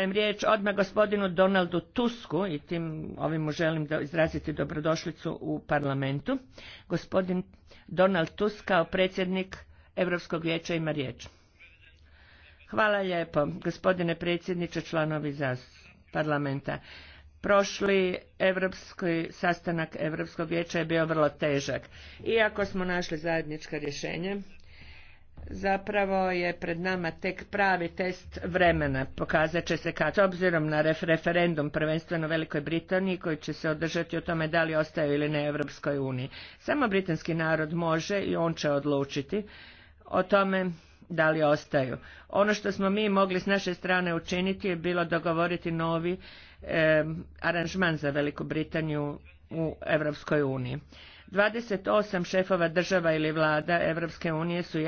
dajem riječ odmah gospodinu Donaldu Tusku i tim ovim mu želim da izraziti dobrodošlicu u parlamentu. Gospodin Donald Tusk kao predsjednik Europskog vijeća ima riječ. Hvala lijepo, gospodine predsjedniče, članovi parlamenta. Prošli evropski sastanak Europskog vijeća je bio vrlo težak. Iako smo našli zajednička rješenja, zapravo je pred nama tek pravi test vremena. Pokazat će se kad, obzirom na referendum prvenstveno Velikoj Britaniji koji će se održati o tome da li ostaju ili ne Europskoj uniji. Samo britanski narod može i on će odlučiti o tome da li ostaju. Ono što smo mi mogli s naše strane učiniti je bilo dogovoriti novi e, aranžman za Veliku Britaniju u Europskoj uniji. 28 šefova država ili vlada Europske unije su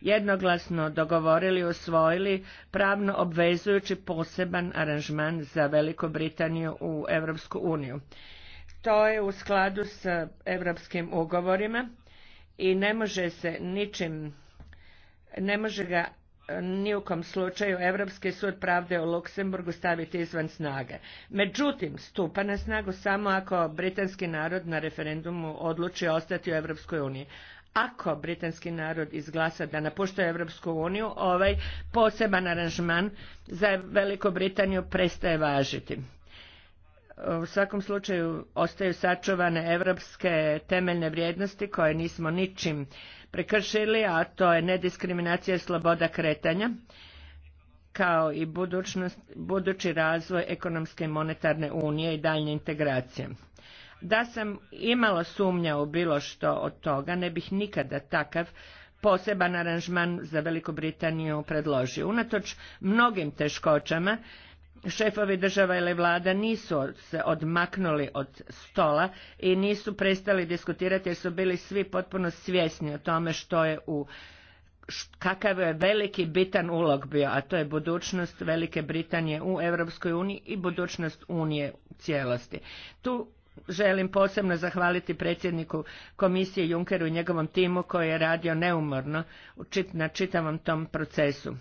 jednoglasno dogovorili i usvojili pravno obvezujući poseban aranžman za Veliku Britaniju u Europsku uniju. To je u skladu s europskim ugovorima i ne može se ničim, ne može ga ni u kom slučaju Europski sud pravde u Luksemburgu staviti izvan snage. Međutim, stupa na snagu samo ako britanski narod na referendumu odluči ostati u Europskoj uniji. Ako britanski narod izglasa da napušta Europsku uniju, ovaj poseban aranžman za Veliku Britaniju prestaje važiti. U svakom slučaju ostaju sačuvane europske temeljne vrijednosti koje nismo ničim prekršili, a to je nediskriminacija i sloboda kretanja kao i budućnost, budući razvoj ekonomske i monetarne unije i daljnje integracije. Da sam imala sumnja u bilo što od toga, ne bih nikada takav poseban aranžman za Veliku Britaniju predložio. Unatoč mnogim teškoćama šefovi država ili vlada nisu se odmaknuli od stola i nisu prestali diskutirati jer su bili svi potpuno svjesni o tome što je u kakav je veliki bitan ulog bio, a to je budućnost Velike Britanije u Europskoj uniji i budućnost Unije u cijelosti. Tu želim posebno zahvaliti predsjedniku komisije Junkeru i njegovom timu koji je radio neumorno na čitavom tom procesu.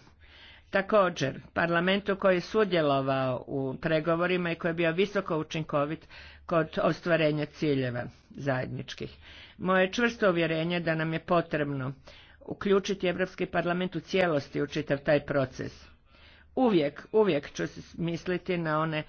Također, parlamentu koji je sudjelovao u pregovorima i koji je bio visoko učinkovit kod ostvarenja ciljeva zajedničkih. Moje čvrsto uvjerenje da nam je potrebno uključiti Europski parlament u cijelosti u čitav taj proces. Uvijek, uvijek ću misliti na one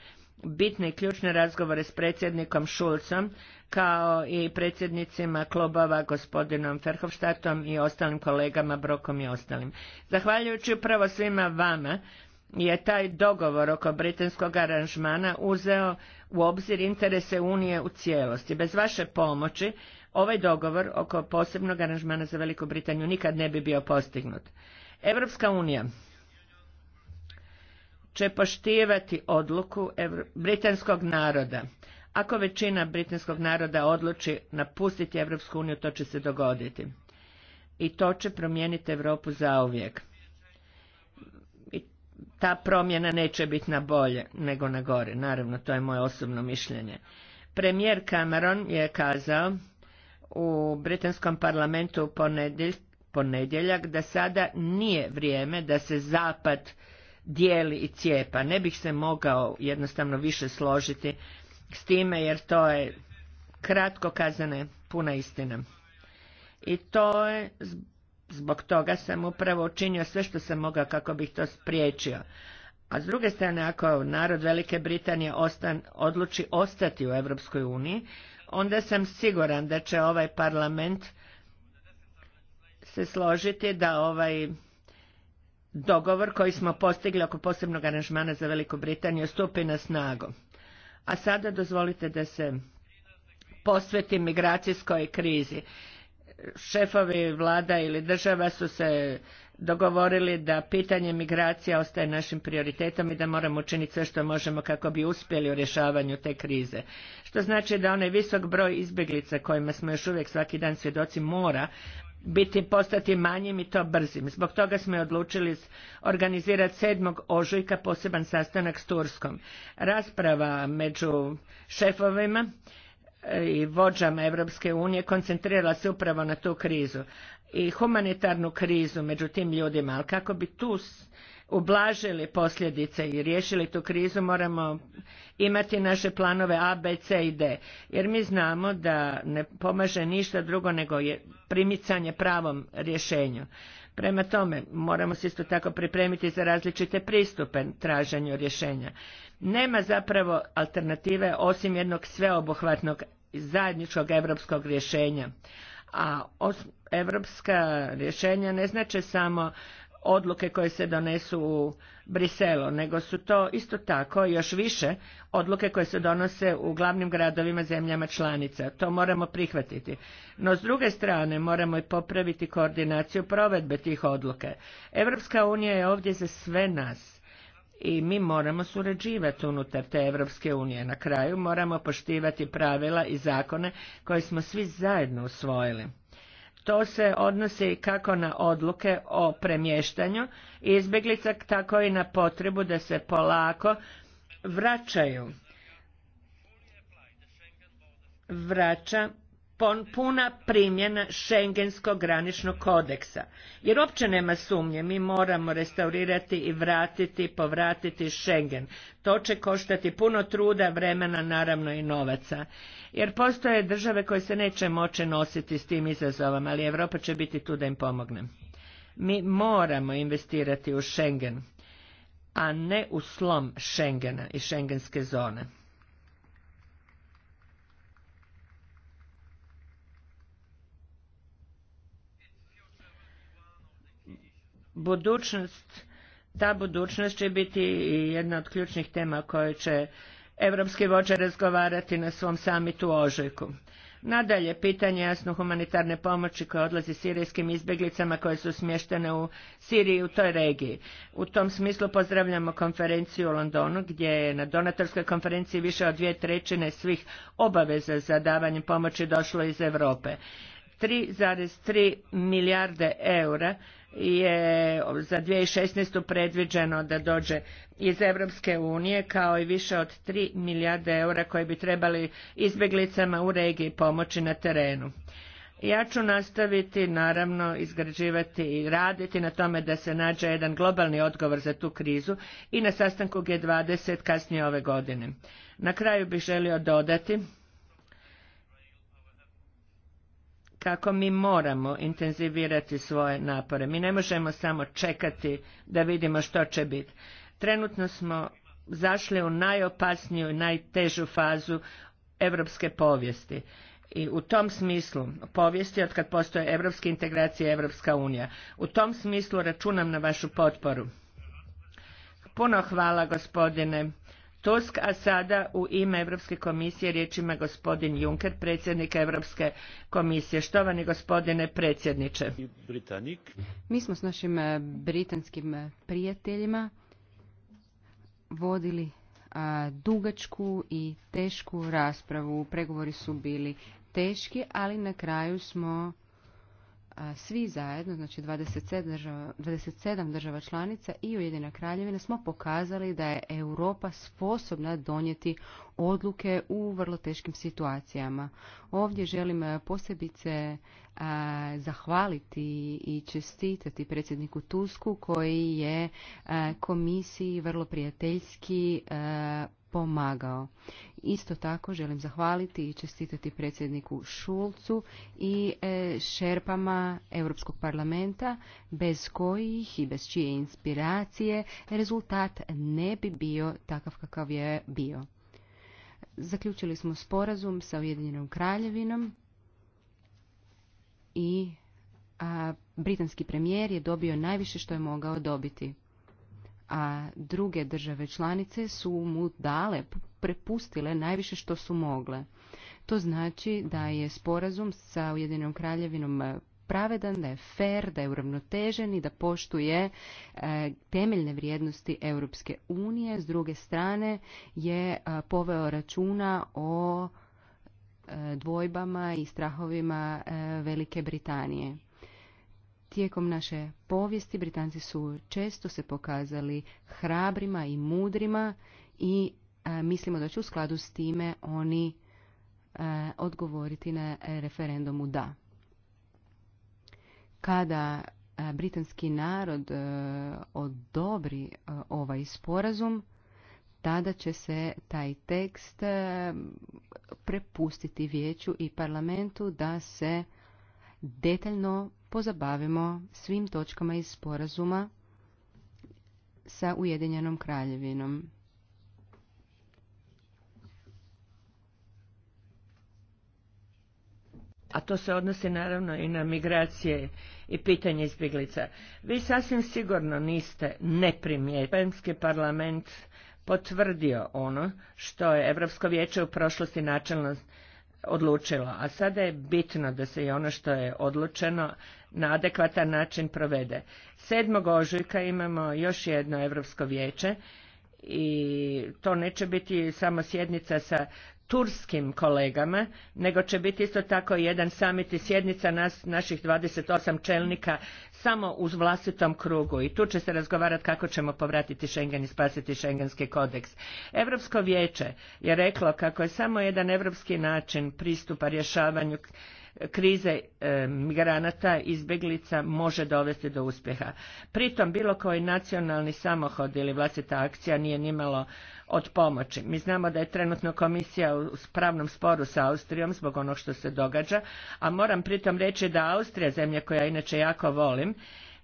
bitne i ključne razgovore s predsjednikom Šulcom kao i predsjednicima klubova gospodinom Ferhofštatom i ostalim kolegama Brokom i ostalim. Zahvaljujući upravo svima vama je taj dogovor oko britanskog aranžmana uzeo u obzir interese Unije u cijelosti. Bez vaše pomoći ovaj dogovor oko posebnog aranžmana za Veliku Britaniju nikad ne bi bio postignut. Europska unija će poštivati odluku britanskog naroda. Ako većina britanskog naroda odluči napustiti Europsku uniju, to će se dogoditi. I to će promijeniti Europu zauvijek. I ta promjena neće biti na bolje nego na gore. Naravno, to je moje osobno mišljenje. Premijer Cameron je kazao u britanskom parlamentu u ponedjeljak da sada nije vrijeme da se zapad dijeli i cijepa. Ne bih se mogao jednostavno više složiti s time jer to je kratko kazane puna istina. I to je, zbog toga sam upravo učinio sve što sam mogao kako bih to spriječio. A s druge strane, ako narod Velike Britanije ostan, odluči ostati u Europskoj uniji, onda sam siguran da će ovaj parlament se složiti da ovaj dogovor koji smo postigli oko posebnog aranžmana za Veliku Britaniju stupi na snagu. A sada dozvolite da se posvetim migracijskoj krizi. Šefovi vlada ili država su se dogovorili da pitanje migracija ostaje našim prioritetom i da moramo učiniti sve što možemo kako bi uspjeli u rješavanju te krize. Što znači da onaj visok broj izbjeglica kojima smo još uvijek svaki dan svjedoci mora biti postati manjim i to brzim. Zbog toga smo i odlučili organizirati 7. ožujka poseban sastanak s Turskom. Rasprava među šefovima e, i vođama Europske unije koncentrirala se upravo na tu krizu i humanitarnu krizu među tim ljudima, ali kako bi tu ublažili posljedice i riješili tu krizu moramo imati naše planove A, B, C i D. Jer mi znamo da ne pomaže ništa drugo nego primicanje pravom rješenju. Prema tome, moramo se isto tako pripremiti za različite pristupe traženju rješenja. Nema zapravo alternative osim jednog sveobuhvatnog zajedničkog europskog rješenja. a europska evropska rješenja ne znače samo odluke koje se donesu u Briselu, nego su to isto tako još više odluke koje se donose u glavnim gradovima zemljama članica. To moramo prihvatiti. No s druge strane moramo i popraviti koordinaciju provedbe tih odluke. Europska unija je ovdje za sve nas i mi moramo surađivati unutar te Evropske unije. Na kraju moramo poštivati pravila i zakone koje smo svi zajedno usvojili. To se odnosi kako na odluke o premještanju izbjeglica, tako i na potrebu da se polako vraćaju. Vraća puna primjena Schengenskog graničnog kodeksa. Jer uopće nema sumnje, mi moramo restaurirati i vratiti, povratiti Schengen. To će koštati puno truda, vremena, naravno i novaca jer postoje države koje se neće moći nositi s tim izazovom, ali Europa će biti tu da im pomogne. Mi moramo investirati u Schengen, a ne u slom Schengena i Schengenske zone. Budućnost ta budućnost će biti jedna od ključnih tema koje će europski vođe razgovarati na svom samitu u Ožujku. Nadalje, pitanje jasno humanitarne pomoći koja odlazi sirijskim izbjeglicama koje su smještene u Siriji i u toj regiji. U tom smislu pozdravljamo konferenciju u Londonu gdje je na donatorskoj konferenciji više od dvije trećine svih obaveza za davanje pomoći došlo iz Europe. 3,3 milijarde eura je za 2016. predviđeno da dođe iz Europske unije kao i više od 3 milijarde eura koje bi trebali izbjeglicama u regiji pomoći na terenu. Ja ću nastaviti naravno izgrađivati i raditi na tome da se nađe jedan globalni odgovor za tu krizu i na sastanku G20 kasnije ove godine. Na kraju bih želio dodati kako mi moramo intenzivirati svoje napore. Mi ne možemo samo čekati da vidimo što će biti. Trenutno smo zašli u najopasniju i najtežu fazu europske povijesti. I u tom smislu, povijesti od kad postoje europske integracije i Evropska unija, u tom smislu računam na vašu potporu. Puno hvala gospodine Tusk, a sada u ime Europske komisije riječ gospodin Juncker, predsjednik Europske komisije. Štovani gospodine predsjedniče. Mi smo s našim e, britanskim e, prijateljima vodili dugačku i tešku raspravu. Pregovori su bili teški, ali na kraju smo svi zajedno, znači 27 država, 27 država članica i Ujedina kraljevina smo pokazali da je Europa sposobna donijeti odluke u vrlo teškim situacijama. Ovdje želim posebice zahvaliti i čestitati predsjedniku Tusku koji je komisiji vrlo prijateljski pomagao. Isto tako želim zahvaliti i čestitati predsjedniku Šulcu i e, šerpama Europskog parlamenta bez kojih i bez čije inspiracije rezultat ne bi bio takav kakav je bio. Zaključili smo sporazum sa Ujedinjenom kraljevinom i britanski premijer je dobio najviše što je mogao dobiti a druge države članice su mu dale, prepustile najviše što su mogle. To znači da je sporazum sa Ujedinom kraljevinom e, pravedan, da je fair, da je uravnotežen i da poštuje e, temeljne vrijednosti Europske unije. S druge strane je e, poveo računa o dvojbama i strahovima Velike Britanije. Tijekom naše povijesti Britanci su često se pokazali hrabrima i mudrima i e, mislimo da će u skladu s time oni e, odgovoriti na referendumu da. Kada e, britanski narod odobri ovaj sporazum, tada će se taj tekst prepustiti vijeću i parlamentu da se detaljno pozabavimo svim točkama iz sporazuma sa Ujedinjenom kraljevinom. a to se odnosi naravno i na migracije i pitanje izbjeglica. Vi sasvim sigurno niste neprimjetni. Europski parlament potvrdio ono što je Europsko vijeće u prošlosti načelno odlučilo, a sada je bitno da se i ono što je odlučeno na adekvatan način provede. 7. ožujka imamo još jedno Europsko vijeće i to neće biti samo sjednica sa turskim kolegama, nego će biti isto tako jedan summit i sjednica nas, naših 28 čelnika samo uz vlastitom krugu i tu će se razgovarati kako ćemo povratiti Schengen i spasiti Schengenski kodeks. Europsko vijeće je reklo kako je samo jedan europski način pristupa rješavanju krize migranata e, migranata, izbjeglica može dovesti do uspjeha. Pritom bilo koji nacionalni samohod ili vlastita akcija nije nimalo od pomoći. Mi znamo da je trenutno komisija u pravnom sporu sa Austrijom zbog onog što se događa, a moram pritom reći da Austrija, zemlja koja inače jako volim,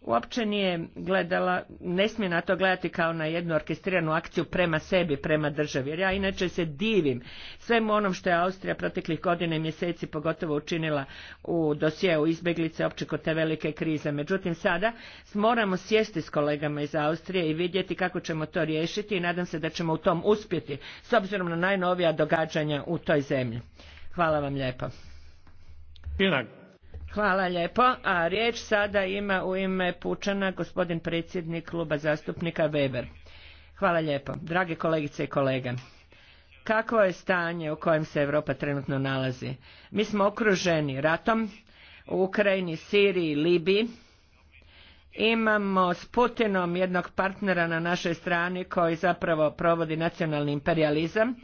uopće nije gledala, ne smije na to gledati kao na jednu orkestriranu akciju prema sebi, prema državi. Jer ja inače se divim svemu onom što je Austrija proteklih godina i mjeseci pogotovo učinila u dosjeu izbjeglice opće kod te velike krize. Međutim, sada moramo sjesti s kolegama iz Austrije i vidjeti kako ćemo to riješiti i nadam se da ćemo u tom uspjeti s obzirom na najnovija događanja u toj zemlji. Hvala vam lijepo. Hvala. Hvala lijepo. A riječ sada ima u ime Pučana gospodin predsjednik kluba zastupnika Weber. Hvala lijepo. Drage kolegice i kolege, kakvo je stanje u kojem se Europa trenutno nalazi? Mi smo okruženi ratom u Ukrajini, Siriji, Libiji. Imamo s Putinom jednog partnera na našoj strani koji zapravo provodi nacionalni imperializam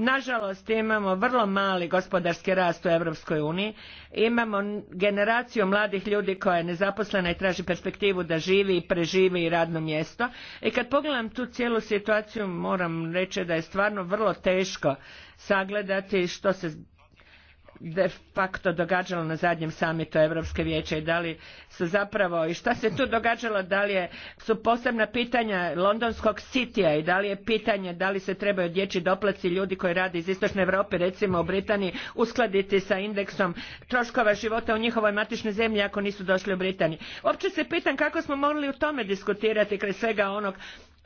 Nažalost, imamo vrlo mali gospodarski rast u Europskoj uniji, imamo generaciju mladih ljudi koja je nezaposlena i traži perspektivu da živi i preživi i radno mjesto. I kad pogledam tu cijelu situaciju moram reći da je stvarno vrlo teško sagledati što se de facto događalo na zadnjem samitu Europske vijeće i da li su zapravo i šta se tu događalo, da li je, su posebna pitanja londonskog sitija i da li je pitanje da li se trebaju dječji doplaci ljudi koji rade iz istočne Europe recimo u Britaniji uskladiti sa indeksom troškova života u njihovoj matičnoj zemlji ako nisu došli u Britaniji. Uopće se pitam kako smo mogli u tome diskutirati kraj svega onog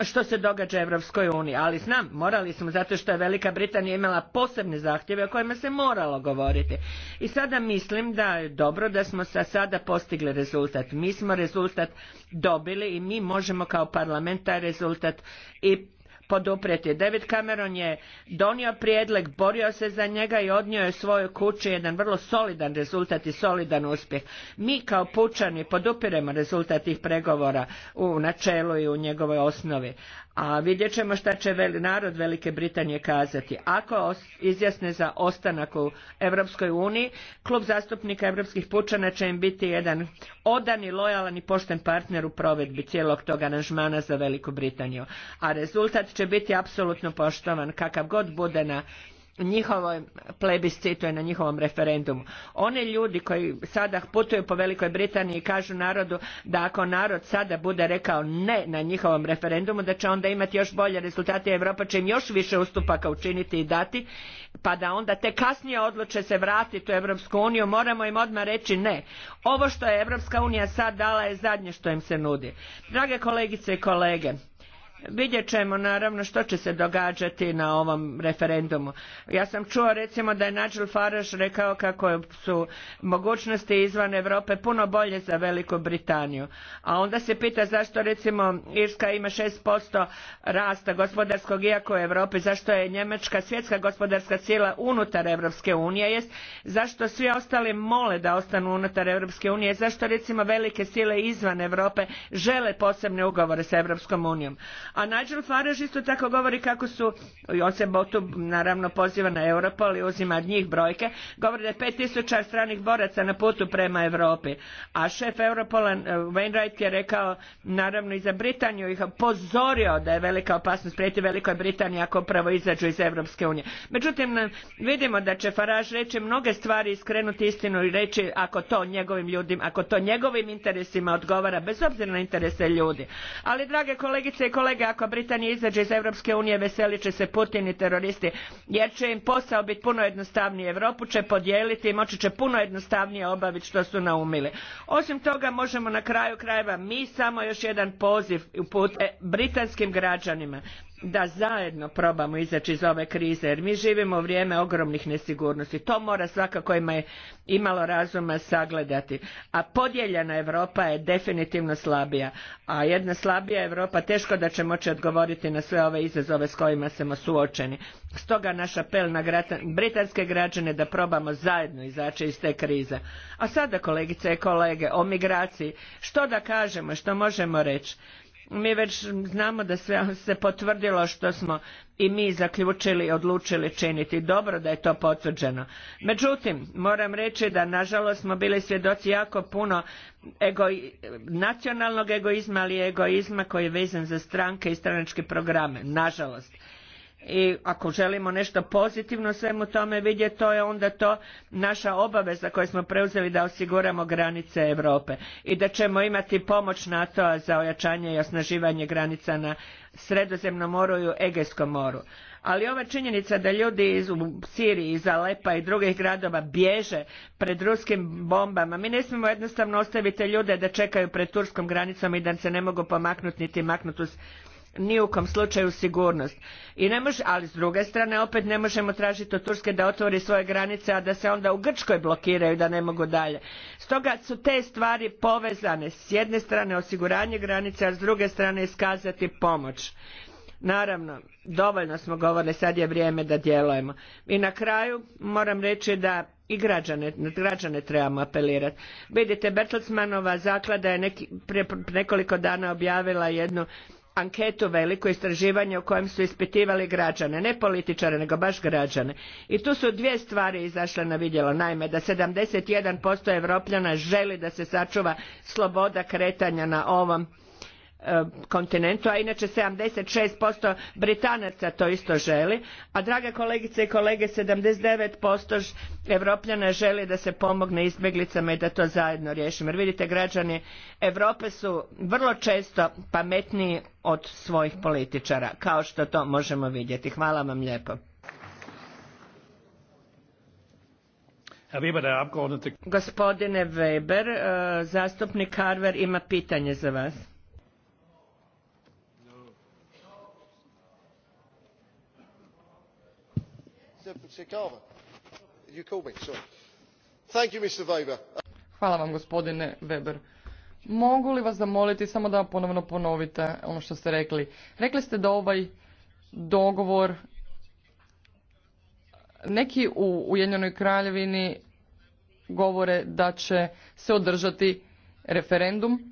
što se događa Evropskoj uniji, ali znam, morali smo zato što je Velika Britanija imala posebne zahtjeve o kojima se moralo govoriti. I sada mislim da je dobro da smo sa sada postigli rezultat. Mi smo rezultat dobili i mi možemo kao parlament taj rezultat i poduprijeti. David Cameron je donio prijedlog, borio se za njega i odnio je svojoj kući jedan vrlo solidan rezultat i solidan uspjeh. Mi kao pučani podupiremo rezultat tih pregovora u načelu i u njegovoj osnovi. A vidjet ćemo šta će narod Velike Britanije kazati. Ako izjasne za ostanak u Europskoj uniji, klub zastupnika Europskih pučana će im biti jedan odan i lojalan i pošten partner u provedbi cijelog tog aranžmana za Veliku Britaniju. A rezultat će će biti apsolutno poštovan kakav god bude na njihovoj plebiscitu i na njihovom referendumu. One ljudi koji sada putuju po Velikoj Britaniji i kažu narodu da ako narod sada bude rekao ne na njihovom referendumu da će onda imati još bolje rezultate i Europa će im još više ustupaka učiniti i dati pa da onda te kasnije odluče se vratiti u Evropsku uniju moramo im odmah reći ne. Ovo što je Evropska unija sad dala je zadnje što im se nudi. Drage kolegice i kolege, Vidjet ćemo naravno što će se događati na ovom referendumu. Ja sam čuo recimo da je Nigel Farage rekao kako su mogućnosti izvan Europe puno bolje za Veliku Britaniju. A onda se pita zašto recimo Irska ima 6% rasta gospodarskog iako u Europi, zašto je Njemačka svjetska gospodarska sila unutar Europske unije, jest zašto svi ostali mole da ostanu unutar Europske unije, zašto recimo velike sile izvan Europe žele posebne ugovore sa Europskom unijom a Nigel Farage isto tako govori kako su, i on se Botu naravno poziva na Europol i uzima od njih brojke, govori da je 5000 stranih boraca na putu prema Europi. A šef Europola eh, Wainwright je rekao naravno i za Britaniju ih upozorio da je velika opasnost prijeti Velikoj Britaniji ako upravo izađu iz Europske unije. Međutim, eh, vidimo da će Farage reći mnoge stvari i skrenuti istinu i reći ako to njegovim ljudima, ako to njegovim interesima odgovara bez obzira na interese ljudi. Ali drage kolegice i kolege, ako Britanija izađe iz Europske unije veselit će se Putin i teroristi, jer će im posao biti puno jednostavniji. Europu će podijeliti i moći će puno jednostavnije obaviti što su naumili. Osim toga možemo na kraju krajeva mi samo još jedan poziv uputiti britanskim građanima da zajedno probamo izaći iz ove krize jer mi živimo u vrijeme ogromnih nesigurnosti. To mora svaka kojima je imalo razuma sagledati. A podijeljena Europa je definitivno slabija. A jedna slabija Europa teško da će moći odgovoriti na sve ove izazove s kojima smo suočeni. Stoga naš apel na britanske građane da probamo zajedno izaći iz te krize. A sada kolegice i kolege o migraciji. Što da kažemo, što možemo reći? mi već znamo da sve se potvrdilo što smo i mi zaključili i odlučili činiti. Dobro da je to potvrđeno. Međutim, moram reći da nažalost smo bili svjedoci jako puno nacionalnog egoizma, ali i egoizma koji je vezan za stranke i stranačke programe. Nažalost i ako želimo nešto pozitivno svemu tome vidjeti, to je onda to naša obaveza koju smo preuzeli da osiguramo granice Europe i da ćemo imati pomoć NATO-a za ojačanje i osnaživanje granica na Sredozemnom moru i u Egejskom moru. Ali ova činjenica da ljudi iz u Siriji, iz Alepa i drugih gradova bježe pred ruskim bombama, mi ne smijemo jednostavno ostaviti ljude da čekaju pred turskom granicom i da se ne mogu pomaknuti niti maknuti ni u kom slučaju sigurnost. I ne može, ali s druge strane opet ne možemo tražiti od Turske da otvori svoje granice, a da se onda u Grčkoj blokiraju da ne mogu dalje. Stoga su te stvari povezane. S jedne strane osiguranje granica, a s druge strane iskazati pomoć. Naravno, dovoljno smo govorili, sad je vrijeme da djelujemo. I na kraju moram reći da i građane, građane trebamo apelirati. Vidite, Bertelsmanova zaklada je neki, prije nekoliko dana objavila jednu anketu veliko istraživanje u kojem su ispitivali građane, ne političare, nego baš građane. I tu su dvije stvari izašle na vidjelo. Naime, da 71% Evropljana želi da se sačuva sloboda kretanja na ovom kontinentu, a inače 76% Britanaca to isto želi, a drage kolegice i kolege 79% Evropljana želi da se pomogne izbjeglicama i da to zajedno riješimo. Jer vidite građani Europe su vrlo često pametniji od svojih političara, kao što to možemo vidjeti. Hvala vam lijepo. Gospodine Weber, eh, zastupnik Carver ima pitanje za vas. Hvala vam gospodine Weber. Mogu li vas zamoliti samo da ponovno ponovite ono što ste rekli? Rekli ste da ovaj dogovor neki u Ujedinjenoj kraljevini govore da će se održati referendum,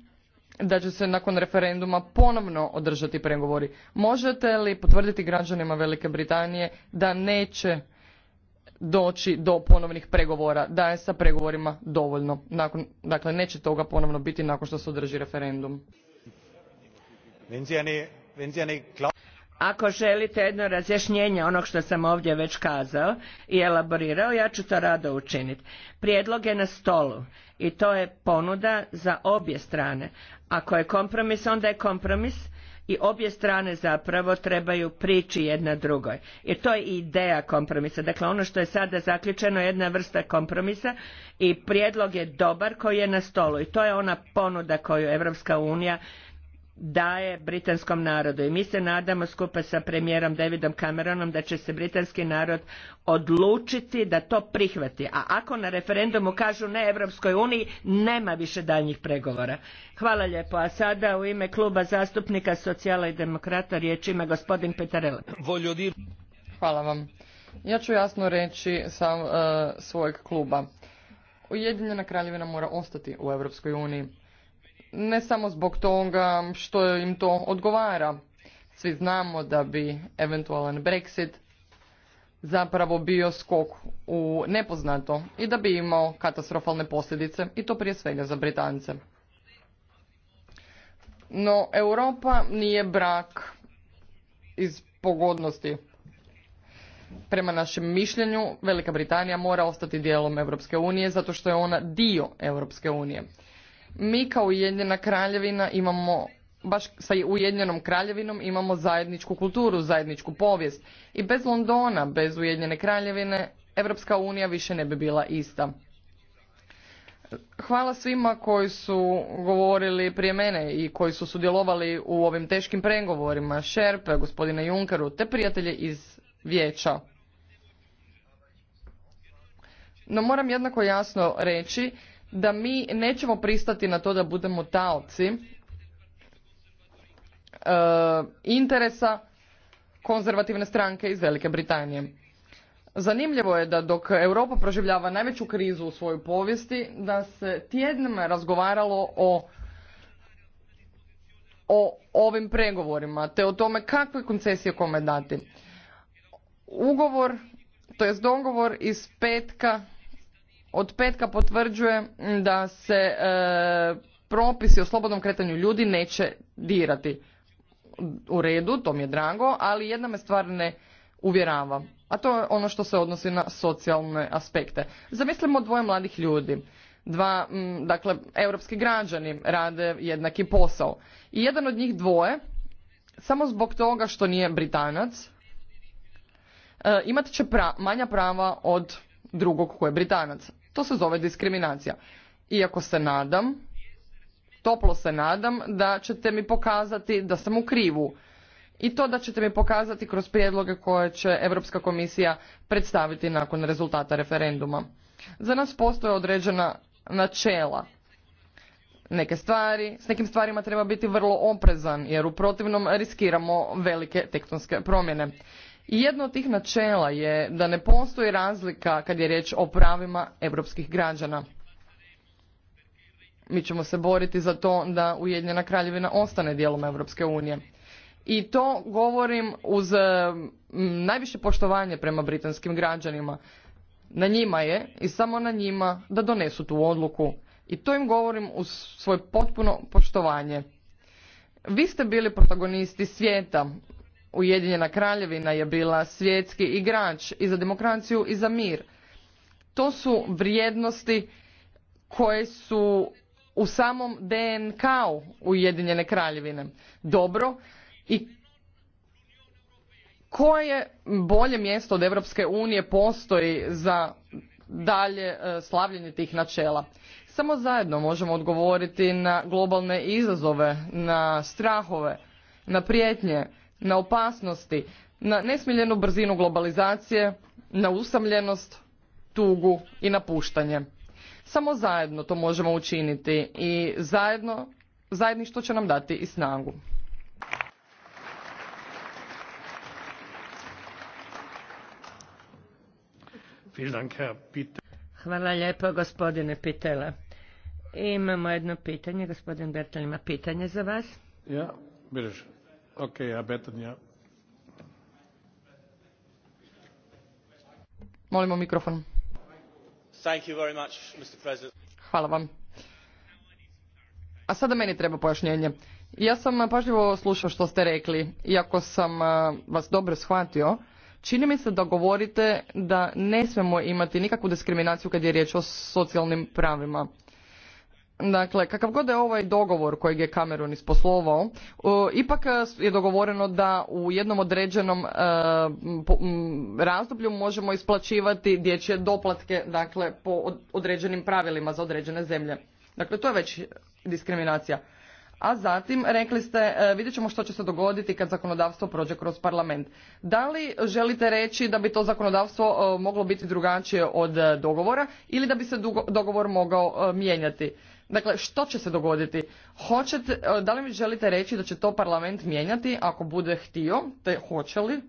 da će se nakon referenduma ponovno održati pregovori. Možete li potvrditi građanima Velike Britanije da neće doći do ponovnih pregovora, da je sa pregovorima dovoljno. Nakon, dakle, neće toga ponovno biti nakon što se održi referendum. Ako želite jedno razjašnjenje onog što sam ovdje već kazao i elaborirao, ja ću to rado učiniti. Prijedlog je na stolu i to je ponuda za obje strane. Ako je kompromis, onda je kompromis i obje strane zapravo trebaju prići jedna drugoj. Jer to je ideja kompromisa. Dakle, ono što je sada zaključeno je jedna vrsta kompromisa i prijedlog je dobar koji je na stolu. I to je ona ponuda koju Evropska unija daje britanskom narodu i mi se nadamo skupa sa premijerom Davidom Cameronom da će se britanski narod odlučiti da to prihvati, a ako na referendumu kažu ne Evropskoj uniji, nema više daljnjih pregovora. Hvala lijepo, a sada u ime kluba zastupnika socijala i demokrata riječ ima gospodin Petarela. Hvala vam. Ja ću jasno reći sam e, svojeg kluba. Ujedinjena kraljevina mora ostati u Evropskoj uniji ne samo zbog toga što im to odgovara. Svi znamo da bi eventualan Brexit zapravo bio skok u nepoznato i da bi imao katastrofalne posljedice i to prije svega za Britance. No, Europa nije brak iz pogodnosti. Prema našem mišljenju, Velika Britanija mora ostati dijelom Europske unije zato što je ona dio Europske unije. Mi kao Ujedinjena kraljevina imamo baš sa Ujedinjenom kraljevinom imamo zajedničku kulturu, zajedničku povijest i bez Londona, bez Ujedinjene kraljevine Europska unija više ne bi bila ista. Hvala svima koji su govorili prije mene i koji su sudjelovali u ovim teškim pregovorima, Šerpe, gospodine Junkeru, te prijatelje iz vijeća. No moram jednako jasno reći da mi nećemo pristati na to da budemo taoci e, interesa konzervativne stranke iz Velike Britanije. Zanimljivo je da dok Europa proživljava najveću krizu u svojoj povijesti, da se tjednima razgovaralo o o ovim pregovorima, te o tome kakve koncesije kome dati. Ugovor, to je dogovor iz petka od petka potvrđuje mm, da se e, propisi o slobodnom kretanju ljudi neće dirati. U redu, to mi je drago, ali jedna me stvar ne uvjerava. A to je ono što se odnosi na socijalne aspekte. Zamislimo dvoje mladih ljudi. Dva, mm, dakle, europski građani rade jednaki posao. I jedan od njih dvoje, samo zbog toga što nije britanac, e, imat će manja prava od drugog koji je britanac. To se zove diskriminacija. Iako se nadam, toplo se nadam da ćete mi pokazati da sam u krivu i to da ćete mi pokazati kroz prijedloge koje će Europska komisija predstaviti nakon rezultata referenduma. Za nas postoje određena načela. Neke stvari, s nekim stvarima treba biti vrlo oprezan jer u protivnom riskiramo velike tektonske promjene. I jedno od tih načela je da ne postoji razlika kad je riječ o pravima europskih građana. Mi ćemo se boriti za to da Ujedinjena kraljevina ostane dijelom Evropske unije. I to govorim uz eh, najviše poštovanje prema britanskim građanima. Na njima je i samo na njima da donesu tu odluku. I to im govorim uz svoje potpuno poštovanje. Vi ste bili protagonisti svijeta Ujedinjena kraljevina je bila svjetski igrač i za demokraciju i za mir. To su vrijednosti koje su u samom DNK-u Ujedinjene kraljevine. Dobro i koje bolje mjesto od Europske unije postoji za dalje e, slavljenje tih načela. Samo zajedno možemo odgovoriti na globalne izazove, na strahove, na prijetnje na opasnosti, na nesmiljenu brzinu globalizacije, na usamljenost, tugu i napuštanje. Samo zajedno to možemo učiniti i zajedno, zajedništvo će nam dati i snagu. Hvala lijepo gospodine Pitele. Imamo jedno pitanje, gospodin Bertel ima pitanje za vas. Ja, biliš. Okay, Molimo mikrofon. Thank Mr. President. Hvala vam. A sada meni treba pojašnjenje. Ja sam pažljivo slušao što ste rekli. Iako sam e, vas dobro shvatio, čini mi se da govorite da ne smemo imati nikakvu diskriminaciju kad je riječ o socijalnim pravima. Dakle, kakav god je ovaj dogovor kojeg je Cameron isposlovao, e, ipak e, je dogovoreno da u jednom određenom e, razdoblju možemo isplaćivati dječje doplatke, dakle, po određenim pravilima za određene zemlje. Dakle, to je već diskriminacija. A zatim rekli ste, vidjet ćemo što će se dogoditi kad zakonodavstvo prođe kroz parlament. Da li želite reći da bi to zakonodavstvo moglo biti drugačije od dogovora ili da bi se dogovor mogao mijenjati? Dakle, što će se dogoditi? Hoćete, e, da li mi želite reći da će to parlament mijenjati ako bude htio, te hoće li?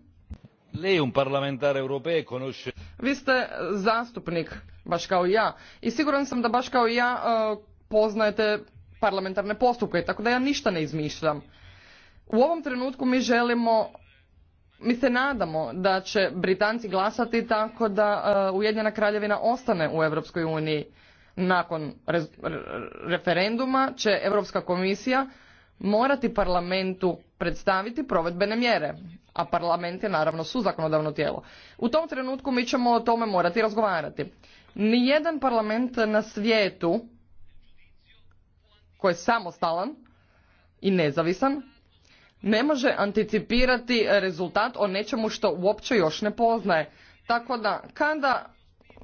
Lei un parlamentare conosce... Vi ste zastupnik, baš kao i ja. I siguran sam da baš kao i ja e, poznajete parlamentarne postupke, tako da ja ništa ne izmišljam. U ovom trenutku mi želimo mi se nadamo da će Britanci glasati tako da e, Ujedinjena kraljevina ostane u Europskoj uniji nakon referenduma će Europska komisija morati parlamentu predstaviti provedbene mjere, a parlament je naravno suzakonodavno tijelo. U tom trenutku mi ćemo o tome morati razgovarati. Nijedan parlament na svijetu koji je samostalan i nezavisan ne može anticipirati rezultat o nečemu što uopće još ne poznaje. Tako da kada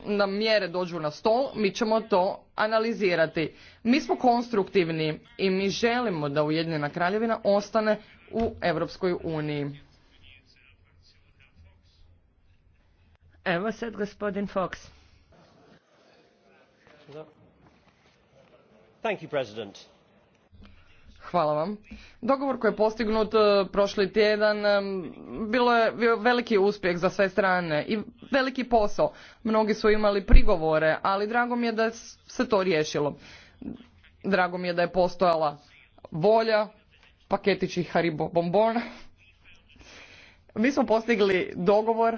nam mjere dođu na stol, mi ćemo to analizirati. Mi smo konstruktivni i mi želimo da Ujedinjena kraljevina ostane u Europskoj uniji. Evo sad gospodin Fox. Thank you, President. Hvala vam. Dogovor koji je postignut e, prošli tjedan e, bilo je veliki uspjeh za sve strane i veliki posao. Mnogi su imali prigovore, ali drago mi je da se to riješilo. Drago mi je da je postojala volja, paketići Haribo bombona. Mi smo postigli dogovor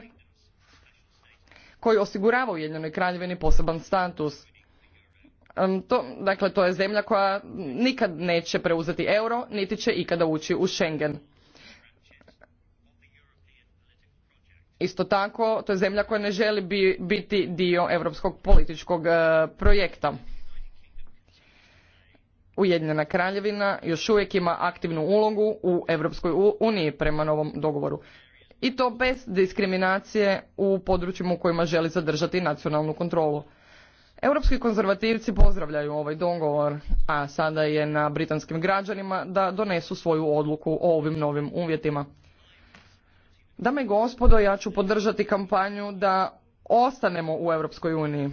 koji osigurava Ujedinjenoj kraljevini poseban status to, dakle, to je zemlja koja nikad neće preuzeti euro, niti će ikada ući u Schengen. Isto tako, to je zemlja koja ne želi biti dio europskog političkog e, projekta. Ujedinjena kraljevina još uvijek ima aktivnu ulogu u Europskoj uniji prema novom dogovoru. I to bez diskriminacije u područjima u kojima želi zadržati nacionalnu kontrolu. Europski konzervativci pozdravljaju ovaj dogovor, a sada je na britanskim građanima da donesu svoju odluku o ovim novim uvjetima. Dame i gospodo, ja ću podržati kampanju da ostanemo u Europskoj uniji.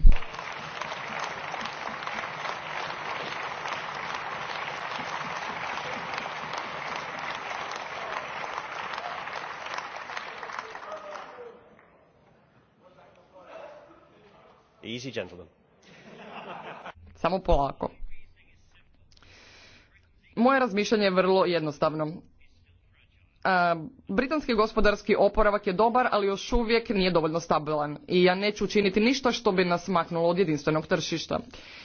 Easy, gentlemen. Samo polako. Moje razmišljanje je vrlo jednostavno. E, britanski gospodarski oporavak je dobar, ali još uvijek nije dovoljno stabilan i ja neću učiniti ništa što bi nas maknulo od jedinstvenog tržišta.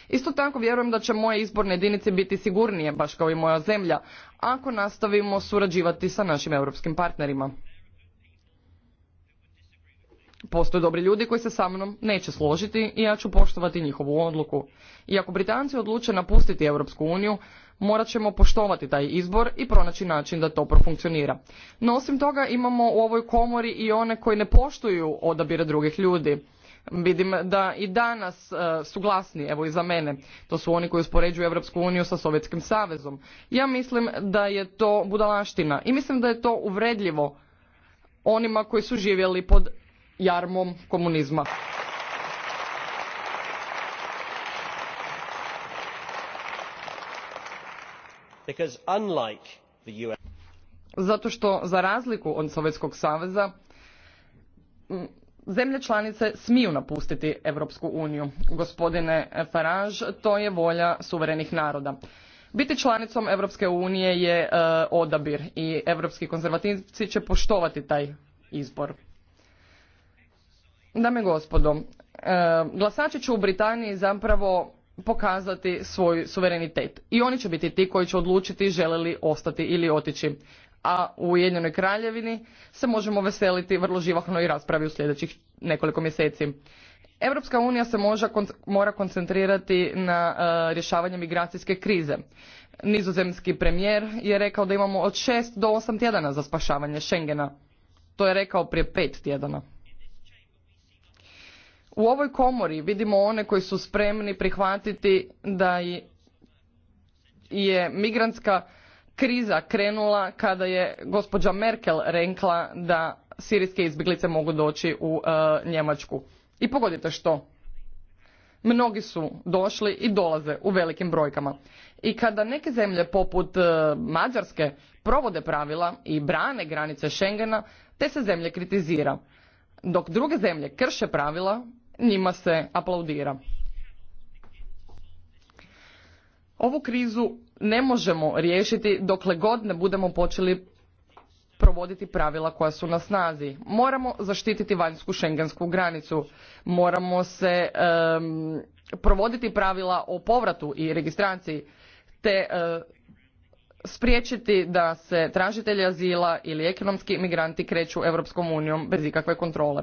Isto tako vjerujem da će moje izborne jedinice biti sigurnije, baš kao i moja zemlja, ako nastavimo surađivati sa našim europskim partnerima. Postoje dobri ljudi koji se sa mnom neće složiti i ja ću poštovati njihovu odluku. I ako Britanci odluče napustiti Europsku uniju, morat ćemo poštovati taj izbor i pronaći način da to profunkcionira. No osim toga imamo u ovoj komori i one koji ne poštuju odabire drugih ljudi. Vidim da i danas e, su glasni, evo i za mene. To su oni koji uspoređuju Europsku uniju sa Sovjetskim savezom. Ja mislim da je to budalaština i mislim da je to uvredljivo onima koji su živjeli pod jarmom komunizma. Zato što za razliku od Sovjetskog saveza zemlje članice smiju napustiti Europsku uniju. Gospodine Farage, to je volja suverenih naroda. Biti članicom Europske unije je e, odabir i europski konzervativci će poštovati taj izbor. Dame i gospodo, e, glasači će u Britaniji zapravo pokazati svoj suverenitet i oni će biti ti koji će odlučiti žele li ostati ili otići. A u Ujedinjenoj kraljevini se možemo veseliti vrlo živahnoj raspravi u sljedećih nekoliko mjeseci. Europska unija se može, mora koncentrirati na e, rješavanje migracijske krize. Nizozemski premijer je rekao da imamo od šest do osam tjedana za spašavanje Schengena. To je rekao prije pet tjedana. U ovoj komori vidimo one koji su spremni prihvatiti da je migrantska kriza krenula kada je gospođa Merkel rekla da sirijske izbjeglice mogu doći u e, Njemačku. I pogodite što? Mnogi su došli i dolaze u velikim brojkama. I kada neke zemlje poput e, Mađarske provode pravila i brane granice Schengena, te se zemlje kritizira. Dok druge zemlje krše pravila, njima se aplaudira. Ovu krizu ne možemo riješiti dokle god ne budemo počeli provoditi pravila koja su na snazi. Moramo zaštititi vanjsku šengensku granicu. Moramo se provoditi pravila o povratu i registraciji te spriječiti da se tražitelji azila ili ekonomski migranti kreću Europskom unijom bez ikakve kontrole.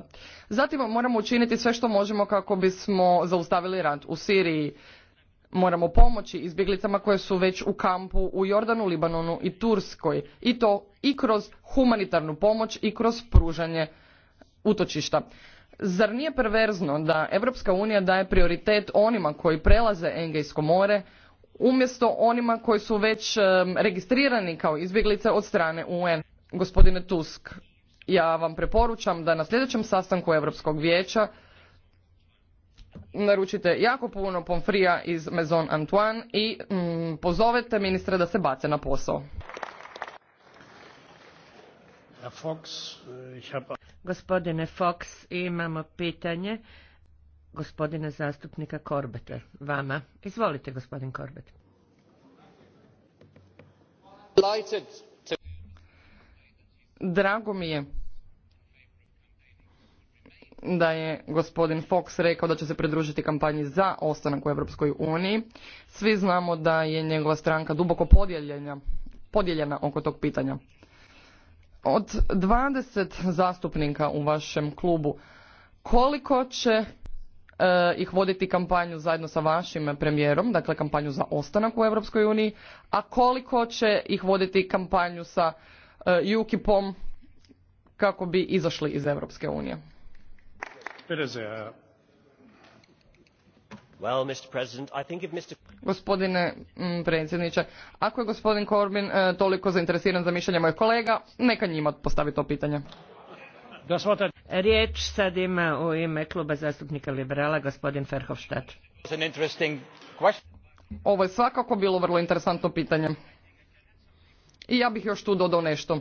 Zatim moramo učiniti sve što možemo kako bismo zaustavili rat u Siriji. Moramo pomoći izbjeglicama koje su već u kampu u Jordanu, Libanonu i Turskoj i to i kroz humanitarnu pomoć i kroz pružanje utočišta. Zar nije perverzno da Europska unija daje prioritet onima koji prelaze Engejsko more, umjesto onima koji su već registrirani kao izbjeglice od strane UN. Gospodine Tusk, ja vam preporučam da na sljedećem sastanku Europskog vijeća naručite jako puno pomfrija iz Maison Antoine i mm, pozovete ministre da se bace na posao. Äh, Gospodine Fox, imamo pitanje gospodina zastupnika Korbeta. Vama. Izvolite, gospodin Korbet. Drago mi je da je gospodin Fox rekao da će se pridružiti kampanji za ostanak u Europskoj uniji. Svi znamo da je njegova stranka duboko podijeljena, podijeljena oko tog pitanja. Od 20 zastupnika u vašem klubu, koliko će Eh, ih voditi kampanju zajedno sa vašim premijerom, dakle kampanju za ostanak u Europskoj uniji, a koliko će ih voditi kampanju sa eh, UKIP-om kako bi izašli iz Europske unije? Well, Mr. I think if Mr. Gospodine mm, predsjedniče, ako je gospodin Korbin eh, toliko zainteresiran za mišljenje mojih kolega, neka njima postavi to pitanje. Riječ sad ima u ime kluba zastupnika liberala gospodin Ferhofstadt. Ovo je svakako bilo vrlo interesantno pitanje. I ja bih još tu dodao nešto.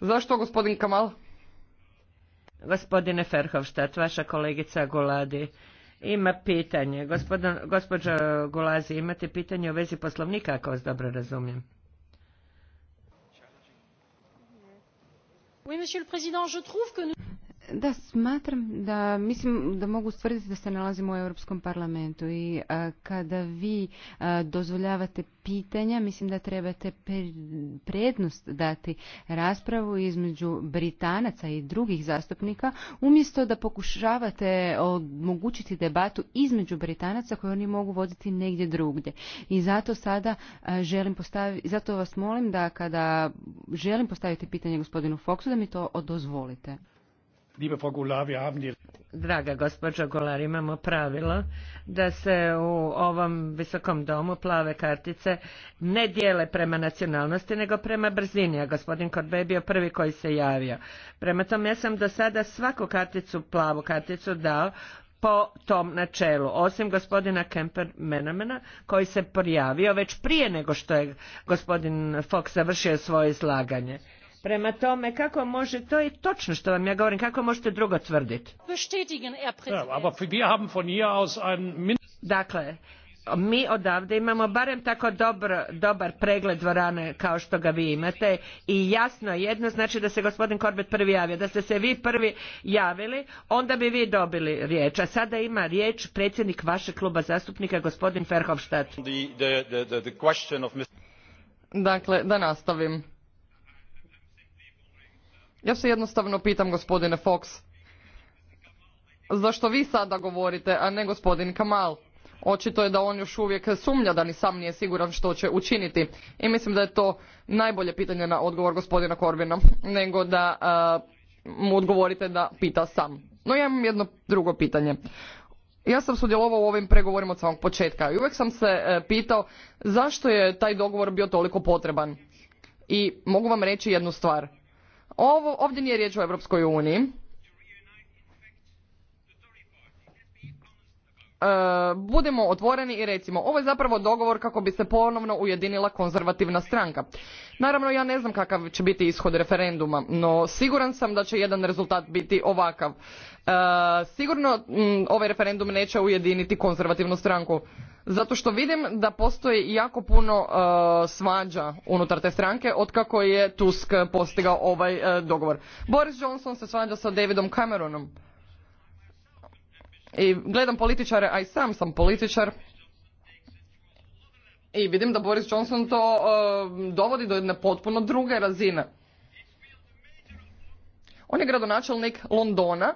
Zašto gospodin Kamal? Gospodine Ferhofstadt, vaša kolegica Goladi ima pitanje. gospođa Golazi, imate pitanje u vezi poslovnika, ako vas dobro razumijem. Da, smatram da, mislim da mogu stvrditi da se nalazimo u Europskom parlamentu i e, kada vi e, dozvoljavate pitanja, mislim da trebate prednost dati raspravu između Britanaca i drugih zastupnika, umjesto da pokušavate omogućiti debatu između Britanaca koju oni mogu voditi negdje drugdje. I zato sada e, želim postaviti, zato vas molim da kada želim postaviti pitanje gospodinu Foxu, da mi to dozvolite liebe Frau haben Draga gospođo Golar, imamo pravilo da se u ovom visokom domu plave kartice ne dijele prema nacionalnosti, nego prema brzini, a gospodin Korbe je bio prvi koji se javio. Prema tome, ja sam do sada svaku karticu, plavu karticu dao po tom načelu, osim gospodina Kemper Menamena, koji se prijavio već prije nego što je gospodin Fox završio svoje izlaganje. Prema tome, kako može, to je točno što vam ja govorim, kako možete drugo tvrditi? Dakle, mi odavde imamo barem tako dobro, dobar pregled dvorane kao što ga vi imate i jasno jedno znači da se gospodin Korbet prvi javio. Da ste se vi prvi javili, onda bi vi dobili riječ. A sada ima riječ predsjednik vašeg kluba zastupnika, gospodin Ferhofstadt. Dakle, da nastavim ja se jednostavno pitam gospodine Fox, zašto vi sada govorite, a ne gospodin Kamal? Očito je da on još uvijek sumnja da ni sam nije siguran što će učiniti. I mislim da je to najbolje pitanje na odgovor gospodina Korbina, nego da mu odgovorite da pita sam. No ja imam jedno drugo pitanje. Ja sam sudjelovao u ovim pregovorima od samog početka i uvijek sam se e, pitao zašto je taj dogovor bio toliko potreban. I mogu vam reći jednu stvar. Ovo, ovdje nije riječ o Europskoj uniji. E, budemo otvoreni i recimo ovo je zapravo dogovor kako bi se ponovno ujedinila konzervativna stranka. Naravno ja ne znam kakav će biti ishod referenduma, no siguran sam da će jedan rezultat biti ovakav. E, sigurno mm, ovaj referendum neće ujediniti konzervativnu stranku zato što vidim da postoji jako puno e, svađa unutar te stranke od kako je Tusk postigao ovaj e, dogovor. Boris Johnson se svađa sa Davidom Cameronom. I gledam političare, a i sam sam političar. I vidim da Boris Johnson to e, dovodi do jedne potpuno druge razine. On je gradonačelnik Londona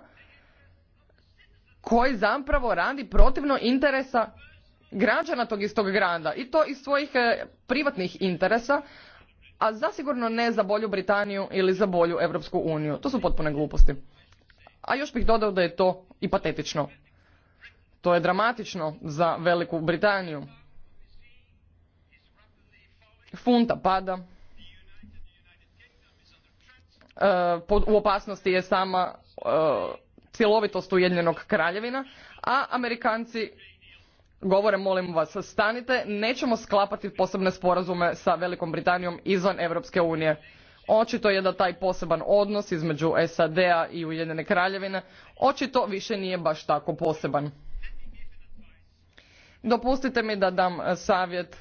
koji zapravo radi protivno interesa građana tog istog grada i to iz svojih e, privatnih interesa, a zasigurno ne za bolju Britaniju ili za bolju Europsku uniju. To su potpune gluposti. A još bih dodao da je to i patetično. To je dramatično za Veliku Britaniju. Funta pada. E, u opasnosti je sama e, cjelovitost Ujedinjenog kraljevina, a Amerikanci govore molim vas stanite, nećemo sklapati posebne sporazume sa Velikom Britanijom izvan Europske unije. Očito je da taj poseban odnos između SAD-a i Ujedinjene kraljevine očito više nije baš tako poseban. Dopustite mi da dam savjet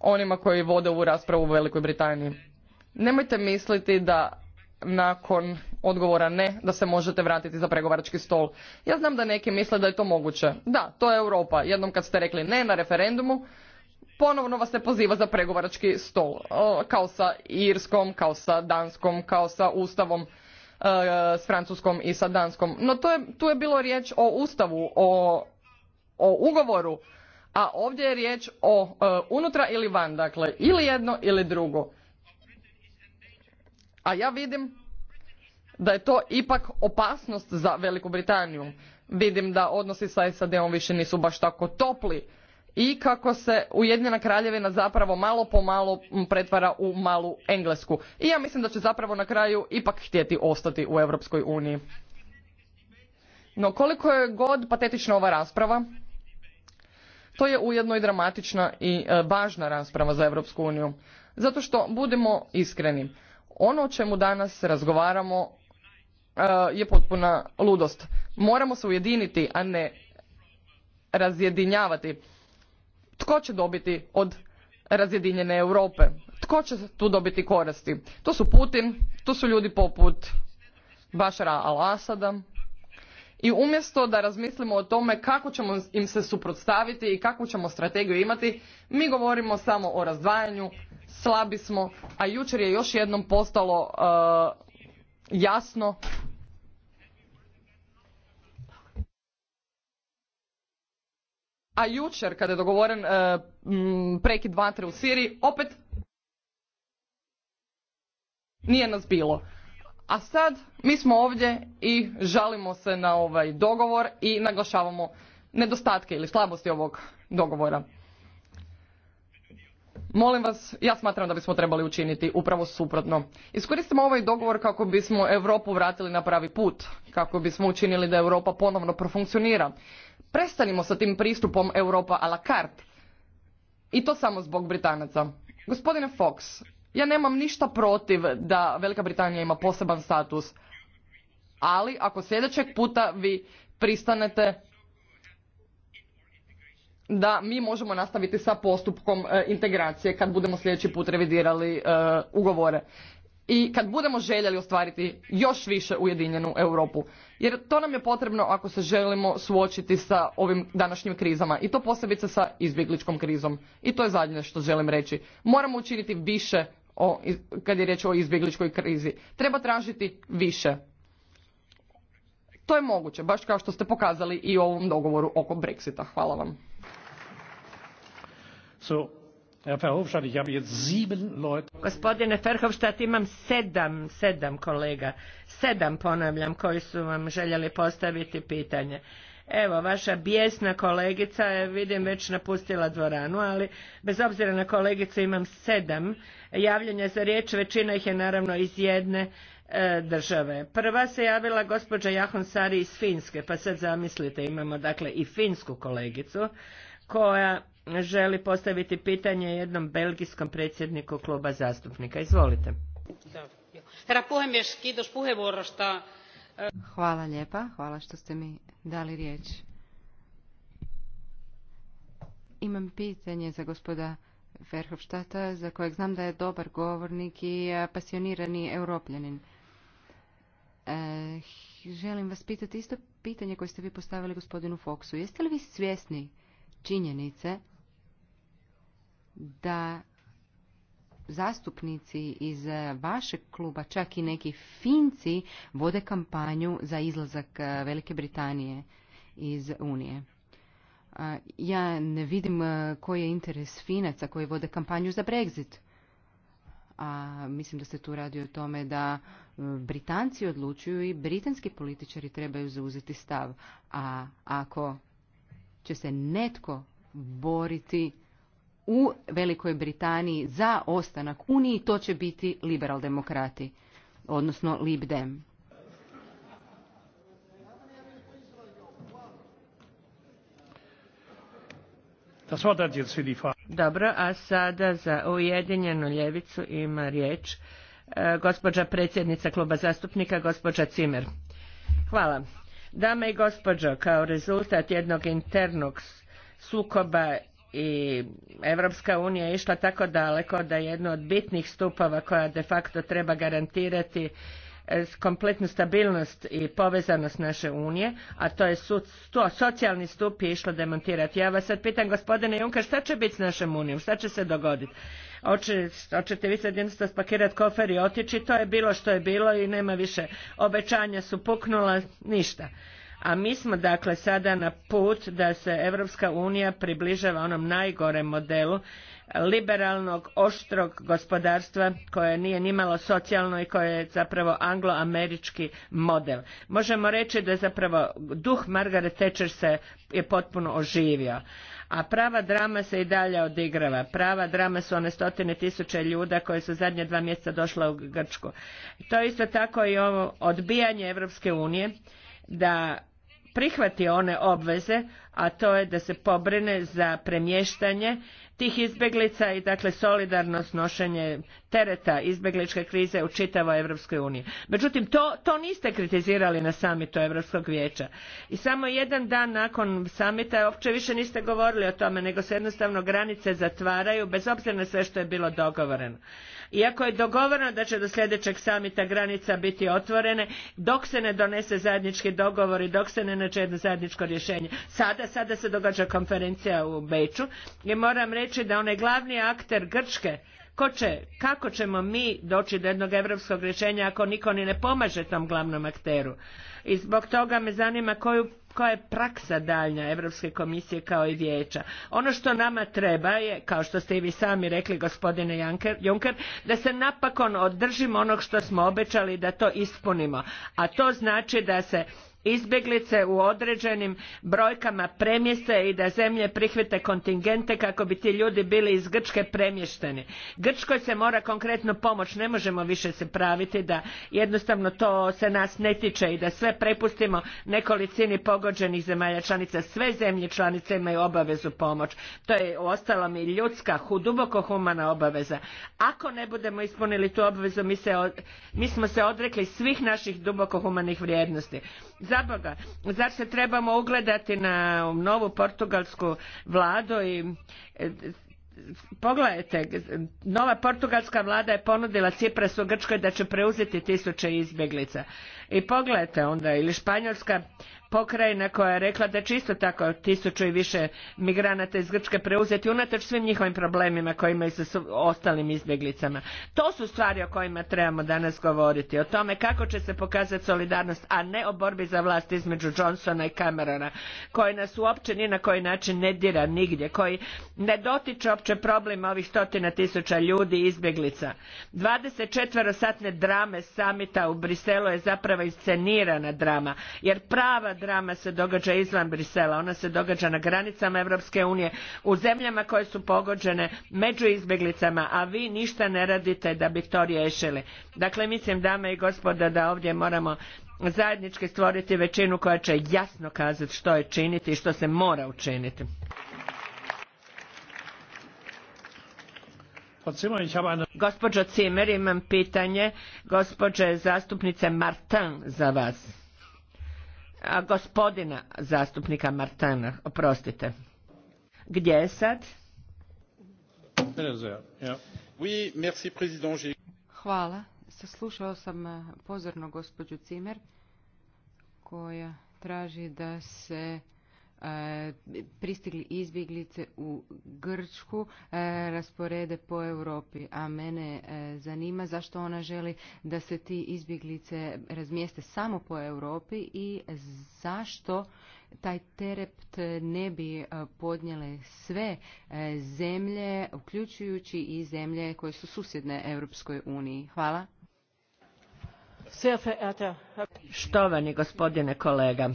onima koji vode ovu raspravu u Velikoj Britaniji. Nemojte misliti da nakon odgovora ne da se možete vratiti za pregovarački stol. Ja znam da neki misle da je to moguće. Da, to je Europa. Jednom kad ste rekli ne na referendumu, ponovno vas se poziva za pregovarački stol. E, kao sa Irskom, kao sa Danskom, kao sa Ustavom e, s Francuskom i sa Danskom. No to je, tu je bilo riječ o Ustavu, o, o ugovoru, a ovdje je riječ o e, unutra ili van, dakle ili jedno ili drugo a ja vidim da je to ipak opasnost za Veliku Britaniju. Vidim da odnosi sa SAD-om više nisu baš tako topli i kako se Ujedinjena kraljevina zapravo malo po malo pretvara u malu Englesku. I ja mislim da će zapravo na kraju ipak htjeti ostati u Europskoj uniji. No koliko je god patetična ova rasprava, to je ujedno i dramatična i e, važna rasprava za Europsku uniju. Zato što budemo iskreni, ono o čemu danas razgovaramo e, je potpuna ludost. Moramo se ujediniti, a ne razjedinjavati. Tko će dobiti od razjedinjene Europe? Tko će tu dobiti koristi? To su Putin, to su ljudi poput Bašara al-Asada. I umjesto da razmislimo o tome kako ćemo im se suprotstaviti i kakvu ćemo strategiju imati, mi govorimo samo o razdvajanju, slabi smo, a jučer je još jednom postalo uh, jasno a jučer kada je dogovoren uh, prekid vatre u Siriji, opet nije nas bilo. A sad mi smo ovdje i žalimo se na ovaj dogovor i naglašavamo nedostatke ili slabosti ovog dogovora. Molim vas, ja smatram da bismo trebali učiniti upravo suprotno. Iskoristimo ovaj dogovor kako bismo Europu vratili na pravi put, kako bismo učinili da Europa ponovno profunkcionira. Prestanimo sa tim pristupom Europa a la carte. I to samo zbog Britanaca. Gospodine Fox, ja nemam ništa protiv da Velika Britanija ima poseban status, ali ako sljedećeg puta vi pristanete da mi možemo nastaviti sa postupkom e, integracije kad budemo sljedeći put revidirali e, ugovore i kad budemo željeli ostvariti još više ujedinjenu Europu. Jer to nam je potrebno ako se želimo suočiti sa ovim današnjim krizama i to posebice sa izbjegličkom krizom. I to je zadnje što želim reći. Moramo učiniti više o, kad je riječ o izbjegličkoj krizi. Treba tražiti više. To je moguće, baš kao što ste pokazali i u ovom dogovoru oko Brexita. Hvala vam. Gospodine Verhofstadt, imam sedam, sedam kolega, sedam ponavljam koji su vam željeli postaviti pitanje. Evo, vaša bijesna kolegica je, vidim, već napustila dvoranu, ali bez obzira na kolegicu imam sedam javljanja za riječ, većina ih je naravno iz jedne e, države. Prva se javila gospođa Jahon Sari iz Finske, pa sad zamislite, imamo dakle i finsku kolegicu, koja želi postaviti pitanje jednom belgijskom predsjedniku kluba zastupnika. Izvolite. Hvala lijepa, hvala što ste mi dali riječ. Imam pitanje za gospoda Verhofštata, za kojeg znam da je dobar govornik i e, pasionirani europljanin. E, želim vas pitati isto pitanje koje ste vi postavili gospodinu Foksu. Jeste li vi svjesni činjenice da zastupnici iz vašeg kluba, čak i neki Finci, vode kampanju za izlazak eh, Velike Britanije iz Unije. Eh, ja ne vidim eh, koji je interes Finaca koji vode kampanju za Brexit. A mislim da se tu radi o tome da Britanci odlučuju i britanski političari trebaju zauzeti stav. A ako će se netko boriti u Velikoj Britaniji za ostanak Uniji, to će biti liberaldemokrati, odnosno Dem. Dobro, a sada za Ujedinjenu ljevicu ima riječ e, gospođa predsjednica kluba zastupnika, gospođa Cimer. Hvala. Dame i gospođo, kao rezultat jednog internog sukoba i Evropska unija je išla tako daleko da je jedno od bitnih stupova koja de facto treba garantirati e, kompletnu stabilnost i povezanost naše unije, a to je socijalni stup je išlo demontirati. Ja vas sad pitam, gospodine Juncker, šta će biti s našom unijom? Šta će se dogoditi? Hoćete vi sad jednostavno spakirati kofer i otići? To je bilo što je bilo i nema više. Obećanja su puknula, ništa a mi smo dakle sada na put da se Europska unija približava onom najgorem modelu liberalnog, oštrog gospodarstva koje nije nimalo socijalno i koje je zapravo angloamerički model. Možemo reći da je zapravo duh Margaret Thatcher se je potpuno oživio. A prava drama se i dalje odigrava. Prava drama su one stotine tisuća ljuda koje su zadnje dva mjeseca došla u Grčku. To je isto tako i ovo odbijanje Europske unije da prihvati one obveze, a to je da se pobrine za premještanje tih izbjeglica i dakle solidarno snošenje tereta izbjegličke krize u čitavoj Europskoj uniji. Međutim, to, niste kritizirali na samitu Europskog vijeća. I samo jedan dan nakon samita uopće više niste govorili o tome, nego se jednostavno granice zatvaraju, bez obzira na sve što je bilo dogovoreno. Iako je dogovoreno da će do sljedećeg samita granica biti otvorene, dok se ne donese zajednički dogovor i dok se ne nađe jedno zajedničko rješenje. Sada, sada se događa konferencija u Beču i moram reći da onaj glavni akter Grčke Ko će, kako ćemo mi doći do jednog europskog rješenja ako niko ni ne pomaže tom glavnom akteru? I zbog toga me zanima koju koja je praksa daljnja Europske komisije kao i vijeća. Ono što nama treba je, kao što ste i vi sami rekli gospodine Juncker, da se napakon održimo onog što smo obećali da to ispunimo. A to znači da se izbjeglice u određenim brojkama premjeste i da zemlje prihvate kontingente kako bi ti ljudi bili iz Grčke premješteni. Grčkoj se mora konkretno pomoć, ne možemo više se praviti da jednostavno to se nas ne tiče i da sve prepustimo nekolicini pogođenih zemalja članica. Sve zemlje članice imaju obavezu pomoć. To je uostalom i ljudska, duboko humana obaveza. Ako ne budemo ispunili tu obvezu, mi, se, mi smo se odrekli svih naših duboko humanih vrijednosti zar se trebamo ugledati na novu portugalsku vladu i e, Pogledajte, nova portugalska vlada je ponudila u Grčkoj da će preuzeti tisuće izbjeglica. I pogledajte onda, ili Španjolska pokrajina koja je rekla da će isto tako tisuću i više migranata iz Grčke preuzeti unatoč svim njihovim problemima koje imaju sa ostalim izbjeglicama. To su stvari o kojima trebamo danas govoriti, o tome kako će se pokazati solidarnost, a ne o borbi za vlast između Johnsona i Camerona, koji nas uopće ni na koji način ne dira nigdje, koji ne dotiče uopće problema ovih stotina tisuća ljudi i izbjeglica. 24-satne drame samita u Briselu je zapravo zapravo iscenirana drama jer prava drama se događa izvan Brisela, ona se događa na granicama Europske unije, u zemljama koje su pogođene među izbjeglicama, a vi ništa ne radite da bi to riješili. Dakle, mislim dame i gospodo da ovdje moramo zajednički stvoriti većinu koja će jasno kazati što je činiti i što se mora učiniti. Gospođo Cimer, imam pitanje gospođe zastupnice Martin za vas. A gospodina zastupnika Martina, oprostite. Gdje je sad? Hvala. Saslušao sam eh, pozorno gospođu Cimer koja traži da se E, pristigli izbjeglice u Grčku e, rasporede po Europi, a mene e, zanima zašto ona želi da se ti izbjeglice razmijeste samo po Europi i zašto taj terept ne bi podnijele sve zemlje, uključujući i zemlje koje su susjedne Europskoj uniji. Hvala. Štovani gospodine kolega,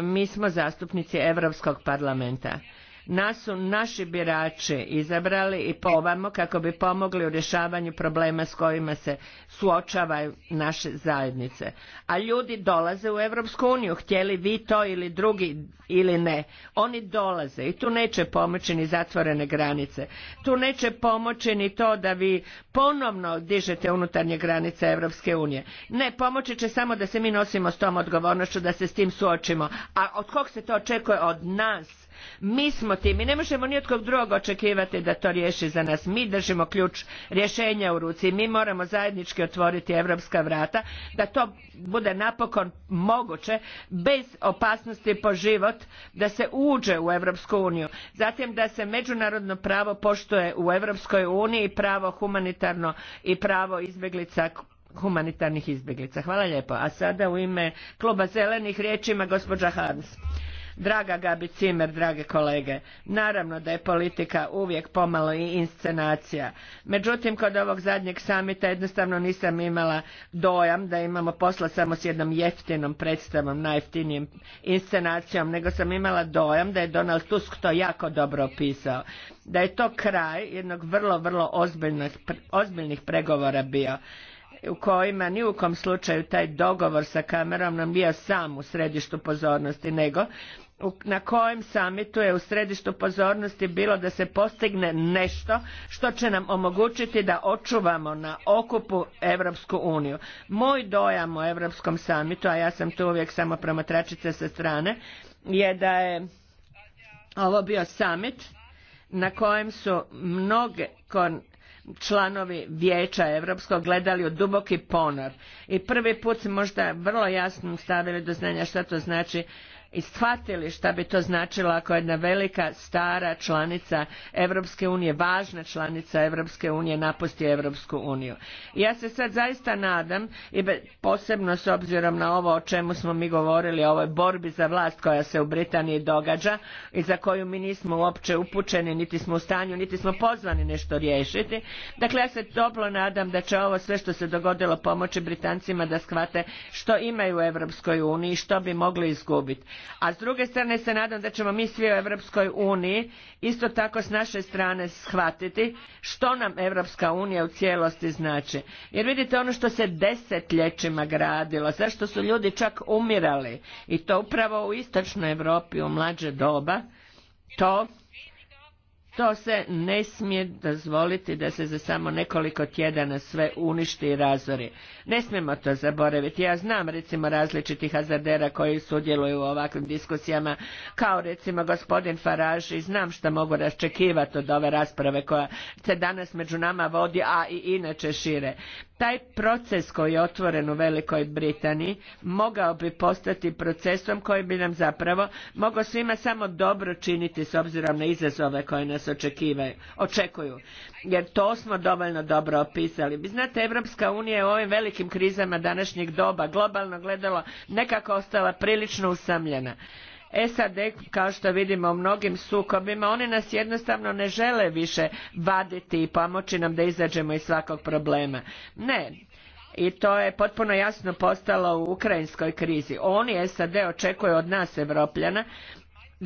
mi smo zastupnici Europskog parlamenta nas su naši birači izabrali i povamo kako bi pomogli u rješavanju problema s kojima se suočavaju naše zajednice. A ljudi dolaze u Europsku uniju, htjeli vi to ili drugi ili ne. Oni dolaze i tu neće pomoći ni zatvorene granice. Tu neće pomoći ni to da vi ponovno dižete unutarnje granice Europske unije. Ne, pomoći će samo da se mi nosimo s tom odgovornošću, da se s tim suočimo. A od kog se to očekuje? Od nas mi smo tim i ne možemo ni od kog drugog očekivati da to riješi za nas. Mi držimo ključ rješenja u ruci i mi moramo zajednički otvoriti europska vrata da to bude napokon moguće bez opasnosti po život da se uđe u Europsku uniju. Zatim da se međunarodno pravo poštuje u Europskoj uniji, pravo humanitarno i pravo izbjeglica humanitarnih izbjeglica. Hvala lijepo. A sada u ime kluba zelenih riječima gospođa Hans. Draga Gabi Cimer, drage kolege, naravno da je politika uvijek pomalo i inscenacija. Međutim, kod ovog zadnjeg samita jednostavno nisam imala dojam da imamo posla samo s jednom jeftinom predstavom, najjeftinijim inscenacijom, nego sam imala dojam da je Donald Tusk to jako dobro opisao. Da je to kraj jednog vrlo, vrlo ozbiljnih, ozbiljnih pregovora bio u kojima ni u kom slučaju taj dogovor sa kamerom nam bio sam u središtu pozornosti, nego na kojem samitu je u središtu pozornosti bilo da se postigne nešto što će nam omogućiti da očuvamo na okupu Europsku uniju. Moj dojam o Europskom samitu, a ja sam tu uvijek samo promatračica sa strane, je da je ovo bio samit na kojem su mnoge članovi vijeća europskog gledali u duboki ponor i prvi put možda vrlo jasno stavili do znanja što to znači i shvatili šta bi to značilo ako jedna velika stara članica Europske unije, važna članica Europske unije napusti Europsku uniju. Ja se sad zaista nadam i posebno s obzirom na ovo o čemu smo mi govorili, o ovoj borbi za vlast koja se u Britaniji događa i za koju mi nismo uopće upućeni, niti smo u stanju, niti smo pozvani nešto riješiti. Dakle, ja se toplo nadam da će ovo sve što se dogodilo pomoći Britancima da shvate što imaju u Europskoj uniji i što bi mogli izgubiti a s druge strane se nadam da ćemo mi svi u Europskoj uniji isto tako s naše strane shvatiti što nam Europska unija u cijelosti znači. Jer vidite ono što se desetljećima gradilo, zašto su ljudi čak umirali i to upravo u istočnoj Europi u mlađe doba, to to se ne smije dozvoliti da se za samo nekoliko tjedana sve uništi i razori. Ne smijemo to zaboraviti. Ja znam recimo različitih hazardera koji sudjeluju u ovakvim diskusijama kao recimo gospodin Faraž i znam što mogu raščekivati od ove rasprave koja se danas među nama vodi, a i inače šire. Taj proces koji je otvoren u Velikoj Britaniji mogao bi postati procesom koji bi nam zapravo mogao svima samo dobro činiti s obzirom na izazove koje nas očekivaju, očekuju. Jer to smo dovoljno dobro opisali. Vi znate, Evropska unija je u ovim velikim krizama današnjeg doba globalno gledalo nekako ostala prilično usamljena. SAD, kao što vidimo u mnogim sukobima, oni nas jednostavno ne žele više vaditi i pomoći nam da izađemo iz svakog problema. Ne, i to je potpuno jasno postalo u ukrajinskoj krizi. Oni SAD očekuju od nas Evropljana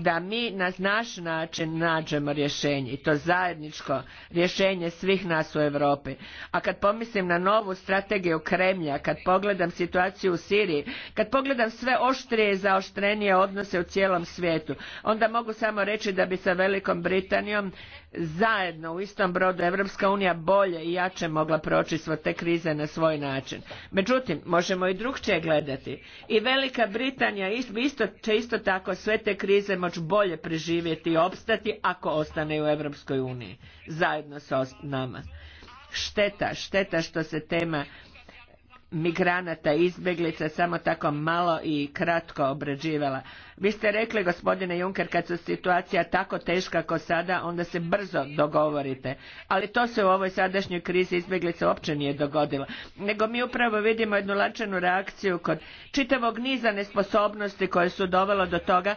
da mi na naš način nađemo rješenje i to zajedničko rješenje svih nas u Europi. A kad pomislim na novu strategiju Kremlja, kad pogledam situaciju u Siriji, kad pogledam sve oštrije i zaoštrenije odnose u cijelom svijetu, onda mogu samo reći da bi sa Velikom Britanijom zajedno u istom brodu Evropska unija bolje i jače mogla proći svo te krize na svoj način. Međutim, možemo i drugčije gledati. I Velika Britanija isto, će isto tako sve te krize moći bolje preživjeti i opstati ako ostane u Europskoj uniji zajedno sa nama. Šteta, šteta što se tema migranata i izbjeglica samo tako malo i kratko obrađivala. Vi ste rekli, gospodine Juncker, kad su situacija tako teška kao sada, onda se brzo dogovorite. Ali to se u ovoj sadašnjoj krizi izbjeglica uopće nije dogodilo. Nego mi upravo vidimo jednu lačenu reakciju kod čitavog niza nesposobnosti koje su dovelo do toga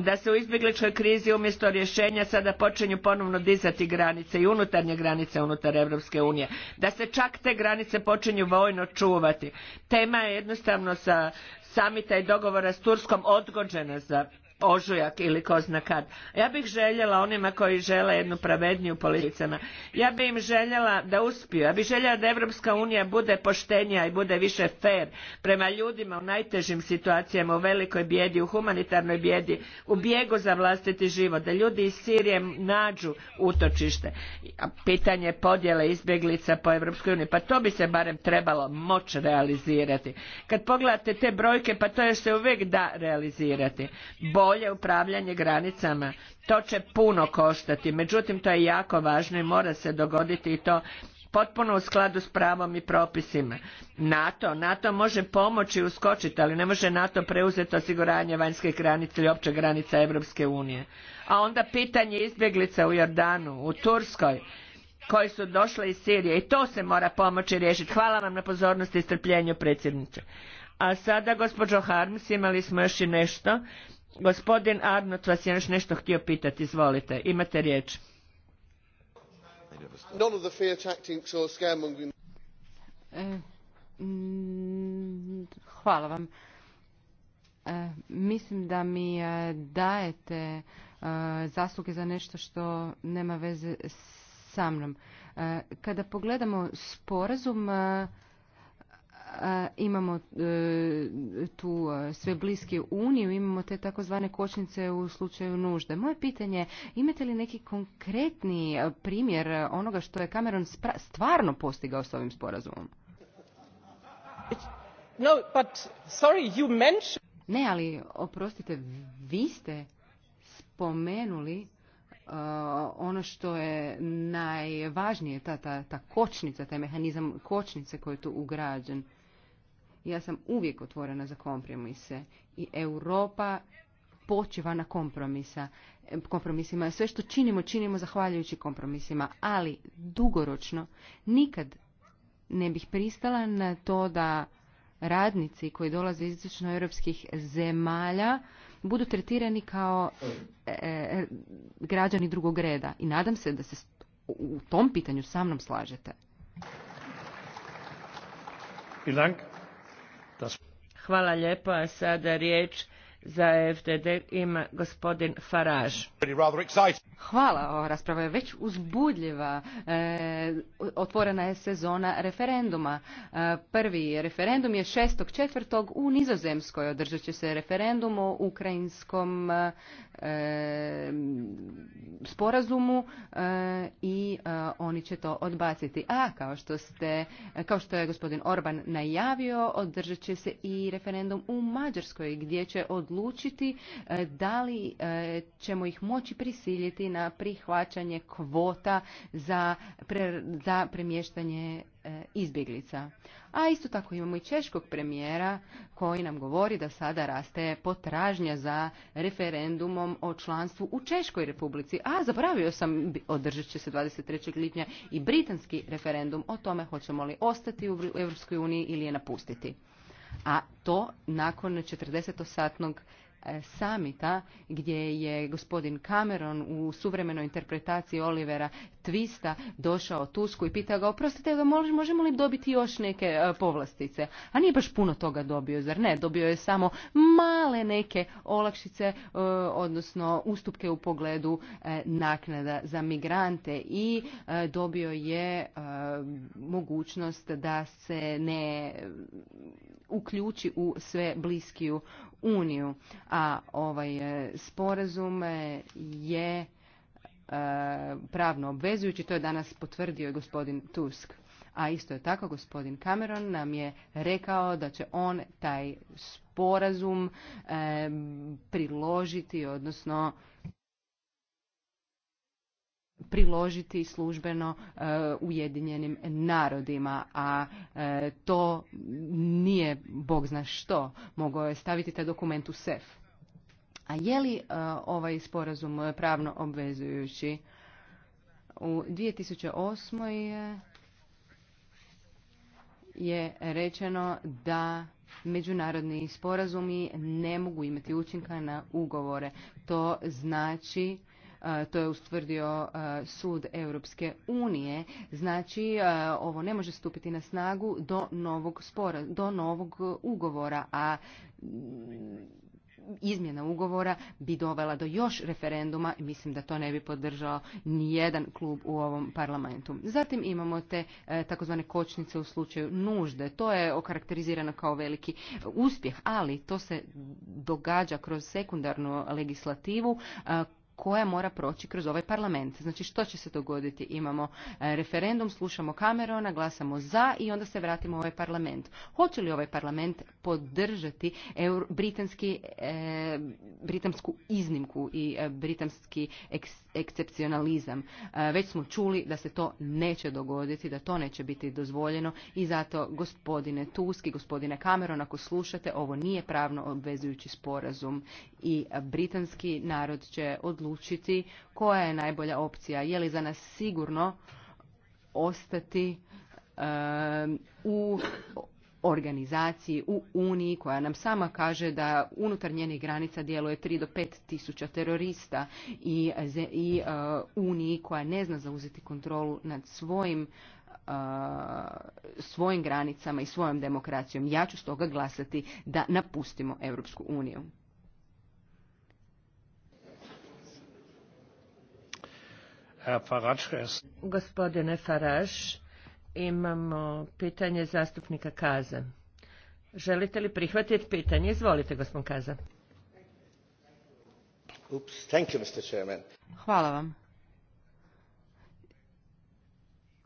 da se u izbjegličkoj krizi umjesto rješenja sada počinju ponovno dizati granice i unutarnje granice unutar Europske unije, da se čak te granice počinju vojno čuvati. Tema je jednostavno sa samita i dogovora s Turskom odgođena za ožujak ili ko zna kad. Ja bih željela onima koji žele jednu pravedniju politikama, ja bih im željela da uspiju, ja bih željela da Evropska unija bude poštenija i bude više fair prema ljudima u najtežim situacijama, u velikoj bijedi, u humanitarnoj bijedi, u bijegu za vlastiti život, da ljudi iz Sirije nađu utočište. Pitanje podjele izbjeglica po Evropskoj uniji, pa to bi se barem trebalo moć realizirati. Kad pogledate te brojke, pa to je se uvijek da realizirati. Bo bolje upravljanje granicama. To će puno koštati, međutim to je jako važno i mora se dogoditi i to potpuno u skladu s pravom i propisima. NATO, NATO može pomoći uskočiti, ali ne može NATO preuzeti osiguranje vanjske granice ili opće granica Europske unije. A onda pitanje izbjeglica u Jordanu, u Turskoj, koji su došle iz Sirije. I to se mora pomoći riješiti. Hvala vam na pozornosti i strpljenju predsjednice. A sada, gospođo Harms, imali smo još i nešto Gospodin Arnot vas je još nešto htio pitati, izvolite, imate riječ. E, hvala vam. E, mislim da mi e, dajete e, zasluge za nešto što nema veze sa mnom. Kada pogledamo sporazum, imamo e, tu e, sve bliske uniju, imamo te takozvane kočnice u slučaju nužde. Moje pitanje, imate li neki konkretni e, primjer onoga što je Cameron stvarno postigao s ovim sporazumom? No, Ne, ali oprostite, vi ste spomenuli ono što je najvažnije, ta, ta, ta kočnica, taj mehanizam kočnice koji je tu ugrađen. Ja sam uvijek otvorena za kompromise i Europa počiva na kompromisa, kompromisima. Sve što činimo, činimo zahvaljujući kompromisima, ali dugoročno nikad ne bih pristala na to da radnici koji dolaze iz istočnoeuropskih zemalja budu tretirani kao e, e, građani drugog reda. I nadam se da se u tom pitanju sa mnom slažete. Hvala lijepa. sada riječ za e FDD ima gospodin Faraž. Hvala, ova rasprava je već uzbudljiva. E, otvorena je sezona referenduma. E, prvi referendum je četvrtog u Nizozemskoj. Održat će se referendum o ukrajinskom sporazumu i oni će to odbaciti. A kao što, ste, kao što je gospodin Orban najavio, održat će se i referendum u Mađarskoj gdje će od odlučiti e, da li e, ćemo ih moći prisiljiti na prihvaćanje kvota za, za premještanje e, izbjeglica. A isto tako imamo i češkog premijera koji nam govori da sada raste potražnja za referendumom o članstvu u Češkoj republici. A zaboravio sam, održat će se 23. lipnja i britanski referendum o tome hoćemo li ostati u Europskoj uniji ili je napustiti a to nakon 40-satnog e, samita gdje je gospodin Cameron u suvremenoj interpretaciji Olivera Twista došao Tusku i pitao ga, oprostite, možemo li dobiti još neke e, povlastice? A nije baš puno toga dobio, zar ne? Dobio je samo male neke olakšice, e, odnosno ustupke u pogledu naknada za migrante i dobio je mogućnost da se ne uključi u sve bliskiju uniju. A ovaj e, sporazum e, je e, pravno obvezujući, to je danas potvrdio i gospodin Tusk. A isto je tako, gospodin Cameron nam je rekao da će on taj sporazum priložiti, odnosno priložiti službeno eh, Ujedinjenim narodima, a eh, to nije Bog zna što, mogao je staviti taj dokument u sef. A je li eh, ovaj sporazum pravno obvezujući? U 2008. je, je rečeno da međunarodni sporazumi ne mogu imati učinka na ugovore. To znači E, to je ustvrdio e, sud Europske unije. Znači, e, ovo ne može stupiti na snagu do novog spora, do novog ugovora, a mm, izmjena ugovora bi dovela do još referenduma i mislim da to ne bi podržao nijedan klub u ovom parlamentu. Zatim imamo te e, takozvane kočnice u slučaju nužde. To je okarakterizirano kao veliki uspjeh, ali to se događa kroz sekundarnu legislativu koja mora proći kroz ovaj parlament. Znači što će se dogoditi? Imamo e, referendum, slušamo Camerona, glasamo za i onda se vratimo u ovaj parlament. Hoće li ovaj parlament podržati britanski, e, britansku iznimku i e, britanski ekscepcionalizam? već smo čuli da se to neće dogoditi, da to neće biti dozvoljeno i zato gospodine Tuski, gospodine Cameron, ako slušate, ovo nije pravno obvezujući sporazum i britanski narod će od odlučiti koja je najbolja opcija. Je li za nas sigurno ostati u organizaciji u Uniji koja nam sama kaže da unutar njenih granica djeluje 3 do 5 tisuća terorista i, e, Uniji koja ne zna zauzeti kontrolu nad svojim e, svojim granicama i svojom demokracijom. Ja ću stoga glasati da napustimo Europsku uniju. Er Gospodine Faraš, imamo pitanje zastupnika Kaza. Želite li prihvatiti pitanje? Izvolite, gospodin Kaza. Hvala vam.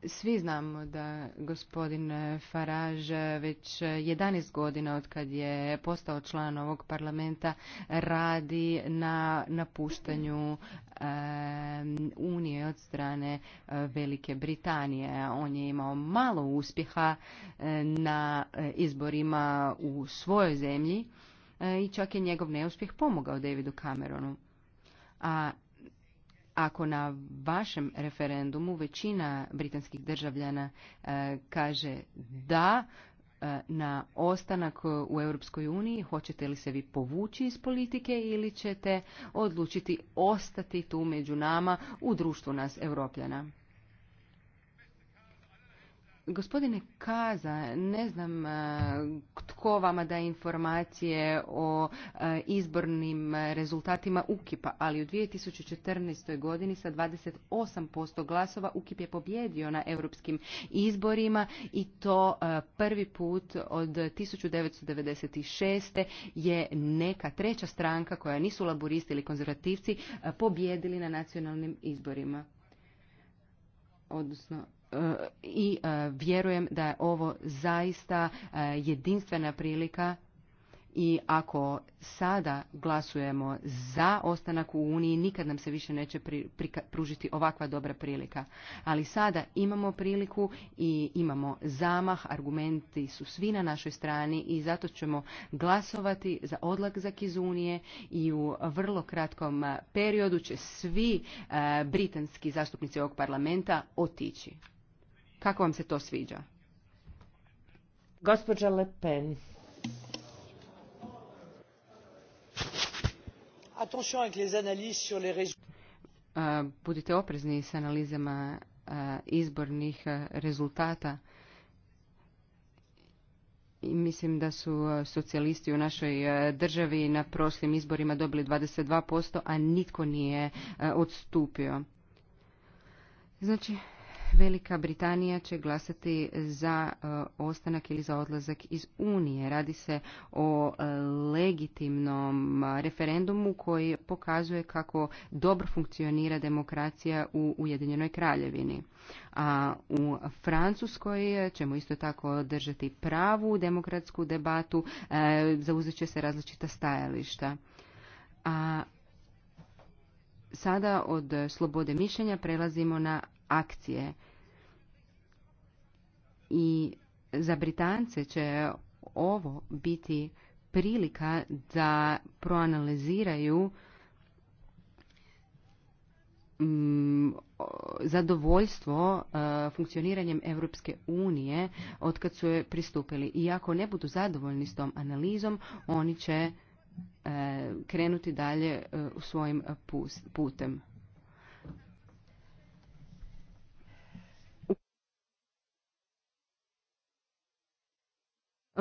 Svi znamo da gospodin Farage već 11 godina od kad je postao član ovog parlamenta radi na napuštanju Unije od strane eh, Velike Britanije. On je imao malo uspjeha eh, na eh, izborima u svojoj zemlji i čak je njegov neuspjeh pomogao Davidu Cameronu. A ako na vašem referendumu većina britanskih državljana e, kaže da e, na ostanak u Europskoj uniji, hoćete li se vi povući iz politike ili ćete odlučiti ostati tu među nama u društvu nas europljana? Gospodine Kaza, ne znam e, tko vama daje informacije o e, izbornim rezultatima Ukipa, ali u 2014. godini sa 28% glasova Ukip je pobjedio na europskim izborima i to e, prvi put od 1996. je neka treća stranka koja nisu laboristi ili konzervativci pobjedili na nacionalnim izborima odnosno i e, vjerujem da je ovo zaista e, jedinstvena prilika i ako sada glasujemo za ostanak u Uniji, nikad nam se više neće pružiti ovakva dobra prilika. Ali sada imamo priliku i imamo zamah, argumenti su svi na našoj strani i zato ćemo glasovati za odlazak iz Unije i u vrlo kratkom e, periodu će svi britanski zastupnici ovog parlamenta otići. Kako vam se to sviđa? Gospođa Le Pen. Attention avec les analyses sur les Budite oprezni s analizama izbornih rezultata. I mislim da su socijalisti u našoj državi na prošlim izborima dobili 22%, a nitko nije odstupio. Znači, Velika Britanija će glasati za e, ostanak ili za odlazak iz Unije. Radi se o e, legitimnom referendumu koji pokazuje kako dobro funkcionira demokracija u Ujedinjenoj kraljevini. A u Francuskoj ćemo isto tako održati pravu demokratsku debatu, e, zauzet će se različita stajališta. A Sada od slobode mišljenja prelazimo na akcije. I za Britance će ovo biti prilika da proanaliziraju mm, zadovoljstvo e, funkcioniranjem Europske unije od kad su je pristupili. I ako ne budu zadovoljni s tom analizom, oni će e, krenuti dalje e, svojim putem.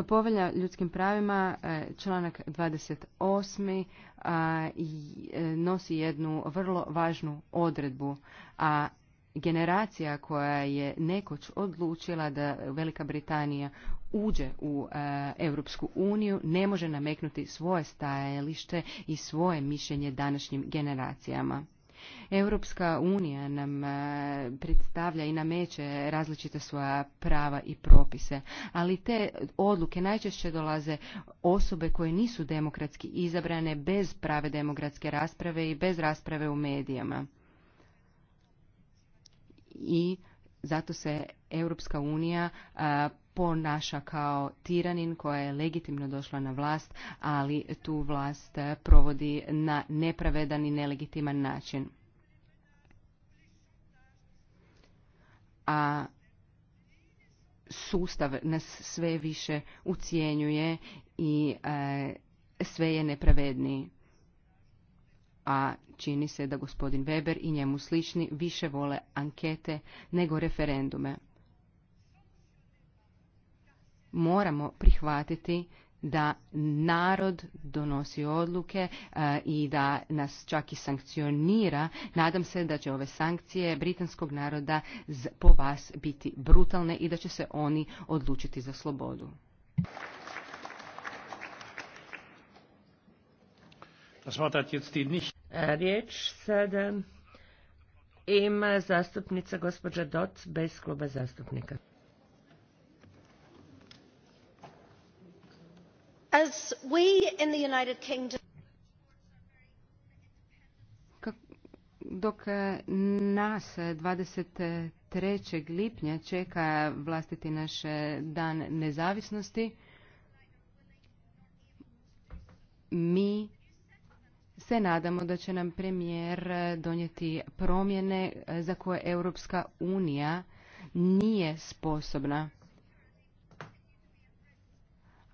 Povelja ljudskim pravima, e, članak 28. E, e, nosi jednu vrlo važnu odredbu, a generacija koja je nekoć odlučila da Velika Britanija uđe u Europsku uniju ne može nameknuti svoje stajalište i svoje mišljenje današnjim generacijama. Europska unija nam e, predstavlja i nameće različita svoja prava i propise, ali te odluke najčešće dolaze osobe koje nisu demokratski izabrane bez prave demokratske rasprave i bez rasprave u medijama. I zato se Europska unija e, ponaša kao tiranin koja je legitimno došla na vlast, ali tu vlast e, provodi na nepravedan i nelegitiman način. a sustav nas sve više ucijenjuje i e, sve je nepravedniji. A čini se da gospodin Weber i njemu slični više vole ankete nego referendume. Moramo prihvatiti da narod donosi odluke e, i da nas čak i sankcionira. Nadam se da će ove sankcije britanskog naroda po vas biti brutalne i da će se oni odlučiti za slobodu. E, riječ sada ima zastupnica gospođa Dot bez kluba zastupnika. As Dok e, nas 23. lipnja čeka vlastiti naš e, dan nezavisnosti, mi se nadamo da će nam premijer e, donijeti promjene za koje Europska unija nije sposobna.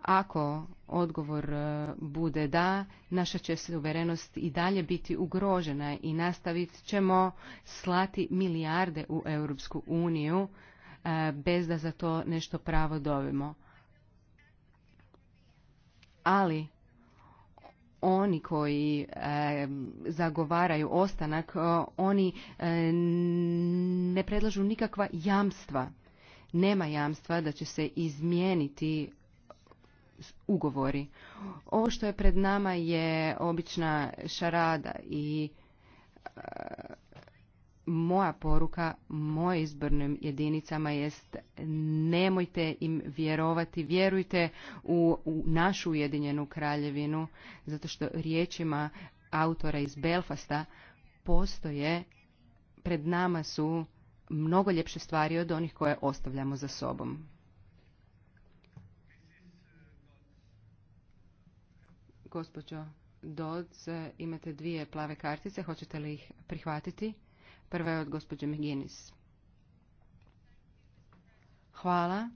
Ako odgovor e, bude da, naša će suverenost i dalje biti ugrožena i nastavit ćemo slati milijarde u Europsku uniju e, bez da za to nešto pravo dobimo. Ali oni koji e, zagovaraju ostanak, oni ne predlažu nikakva jamstva. Nema jamstva da će se izmijeniti ugovori. Ovo što je pred nama je obična šarada i e, moja poruka moje izbornim jedinicama jest nemojte im vjerovati, vjerujte u, u našu Ujedinjenu kraljevinu, zato što riječima autora iz Belfasta postoje, pred nama su mnogo ljepše stvari od onih koje ostavljamo za sobom. Gospođo Dodds, imate dvije plave kartice, hoćete li ih prihvatiti? Prva je od gospođe McGinnis. Hvala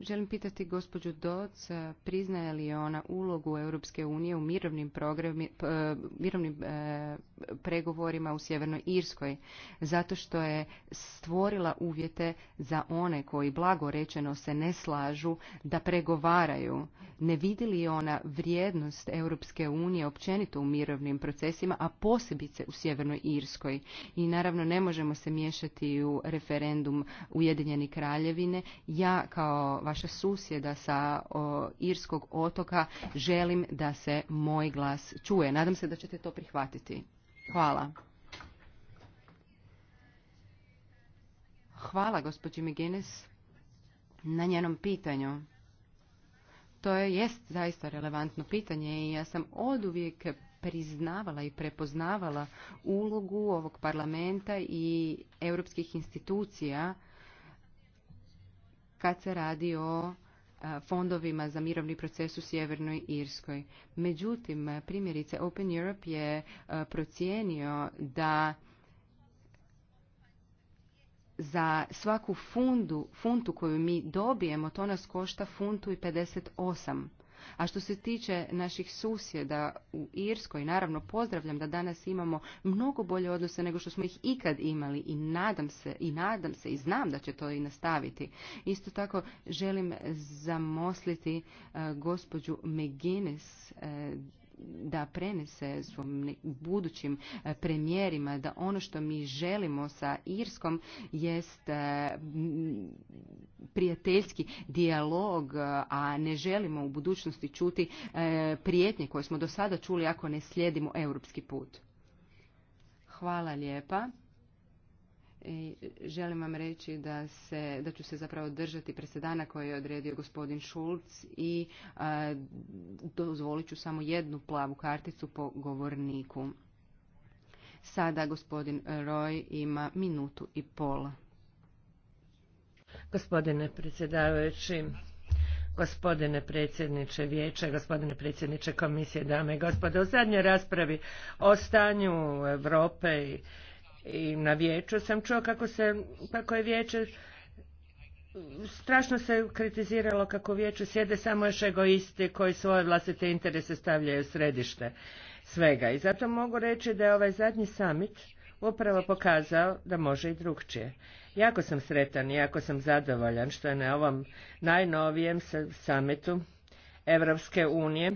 želim pitati gospođu Doc, priznaje li ona ulogu Europske unije u mirovnim, programi, e, mirovnim e, pregovorima u Sjevernoj Irskoj, zato što je stvorila uvjete za one koji blago rečeno se ne slažu da pregovaraju. Ne vidi li ona vrijednost Europske unije općenito u mirovnim procesima, a posebice u Sjevernoj Irskoj? I naravno ne možemo se miješati u referendum Ujedinjeni kraljevine. Ja kao vaša susjeda sa Irskog otoka, želim da se moj glas čuje. Nadam se da ćete to prihvatiti. Hvala. Hvala gospođi Migenes na njenom pitanju. To je, jest zaista relevantno pitanje i ja sam oduvijek priznavala i prepoznavala ulogu ovog parlamenta i europskih institucija kad se radi o e, fondovima za mirovni proces u Sjevernoj Irskoj. Međutim, primjerice Open Europe je e, procijenio da za svaku fundu, funtu koju mi dobijemo, to nas košta funtu i 58. A što se tiče naših susjeda u Irskoj, naravno pozdravljam da danas imamo mnogo bolje odnose nego što smo ih ikad imali i nadam se i nadam se i znam da će to i nastaviti. Isto tako želim zamosliti eh, gospođu McGuinness eh, da prenese svom budućim e, premijerima da ono što mi želimo sa Irskom jest e, prijateljski dijalog, e, a ne želimo u budućnosti čuti prijetnje koje smo do sada čuli ako ne slijedimo europski put. Hvala lijepa. Želim vam reći da, se, da ću se zapravo držati presedana koje je odredio gospodin Šulc i a, dozvolit ću samo jednu plavu karticu po govorniku. Sada gospodin Roy ima minutu i pola. Gospodine predsjedavajući, gospodine predsjedniče vijeća, gospodine predsjedniče komisije, dame i gospodo. U zadnjoj raspravi o stanju Europe i i na vijeću sam čuo kako se, kako je vijeće strašno se kritiziralo kako u sjede samo još egoisti koji svoje vlastite interese stavljaju središte svega. I zato mogu reći da je ovaj zadnji summit upravo pokazao da može i drugčije. Jako sam sretan i jako sam zadovoljan što je na ovom najnovijem summitu Evropske unije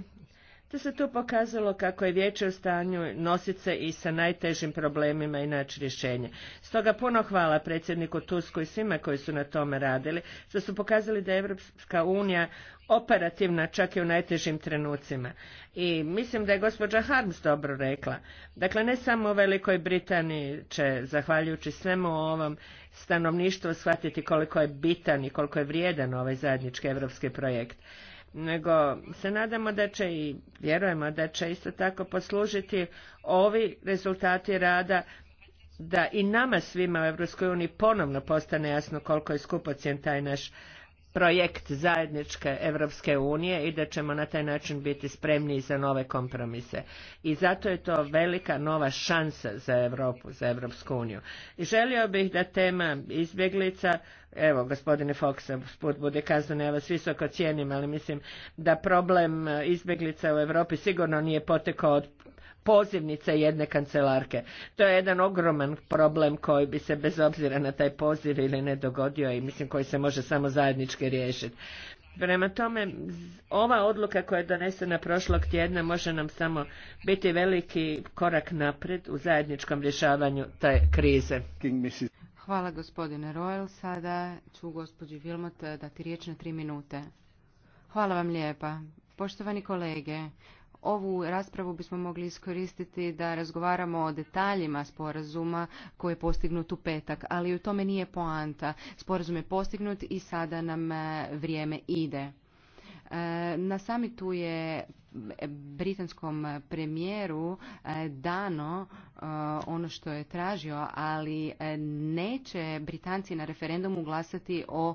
te se tu pokazalo kako je vijeće u stanju nositi se i sa najtežim problemima i naći rješenje. Stoga puno hvala predsjedniku Tusku i svima koji su na tome radili, što su pokazali da je Evropska unija operativna čak i u najtežim trenucima. I mislim da je gospođa Harms dobro rekla. Dakle, ne samo u Velikoj Britaniji će, zahvaljujući svemu ovom, stanovništvo shvatiti koliko je bitan i koliko je vrijedan ovaj zajednički evropski projekt nego se nadamo da će i vjerujemo da će isto tako poslužiti ovi rezultati rada da i nama svima u EU uniji ponovno postane jasno koliko je skupocjen taj naš projekt zajedničke Evropske unije i da ćemo na taj način biti spremni za nove kompromise. I zato je to velika nova šansa za Europu, za Evropsku uniju. I želio bih da tema izbjeglica, evo gospodine Fox, put bude kazano, ja vas visoko cijenim, ali mislim da problem izbjeglica u Europi sigurno nije potekao od pozivnice jedne kancelarke. To je jedan ogroman problem koji bi se bez obzira na taj poziv ili ne dogodio i mislim koji se može samo zajednički riješiti. Prema tome, ova odluka koja je donesena prošlog tjedna može nam samo biti veliki korak naprijed u zajedničkom rješavanju te krize. Hvala gospodine Royal. Sada ću gospođi Vilmot eh, dati riječ na tri minute. Hvala vam lijepa. Poštovani kolege, Ovu raspravu bismo mogli iskoristiti da razgovaramo o detaljima sporazuma koji je postignut u petak, ali u tome nije poanta. Sporazum je postignut i sada nam e, vrijeme ide. E, na samitu je britanskom premijeru e, dano e, ono što je tražio, ali e, neće Britanci na referendumu glasati o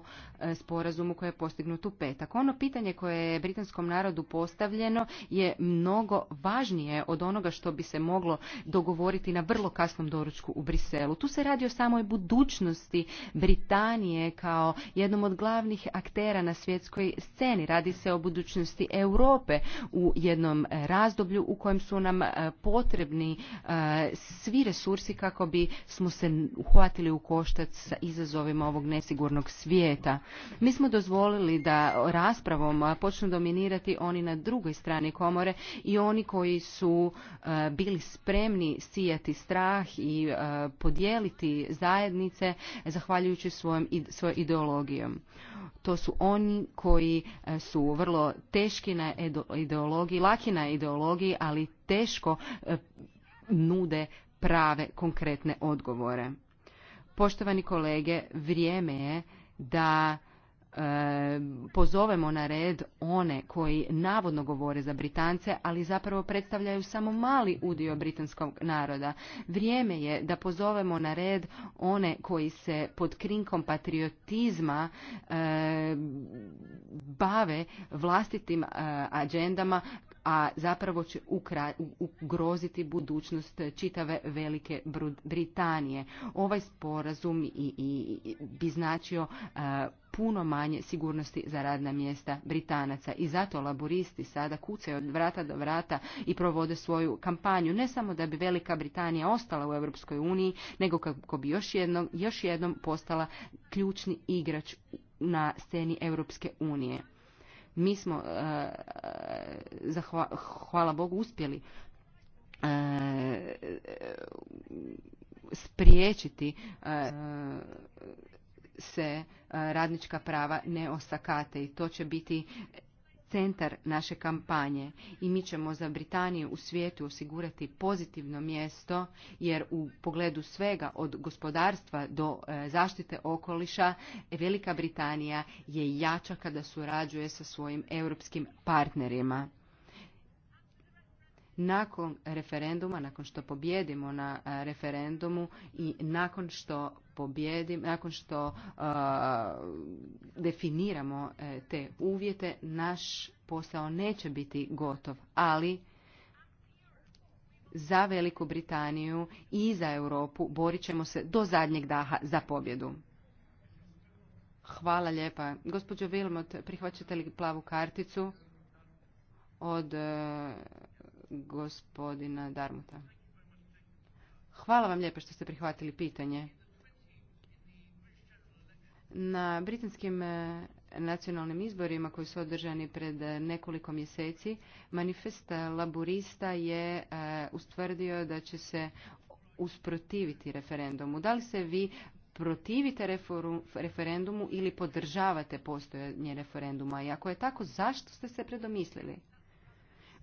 sporazumu koje je postignut u petak. Ono pitanje koje je britanskom narodu postavljeno je mnogo važnije od onoga što bi se moglo dogovoriti na vrlo kasnom doručku u Briselu. Tu se radi o samoj budućnosti Britanije kao jednom od glavnih aktera na svjetskoj sceni. Radi se o budućnosti Europe u jednom razdoblju u kojem su nam e, potrebni e, svi resursi kako bi smo se uhvatili u koštac sa izazovima ovog nesigurnog svijeta. Mi smo dozvolili da raspravom počnu dominirati oni na drugoj strani komore i oni koji su e, bili spremni sijati strah i podijeliti zajednice zahvaljujući svojom, svoj ideologijom. To su oni koji su vrlo teški na ideologiju ideologiji, laki na ideologiji, ali teško e, nude prave konkretne odgovore. Poštovani kolege, vrijeme je da E, pozovemo na red one koji navodno govore za Britance, ali zapravo predstavljaju samo mali udio britanskog naroda. Vrijeme je da pozovemo na red one koji se pod krinkom patriotizma e, bave vlastitim e, agendama a zapravo će ugroziti budućnost čitave Velike Britanije. Ovaj sporazum i, i, bi značio e, puno manje sigurnosti za radna mjesta Britanaca. I zato laboristi sada kucaju od vrata do vrata i provode svoju kampanju. Ne samo da bi Velika Britanija ostala u Europskoj uniji, nego kako bi još jednom, još jednom postala ključni igrač na sceni Europske unije. Mi smo, e, za hvala Bogu, uspjeli e, spriječiti e, se radnička prava ne osakate i to će biti centar naše kampanje i mi ćemo za Britaniju u svijetu osigurati pozitivno mjesto jer u pogledu svega od gospodarstva do e, zaštite okoliša Velika Britanija je jača kada surađuje sa svojim europskim partnerima. Nakon referenduma, nakon što pobjedimo na e, referendumu i nakon što pobjedimo, nakon što definiramo e, te uvjete, naš posao neće biti gotov, ali za Veliku Britaniju i za Europu borit ćemo se do zadnjeg daha za pobjedu. Hvala lijepa. Gospođo Vilmot, prihvaćate li plavu karticu od e, gospodina Darmuta? Hvala vam lijepo što ste prihvatili pitanje. Na britanskim e, nacionalnim izborima koji su održani pred e, nekoliko mjeseci, manifest laburista je e, ustvrdio da će se usprotiviti referendumu. Da li se vi protivite referendumu ili podržavate postojanje referenduma? I ako je tako, zašto ste se predomislili?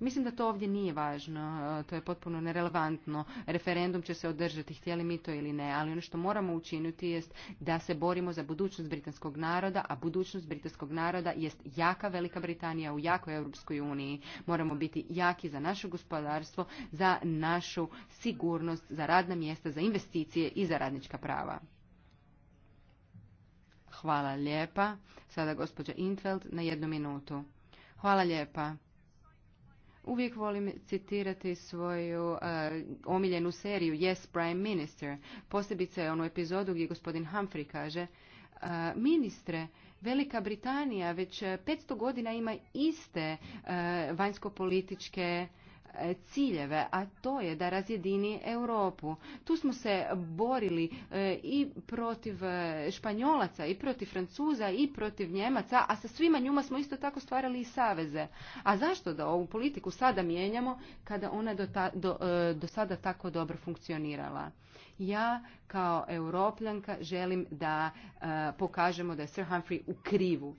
Mislim da to ovdje nije važno, e, to je potpuno nerelevantno. Referendum će se održati, htjeli mi to ili ne, ali ono što moramo učiniti jest da se borimo za budućnost britanskog naroda, a budućnost britanskog naroda jest jaka Velika Britanija u jakoj Europskoj uniji. Moramo biti jaki za naše gospodarstvo, za našu sigurnost, za radna mjesta, za investicije i za radnička prava. Hvala lijepa. Sada gospođa Intveld na jednu minutu. Hvala lijepa. Uvijek volim citirati svoju e, omiljenu seriju Yes Prime Minister, posebice onu epizodu gdje gospodin Humphrey kaže e, Ministre, Velika Britanija već 500 godina ima iste uh, vanjskopolitičke E, ciljeve, a to je da razjedini Europu. Tu smo se borili e, i protiv e, Španjolaca, i protiv Francuza, i protiv Njemaca, a sa svima njima smo isto tako stvarali i saveze. A zašto da ovu politiku sada mijenjamo kada ona do, do, sada tako dobro funkcionirala? Ja kao europljanka želim da pokažemo da je Sir Humphrey u krivu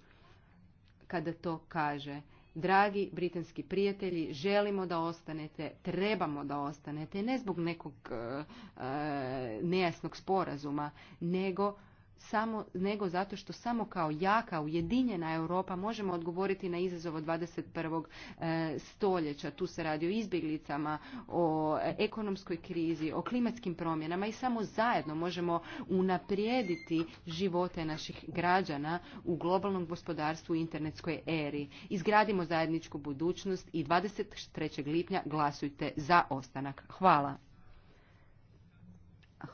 kada to kaže dragi britanski prijatelji, želimo da ostanete, trebamo da ostanete, ne zbog nekog e, e, nejasnog sporazuma, nego samo, nego zato što samo kao jaka, ujedinjena Europa možemo odgovoriti na izazov od 21. E, stoljeća. Tu se radi o izbjeglicama, o e, ekonomskoj krizi, o klimatskim promjenama i samo zajedno možemo unaprijediti živote naših građana u globalnom gospodarstvu i internetskoj eri. Izgradimo zajedničku budućnost i 23. lipnja glasujte za ostanak. Hvala.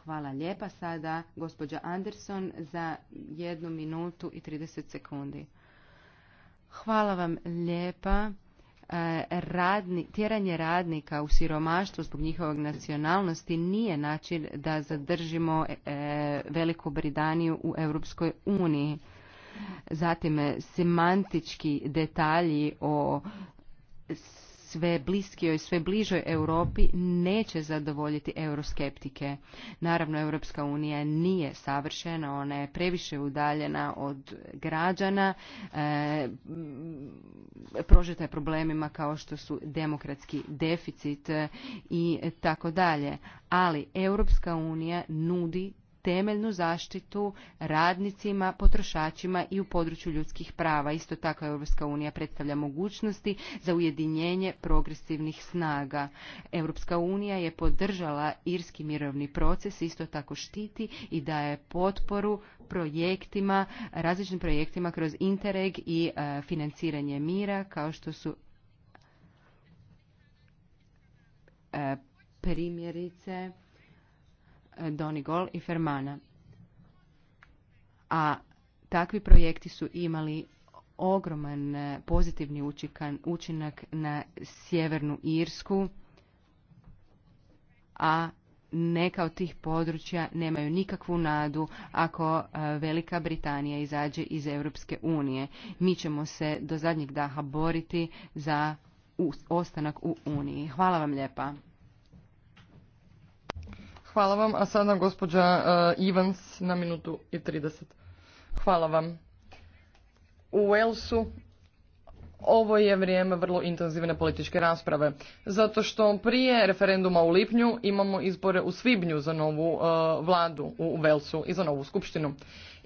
Hvala lijepa. Sada gospođa Anderson za jednu minutu i 30 sekundi. Hvala vam lijepa. E, radni, tjeranje radnika u siromaštvu zbog njihovog nacionalnosti nije način da zadržimo e, Veliku Britaniju u Europskoj uniji. Zatim semantički detalji o sve bliskijoj, sve bližoj Europi neće zadovoljiti euroskeptike. Naravno, Europska unija nije savršena, ona je previše udaljena od građana, e, prožeta je problemima kao što su demokratski deficit i tako dalje. Ali Europska unija nudi temeljnu zaštitu radnicima, potrošačima i u području ljudskih prava. Isto tako Europska unija predstavlja mogućnosti za ujedinjenje progresivnih snaga. Europska unija je podržala irski mirovni proces, isto tako štiti i daje potporu projektima, različitim projektima kroz Interreg i e, financiranje mira, kao što su e, primjerice Eh, Donigol i Fermana. A takvi projekti su imali ogroman eh, pozitivni učinak na sjevernu Irsku, a neka od tih područja nemaju nikakvu nadu ako eh, Velika Britanija izađe iz Europske unije. Mi ćemo se do zadnjeg daha boriti za ostanak u Uniji. Hvala vam lijepa. Hvala vam, a sada gospođa e, Ivans na minutu i 30. Hvala vam. U Walesu ovo je vrijeme vrlo intenzivne političke rasprave, zato što prije referenduma u lipnju imamo izbore u svibnju za novu e, vladu u Velsu i za novu skupštinu.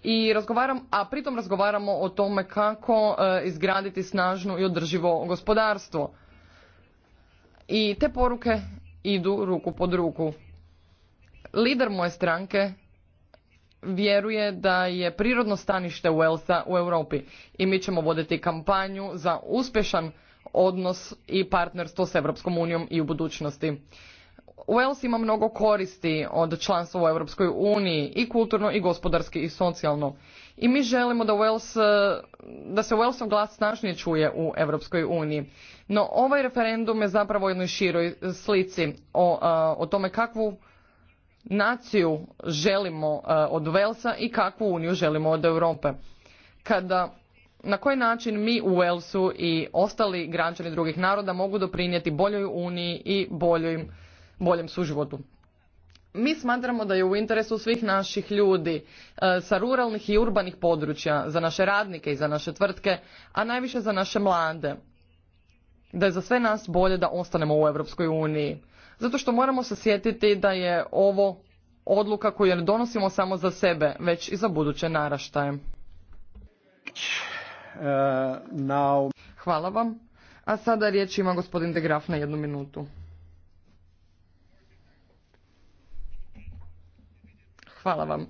I razgovaram, a pritom razgovaramo o tome kako e, izgraditi snažno i održivo gospodarstvo. I te poruke idu ruku pod ruku. Lider moje stranke vjeruje da je prirodno stanište Walesa u Europi i mi ćemo voditi kampanju za uspješan odnos i partnerstvo s Europskom unijom i u budućnosti. Wales ima mnogo koristi od članstva u Europskoj uniji i kulturno i gospodarski i socijalno. I mi želimo da, Wales, da se Walesom glas snažnije čuje u Europskoj uniji. No ovaj referendum je zapravo jednoj široj slici o, o tome kakvu naciju želimo e, od Velsa i kakvu uniju želimo od Europe. Kada na koji način mi u Walesu i ostali građani drugih naroda mogu doprinijeti boljoj uniji i boljem suživotu. Mi smatramo da je u interesu svih naših ljudi e, sa ruralnih i urbanih područja, za naše radnike i za naše tvrtke, a najviše za naše mlade, da je za sve nas bolje da ostanemo u Europskoj uniji. Zato što moramo se sjetiti da je ovo odluka koju ne donosimo samo za sebe, već i za buduće naraštaje. Uh, Hvala vam. A sada riječ ima gospodin De Graf na jednu minutu. Hvala vam.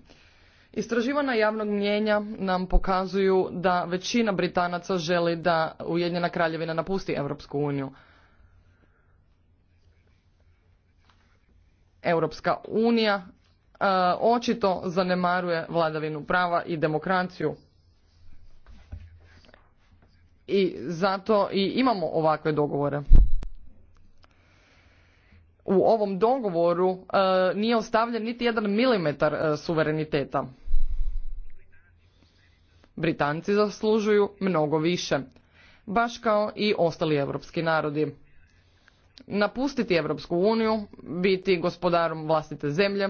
Istraživana javnog mnjenja nam pokazuju da većina Britanaca želi da Ujedinjena kraljevina napusti Europsku uniju. Europska unija e, očito zanemaruje vladavinu prava i demokraciju. I zato i imamo ovakve dogovore. U ovom dogovoru e, nije ostavljen niti jedan milimetar e, suvereniteta. Britanci zaslužuju mnogo više, baš kao i ostali europski narodi napustiti Europsku uniju, biti gospodarom vlastite zemlje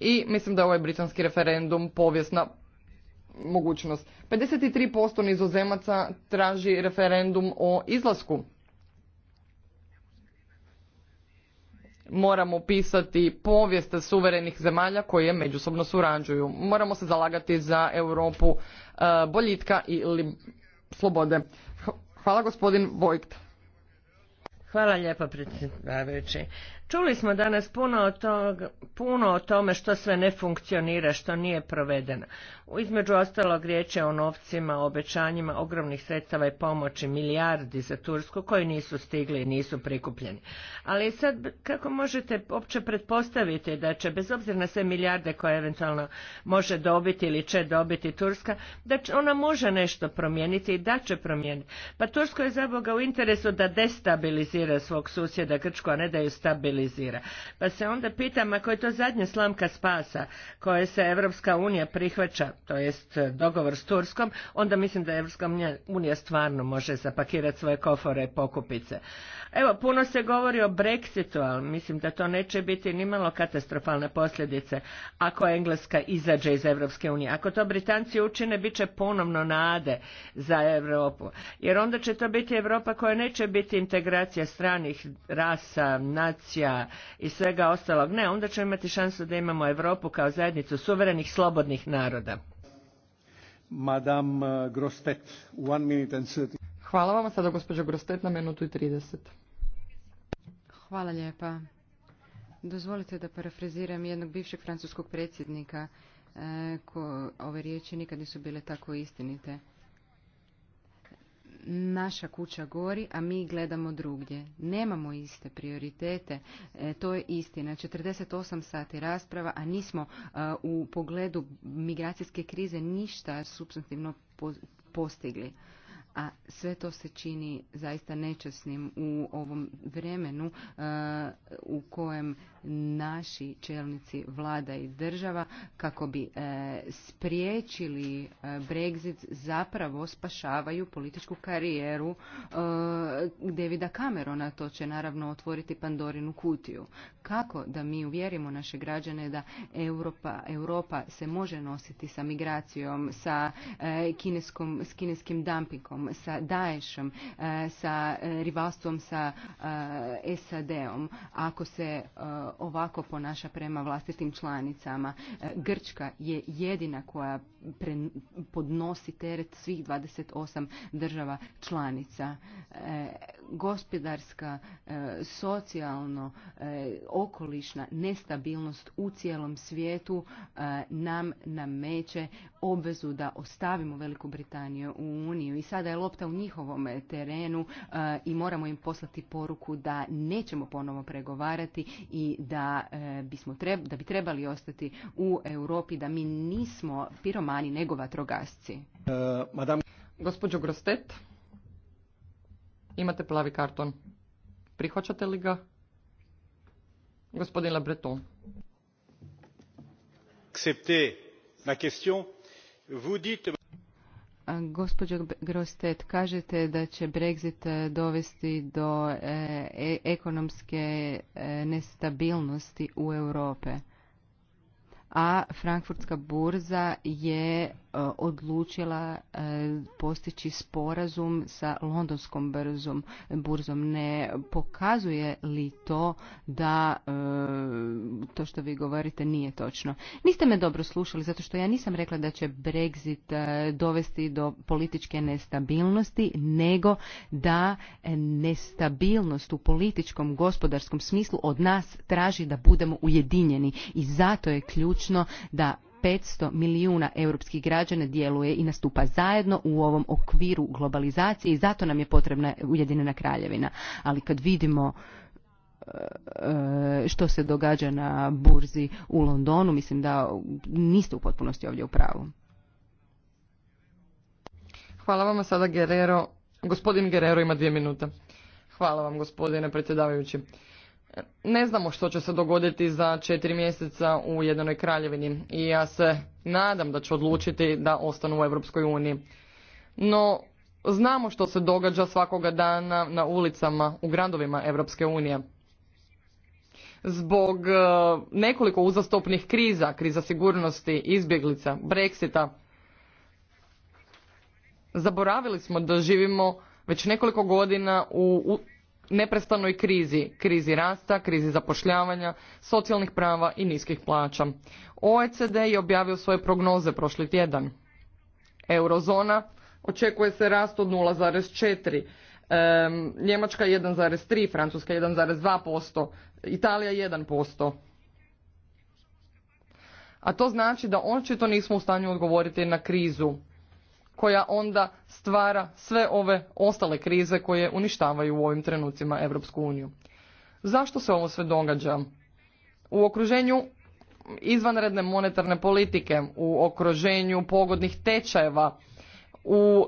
i mislim da je ovaj britanski referendum povijesna mogućnost. 53% nizozemaca traži referendum o izlasku. Moramo pisati povijest suverenih zemalja koje međusobno surađuju. Moramo se zalagati za Europu e, boljitka ili slobode. Hvala gospodin Vojkta. Hvala lijepo predsjedavajući. Čuli smo danas puno o, puno o tome što sve ne funkcionira, što nije provedeno. Između ostalog riječ je o novcima, o obećanjima ogromnih sredstava i pomoći, milijardi za Tursku koji nisu stigli i nisu prikupljeni. Ali sad kako možete opće pretpostaviti da će bez obzira na sve milijarde koje eventualno može dobiti ili će dobiti Turska, da ona može nešto promijeniti i da će promijeniti. Pa Tursko je za u interesu da destabilizira svog susjeda Grčko, a ne da ju stabilizira pa se onda pitam, ako je to zadnja slamka spasa koje se Evropska unija prihvaća, to jest e, dogovor s Turskom, onda mislim da Evropska unija stvarno može zapakirati svoje kofore i pokupice. Evo, puno se govori o Brexitu, ali mislim da to neće biti ni malo katastrofalne posljedice ako Engleska izađe iz Evropske unije. Ako to Britanci učine, bit će ponovno nade za Europu. Jer onda će to biti Europa koja neće biti integracija stranih rasa, nacija, i svega ostalog. Ne, onda ćemo imati šansu da imamo Europu kao zajednicu suverenih, slobodnih naroda. Madame eh, Grostet, one minute and 30. Hvala vam sada gospođo Grostet na minutu i 30. Hvala lijepa. Dozvolite da parafraziram jednog bivšeg francuskog predsjednika eh, ko ove riječi nikad nisu bile tako istinite naša kuća gori, a mi gledamo drugdje. Nemamo iste prioritete, e, to je istina. 48 sati rasprava, a nismo e, u pogledu migracijske krize ništa substantivno postigli. A sve to se čini zaista nečasnim u ovom vremenu e, u kojem naši čelnici vlada i država kako bi e, spriječili e, Brexit zapravo spašavaju političku karijeru e, Davida Camerona. To će naravno otvoriti Pandorinu kutiju. Kako da mi uvjerimo naše građane da Europa, Europa se može nositi sa migracijom, sa kineskom, s kineskim dumpingom, sa Daešom, sa rivalstvom sa SAD-om, ako se ovako ponaša prema vlastitim članicama. E, Grčka je jedina koja podnosi teret svih 28 država članica. E, gospodarska, e, socijalno, okolišna nestabilnost u cijelom svijetu nam nameće obvezu da ostavimo Veliku Britaniju u Uniju i sada je lopta u njihovom terenu e, i moramo im poslati poruku da nećemo ponovo pregovarati i da, e, bismo da bi trebali ostati u Europi, da mi nismo piromani nego vatrogasci. Uh, e, madame... Gospođo Grostet, imate plavi karton. Prihvaćate li ga? Gospodin Labreton. Acceptez la question Vous Gospođo Grostet, kažete da će Brexit e, dovesti do e, e, ekonomske nestabilnosti u Europe, a Frankfurtska burza je E, odlučila e, postići sporazum sa londonskom brzom, burzom. Ne pokazuje li to da e, to što vi govorite nije točno? Niste me dobro slušali zato što ja nisam rekla da će Brexit dovesti do političke nestabilnosti, nego da nestabilnost u političkom, gospodarskom smislu od nas traži da budemo ujedinjeni i zato je ključno da 500 milijuna europskih građana djeluje i nastupa zajedno u ovom okviru globalizacije i zato nam je potrebna Ujedinjena kraljevina. Ali kad vidimo e, e, što se događa na burzi u Londonu, mislim da niste u potpunosti ovdje u pravu. Hvala vam sada Gerero. Gospodin Gerero ima dvije minute. Hvala vam gospodine predsjedavajući. Ne znamo što će se dogoditi za četiri mjeseca u jednoj kraljevini i ja se nadam da će odlučiti da ostanu u Europskoj uniji. No, znamo što se događa svakoga dana na ulicama u gradovima Europske unije. Zbog e, nekoliko uzastopnih kriza, kriza sigurnosti, izbjeglica, Brexita, zaboravili smo da živimo već nekoliko godina u neprestanoj krizi, krizi rasta, krizi zapošljavanja, socijalnih prava i niskih plaća. OECD je objavio svoje prognoze prošli tjedan. Eurozona očekuje se rast od 0,4, Njemačka 1,3, Francuska 1,2%, Italija 1%. A to znači da očito nismo u stanju odgovoriti na krizu koja onda stvara sve ove ostale krize koje uništavaju u ovim trenucima Europsku uniju. Zašto se ovo sve događa? U okruženju izvanredne monetarne politike, u okruženju pogodnih tečajeva, u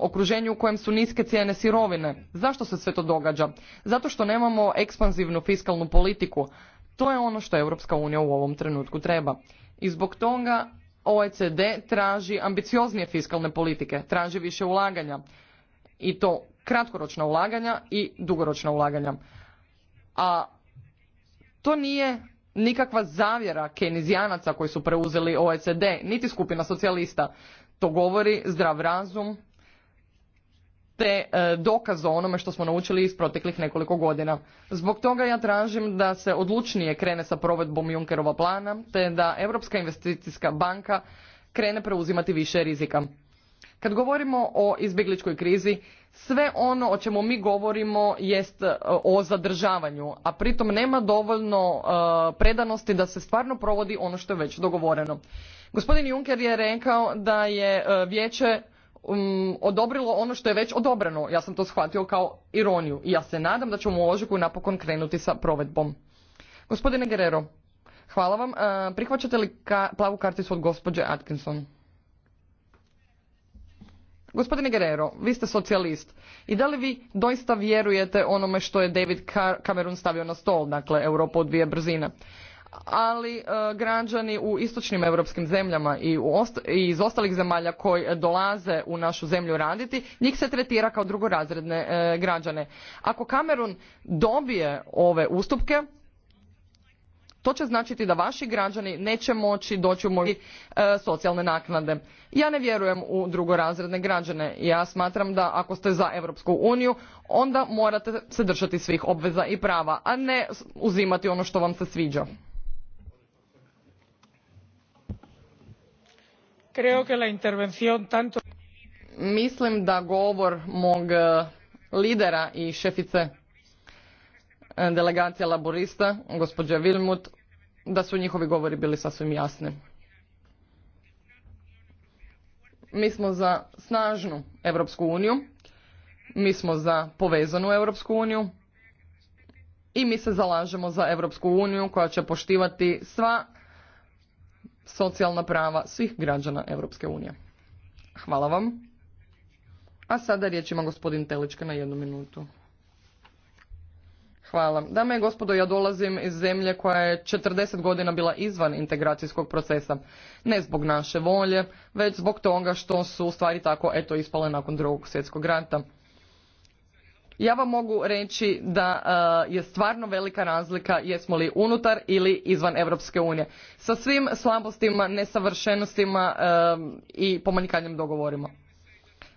okruženju u kojem su niske cijene sirovine. Zašto se sve to događa? Zato što nemamo ekspanzivnu fiskalnu politiku. To je ono što Europska unija u ovom trenutku treba. I zbog toga OECD traži ambicioznije fiskalne politike, traži više ulaganja i to kratkoročna ulaganja i dugoročna ulaganja. A to nije nikakva zavjera kenizijanaca koji su preuzeli OECD, niti skupina socijalista. To govori zdrav razum, te e, dokaz o onome što smo naučili iz proteklih nekoliko godina. Zbog toga ja tražim da se odlučnije krene sa provedbom Junckerova plana, te da Europska investicijska banka krene preuzimati više rizika. Kad govorimo o izbjegličkoj krizi, sve ono o čemu mi govorimo jest e, o zadržavanju, a pritom nema dovoljno e, predanosti da se stvarno provodi ono što je već dogovoreno. Gospodin Juncker je rekao da je vijeće um, odobrilo ono što je već odobreno. Ja sam to shvatio kao ironiju i ja se nadam da ćemo u ožiku napokon krenuti sa provedbom. Gospodine Guerrero, hvala vam. E, prihvaćate li ka plavu karticu od gospođe Atkinson? Gospodine Guerrero, vi ste socijalist i da li vi doista vjerujete onome što je David Cameron stavio na stol, dakle Europa od dvije brzine? ali e, građani u istočnim europskim zemljama i, iz ostalih zemalja koji dolaze u našu zemlju raditi njih se tretira kao drugorazredne e, građane ako kamerun dobije ove ustupke to će značiti da vaši građani neće moći doći u moći e, socijalne naknade. Ja ne vjerujem u drugorazredne građane. Ja smatram da ako ste za Europsku uniju, onda morate se držati svih obveza i prava, a ne uzimati ono što vam se sviđa. mislim da govor mog eh, lidera i šefice eh, delegacije laborista gospođe Vilmut da su njihovi govori bili sasvim jasni. Mi smo za snažnu Europsku uniju, mi smo za povezanu Europsku uniju i mi se zalažemo za Europsku uniju koja će poštivati sva socijalna prava svih građana Europske unije. Hvala vam. A sada riječ ima gospodin Telička na jednu minutu. Hvala. Dame i gospodo, ja dolazim iz zemlje koja je 40 godina bila izvan integracijskog procesa. Ne zbog naše volje, već zbog toga što su stvari tako eto ispale nakon drugog svjetskog rata ja vam mogu reći da eh, je stvarno velika razlika jesmo li unutar ili izvan europske unije sa svim slabostima nesavršenostima eh, i pomanjkanjem dogovorima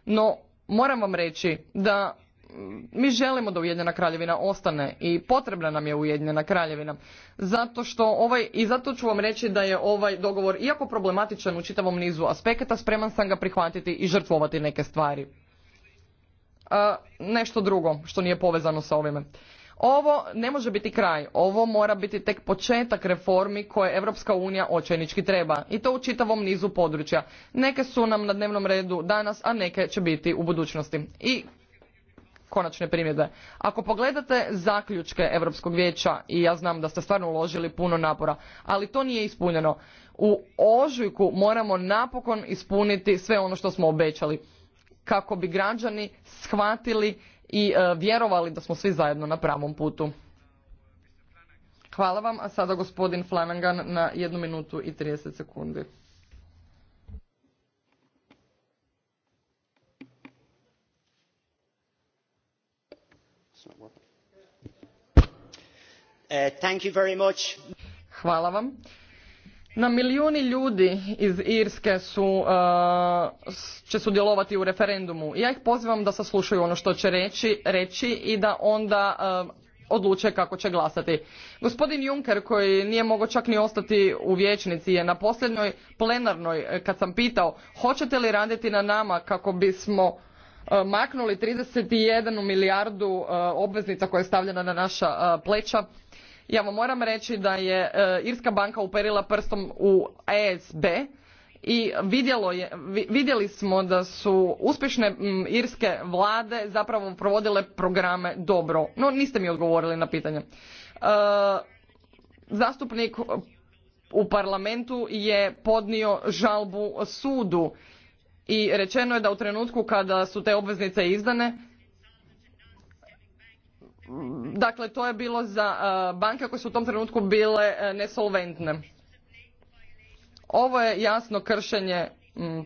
no moram vam reći da mm, mi želimo da ujedinjena kraljevina ostane i potrebna nam je ujedinjena kraljevina zato što ovaj i zato ću vam reći da je ovaj dogovor iako problematičan u čitavom nizu aspekata spreman sam ga prihvatiti i žrtvovati neke stvari E, nešto drugo što nije povezano sa ovime. Ovo ne može biti kraj, ovo mora biti tek početak reformi koje Europska unija očajnički treba i to u čitavom nizu područja. Neke su nam na dnevnom redu danas, a neke će biti u budućnosti. I konačne primjedbe. Ako pogledate zaključke Europskog vijeća i ja znam da ste stvarno uložili puno napora, ali to nije ispunjeno. U ožujku moramo napokon ispuniti sve ono što smo obećali kako bi građani shvatili i e, vjerovali da smo svi zajedno na pravom putu. Hvala vam, a sada gospodin Flanagan na jednu minutu i 30 sekundi. E, Hvala vam. Na milijuni ljudi iz Irske su, uh, će sudjelovati u referendumu. Ja ih pozivam da saslušaju ono što će reći, reći i da onda uh, odluče kako će glasati. Gospodin Juncker koji nije mogao čak ni ostati u vječnici je na posljednjoj plenarnoj uh, kad sam pitao hoćete li raditi na nama kako bismo maknuli maknuli 31 milijardu obveznica koja je stavljena na naša pleća ja vam moram reći da je e, irska banka uperila prstom u esb i vidjeli smo da su uspješne irske vlade zapravo provodile programe dobro no niste mi odgovorili na pitanje e, zastupnik u parlamentu je podnio žalbu sudu i rečeno je da u trenutku kada su te obveznice izdane dakle to je bilo za e, banke koje su u tom trenutku bile e, nesolventne. Ovo je jasno kršenje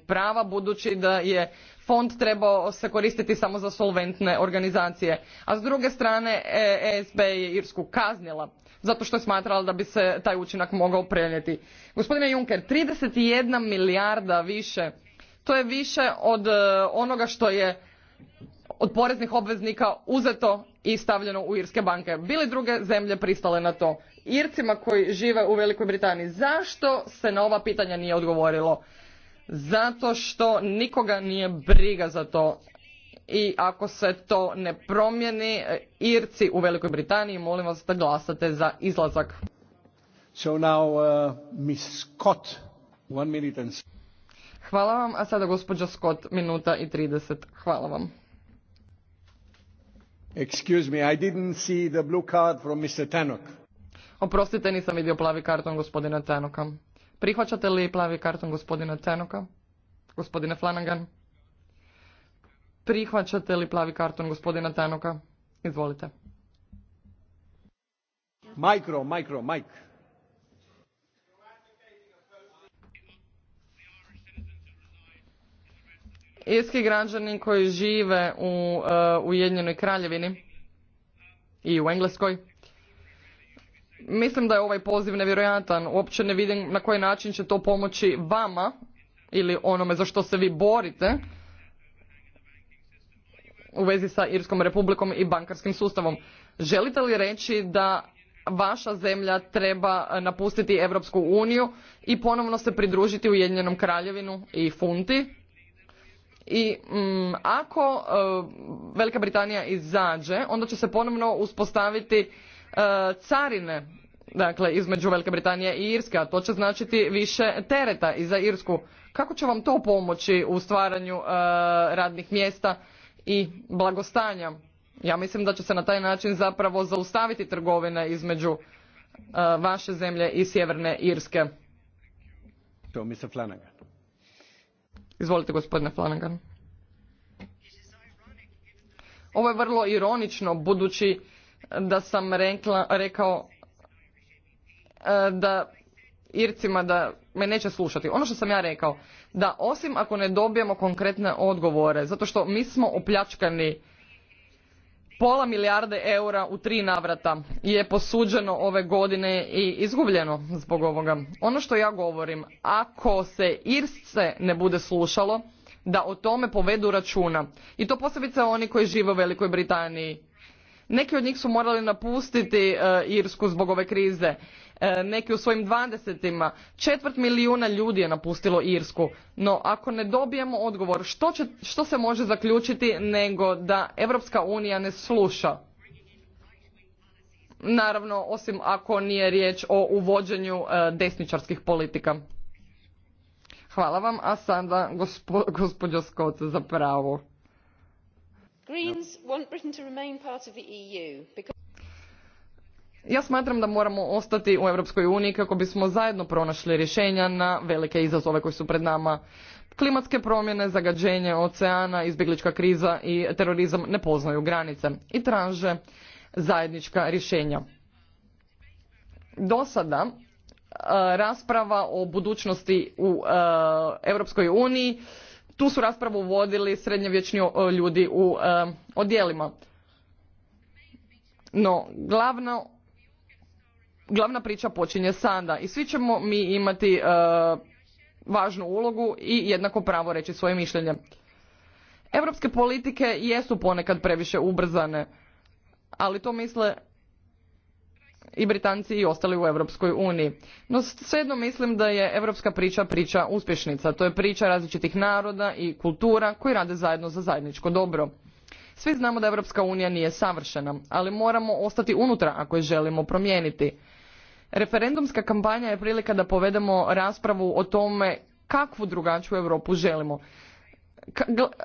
prava budući da je fond trebao se koristiti samo za solventne organizacije. A s druge strane ESB e je Irsku kaznila zato što je smatrala da bi se taj učinak mogao prenijeti. Gospodine Juncker, 31 milijarda više, to je više od onoga što je od poreznih obveznika uzeto i stavljeno u irske banke. Bili druge zemlje pristale na to. Ircima koji žive u Velikoj Britaniji, zašto se na ova pitanja nije odgovorilo? Zato što nikoga nije briga za to. I ako se to ne promijeni, Irci u Velikoj Britaniji, molim vas da glasate za izlazak. So now, uh, Miss Scott, one minute and... Hvala vam, a sada gospođa Scott, minuta i 30. Hvala vam. Excuse me, I didn't see the blue card from Mr. Tanok. Oprostite, nisam vidio plavi karton gospodina Tanoka. Prihvaćate li plavi karton gospodina Tanoka? Gospodine Flanagan? Prihvaćate li plavi karton gospodina Tanoka? Izvolite. Mikro, mikro, mike. irski građani koji žive u uh, Ujedinjenoj kraljevini i u Engleskoj. Mislim da je ovaj poziv nevjerojatan. Uopće ne vidim na koji način će to pomoći vama ili onome za što se vi borite u vezi sa Irskom republikom i bankarskim sustavom. Želite li reći da vaša zemlja treba napustiti Europsku uniju i ponovno se pridružiti Ujedinjenom kraljevinu i funti i mm, ako e, Velika Britanija izađe, onda će se ponovno uspostaviti e, carine dakle, između Velike Britanije i Irske, a to će značiti više tereta i za Irsku. Kako će vam to pomoći u stvaranju e, radnih mjesta i blagostanja? Ja mislim da će se na taj način zapravo zaustaviti trgovine između vaše zemlje i Sjeverne Irske. To mi Izvolite gospodine Flanagan. Ovo je vrlo ironično budući da sam rekao e, da Ircima da me neće slušati. Ono što sam ja rekao, da osim ako ne dobijemo konkretne odgovore, zato što mi smo opljačkani pola milijarde eura u tri navrata je posuđeno ove godine i izgubljeno zbog ovoga. Ono što ja govorim, ako se Irsce ne bude slušalo, da o tome povedu računa. I to posebice oni koji žive u Velikoj Britaniji. Neki od njih su morali napustiti e, Irsku zbog ove krize. E, neki u svojim dvadesetima. Četvrt milijuna ljudi je napustilo Irsku. No ako ne dobijemo odgovor, što, se može zaključiti nego da Europska unija ne sluša? Naravno, osim ako nije riječ o uvođenju e, desničarskih politika. Hvala vam, a sada gospođo Scott za pravo. Ja smatram da moramo ostati u Europskoj uniji kako bismo zajedno pronašli rješenja na velike izazove koji su pred nama. Klimatske promjene, zagađenje oceana, izbjeglička kriza i terorizam ne poznaju granice i traže zajednička rješenja. Do sada e, rasprava o budućnosti u e, Europskoj uniji, tu su raspravu vodili srednjevječni e, ljudi u odjelima. No, glavno glavna priča počinje sada i svi ćemo mi imati e, važnu ulogu i jednako pravo reći svoje mišljenje. Europske politike jesu ponekad previše ubrzane, ali to misle i Britanci i ostali u Europskoj uniji. No svejedno mislim da je europska priča priča uspješnica. To je priča različitih naroda i kultura koji rade zajedno za zajedničko dobro. Svi znamo da Europska unija nije savršena, ali moramo ostati unutra ako je želimo promijeniti. Referendumska kampanja je prilika da povedemo raspravu o tome kakvu drugačiju Europu želimo.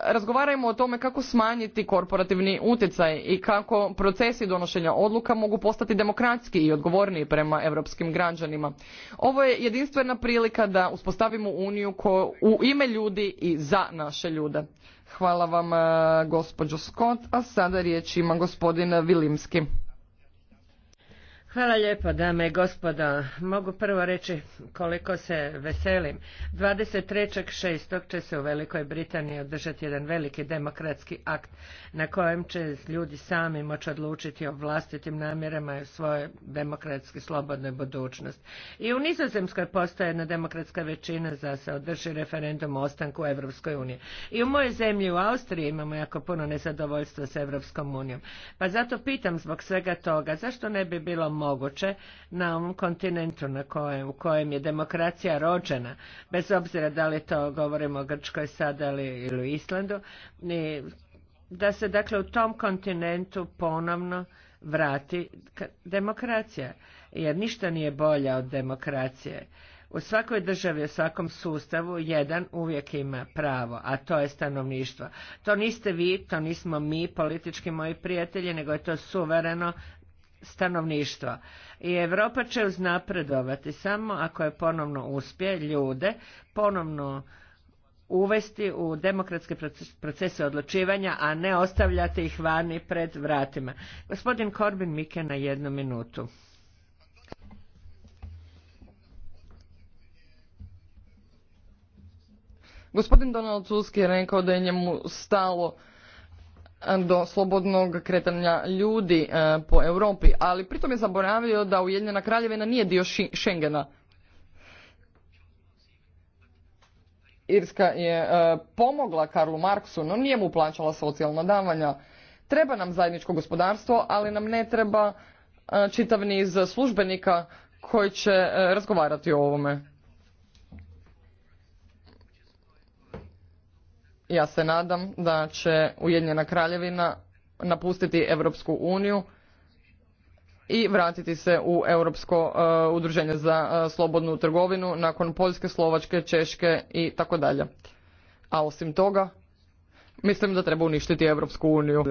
razgovarajmo o tome kako smanjiti korporativni utjecaj i kako procesi donošenja odluka mogu postati demokratski i odgovorniji prema europskim građanima. Ovo je jedinstvena prilika da uspostavimo uniju u ime ljudi i za naše ljude. Hvala vam eh, gospođo Scott, a sada riječ ima gospodin Vilimski. Hvala lijepo dame i gospodo. Mogu prvo reći koliko se veselim. 23.6. će se u Velikoj Britaniji održati jedan veliki demokratski akt na kojem će ljudi sami moći odlučiti o vlastitim namjerama i svojoj demokratski slobodnoj budućnosti. I u Nizozemskoj postoje jedna demokratska većina za se održi referendum o ostanku u Evropskoj uniji. I u mojoj zemlji u Austriji imamo jako puno nezadovoljstva s Evropskom unijom. Pa zato pitam zbog svega toga zašto ne bi bilo moguće na ovom kontinentu na kojem, u kojem je demokracija rođena, bez obzira da li to govorimo o Grčkoj sada ili, ili Islandu, da se dakle u tom kontinentu ponovno vrati demokracija, jer ništa nije bolja od demokracije. U svakoj državi, u svakom sustavu, jedan uvijek ima pravo, a to je stanovništvo. To niste vi, to nismo mi, politički moji prijatelji, nego je to suvereno stanovništvo. I Europa će uznapredovati samo ako je ponovno uspje ljude ponovno uvesti u demokratske procese odlučivanja, a ne ostavljati ih vani pred vratima. Gospodin Korbin Mike na jednu minutu. Gospodin Donald Tusk je rekao da je njemu stalo do slobodnog kretanja ljudi e, po Europi, ali pritom je zaboravio da Ujedinjena kraljevina nije dio Schengena. Irska je e, pomogla Karlu Marksu, no nije mu plaćala socijalna davanja. Treba nam zajedničko gospodarstvo, ali nam ne treba e, čitav niz službenika koji će razgovarati o ovome. ja se nadam da će Ujedinjena kraljevina napustiti Europsku uniju i vratiti se u Europsko e, udruženje za e, slobodnu trgovinu nakon Poljske, Slovačke, Češke i tako dalje. A osim toga, mislim da treba uništiti Europsku uniju. Uh,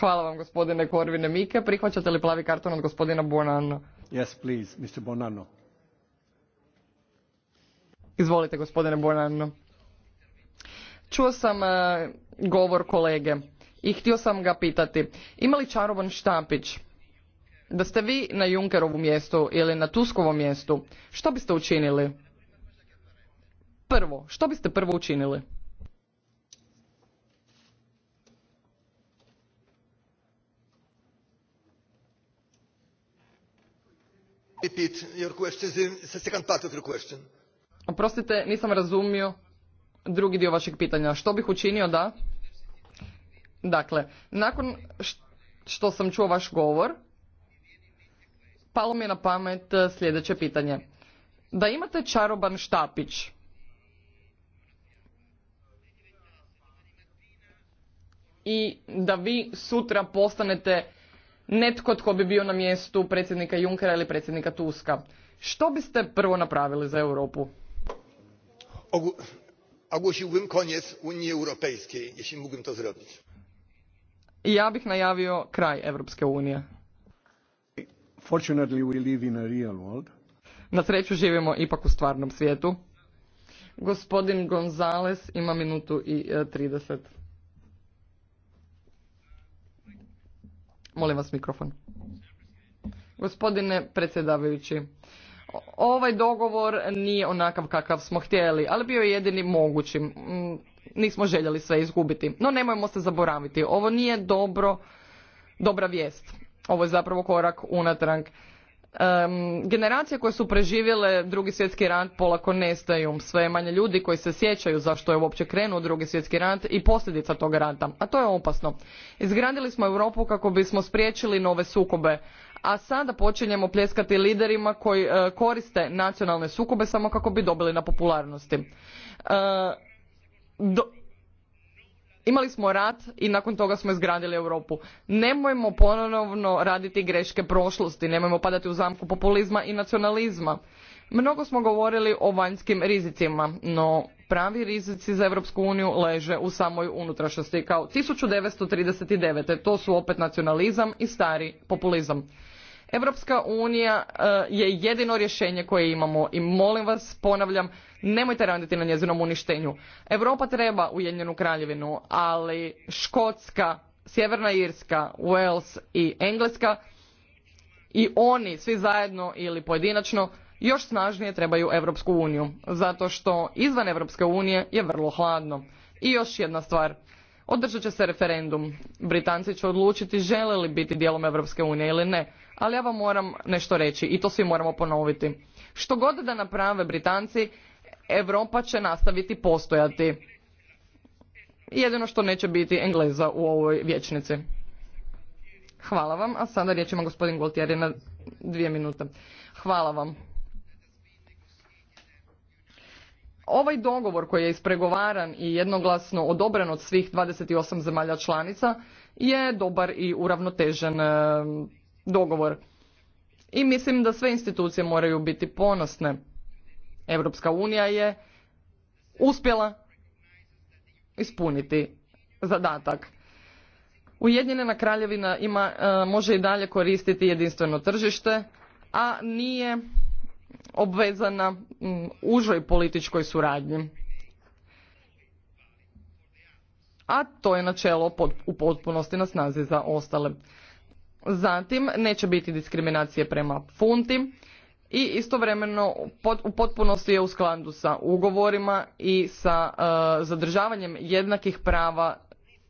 Hvala vam gospodine Korvine Mike. Prihvaćate li plavi karton od gospodina Bonanno? Yes, please, Mr. Bonanno. Izvolite gospodine Bonanno. Čuo sam e, govor kolege i htio sam ga pitati, ima li štapić da ste vi na Junkerovu mjestu ili na Tuskovom mjestu, što biste učinili? Prvo, što biste prvo učinili? Oprostite, nisam razumio drugi dio vašeg pitanja. Što bih učinio da... Dakle, nakon što sam čuo vaš govor, palo mi je na pamet e, sljedeće pitanje. Da imate čaroban štapić, i da vi sutra postanete netko tko bi bio na mjestu predsjednika Junkera ili predsjednika Tuska. Što biste prvo napravili za Europu? ogłosiłbym koniec unii europejskiej jeśli mógłbym to zrobić. ja bih najavio kraj europske unije. Fortunately, we live in a real world. na sreću živimo ipak u stvarnom svijetu. gospodin gonzales ima minutu i e, trideset. molim vas mikrofon. gospodine predsjedavajući ovaj dogovor nije onakav kakav smo htjeli, ali bio je jedini mogući. Mm, nismo željeli sve izgubiti. No nemojmo se zaboraviti. Ovo nije dobro, dobra vijest. Ovo je zapravo korak unatrag. Um, generacije koje su preživjele drugi svjetski rat polako nestaju. Sve manje ljudi koji se sjećaju zašto je uopće krenuo drugi svjetski rat i posljedica tog rata. A to je opasno. Izgradili smo Europu kako bismo spriječili nove sukobe, a sada počinjemo pljeskati liderima koji e, koriste nacionalne sukobe samo kako bi dobili na popularnosti. E, imali smo rat i nakon toga smo izgradili Europu. Nemojmo ponovno raditi greške prošlosti, nemojmo padati u zamku populizma i nacionalizma. Mnogo smo govorili o vanjskim rizicima, no pravi rizici za Europsku uniju leže u samoj unutrašnjosti kao 1939. To su opet nacionalizam i stari populizam. Europska unija eh, je jedino rješenje koje imamo i molim vas, ponavljam, nemojte raditi na njezinom uništenju. Europa treba Ujedinjenu kraljevinu, ali Škotska, Sjeverna Irska, Wales i Engleska i oni svi zajedno ili pojedinačno još snažnije trebaju Europsku uniju, zato što izvan Europske unije je vrlo hladno. I još jedna stvar. Održat će se referendum. Britanci će odlučiti žele li biti dijelom Europske unije ili ne ali ja vam moram nešto reći i to svi moramo ponoviti. Što god da naprave Britanci, Europa će nastaviti postojati. Jedino što neće biti Engleza u ovoj vječnici. Hvala vam, a sada riječ ima gospodin Gualtieri na dvije minute. Hvala vam. Ovaj dogovor koji je ispregovaran i jednoglasno odobren od svih 28 zemalja članica je dobar i uravnotežen dogovor. I mislim da sve institucije moraju biti ponosne. Europska unija je uspjela ispuniti zadatak. Ujedinjena kraljevina ima, e, može i dalje koristiti jedinstveno tržište, a nije obvezana užoj političkoj suradnji. A to je načelo u potpunosti na snazi za ostale. Zatim, neće biti diskriminacije prema funti i istovremeno u potpunosti je u skladu sa ugovorima i sa e, zadržavanjem jednakih prava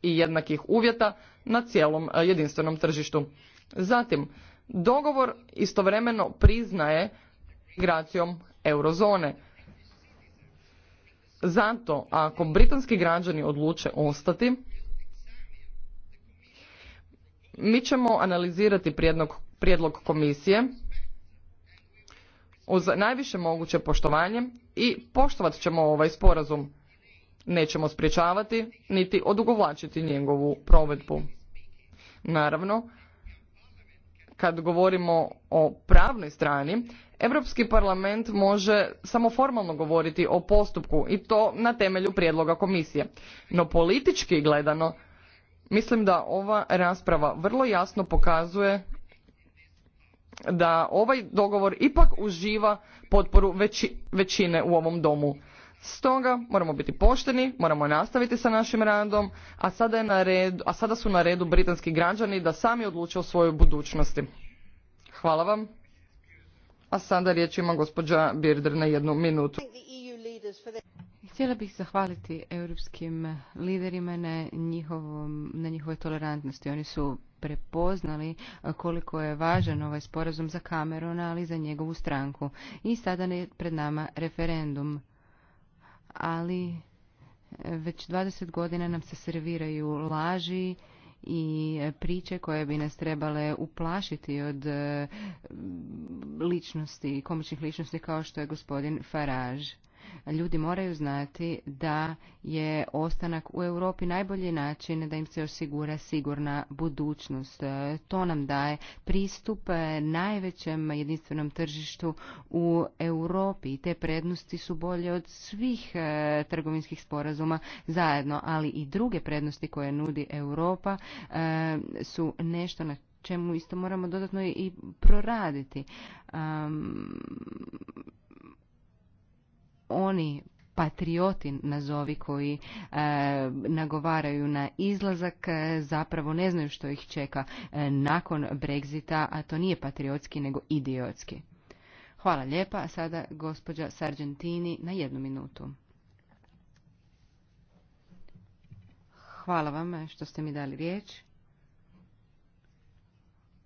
i jednakih uvjeta na cijelom e, jedinstvenom tržištu. Zatim, dogovor istovremeno priznaje migracijom eurozone. Zato, ako britanski građani odluče ostati, mi ćemo analizirati prijedlog, prijedlog komisije uz najviše moguće poštovanje i poštovat ćemo ovaj sporazum. Nećemo spriječavati niti odugovlačiti njegovu provedbu. Naravno, kad govorimo o pravnoj strani, Europski parlament može samo formalno govoriti o postupku i to na temelju prijedloga komisije. No politički gledano, Mislim da ova rasprava vrlo jasno pokazuje da ovaj dogovor ipak uživa potporu većine u ovom domu. Stoga moramo biti pošteni, moramo nastaviti sa našim radom, a sada, je na redu, a sada su na redu britanski građani da sami odluče o svojoj budućnosti. Hvala vam. A sada riječ ima gospođa Birder na jednu minutu. Htjela bih zahvaliti europskim liderima na, njihovom, na njihovoj tolerantnosti. Oni su prepoznali koliko je važan ovaj sporazum za Kamerona, ali za njegovu stranku. I sada je pred nama referendum. Ali e, već 20 godina nam se serviraju laži i e, priče koje bi nas trebale uplašiti od e, ličnosti, komičnih ličnosti kao što je gospodin Farage. Ljudi moraju znati da je ostanak u Europi najbolji način da im se osigura sigurna budućnost. To nam daje pristup najvećem jedinstvenom tržištu u Europi i te prednosti su bolje od svih e, trgovinskih sporazuma zajedno, ali i druge prednosti koje nudi Europa e, su nešto na čemu isto moramo dodatno i proraditi oni patrioti nazovi koji e, nagovaraju na izlazak e, zapravo ne znaju što ih čeka e, nakon Brexita, a to nije patriotski nego idiotski. Hvala lijepa, a sada gospođa Sargentini na jednu minutu. Hvala vam što ste mi dali riječ.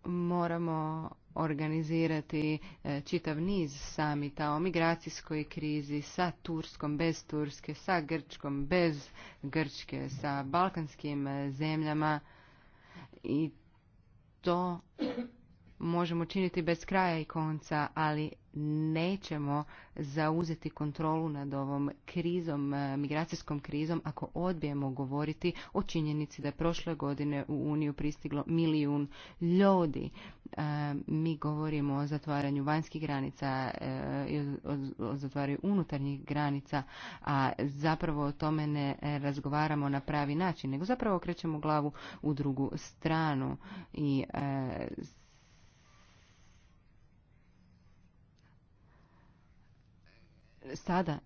Moramo organizirati e, čitav niz samita o migracijskoj krizi sa Turskom, bez Turske, sa Grčkom, bez Grčke, sa balkanskim e, zemljama i to možemo činiti bez kraja i konca, ali nećemo zauzeti kontrolu nad ovom krizom, eh, migracijskom krizom, ako odbijemo govoriti o činjenici da je prošle godine u Uniju pristiglo milijun ljudi. Eh, mi govorimo o zatvaranju vanjskih granica eh, i o zatvaranju unutarnjih granica, a zapravo o tome ne razgovaramo na pravi način, nego zapravo okrećemo glavu u drugu stranu i sada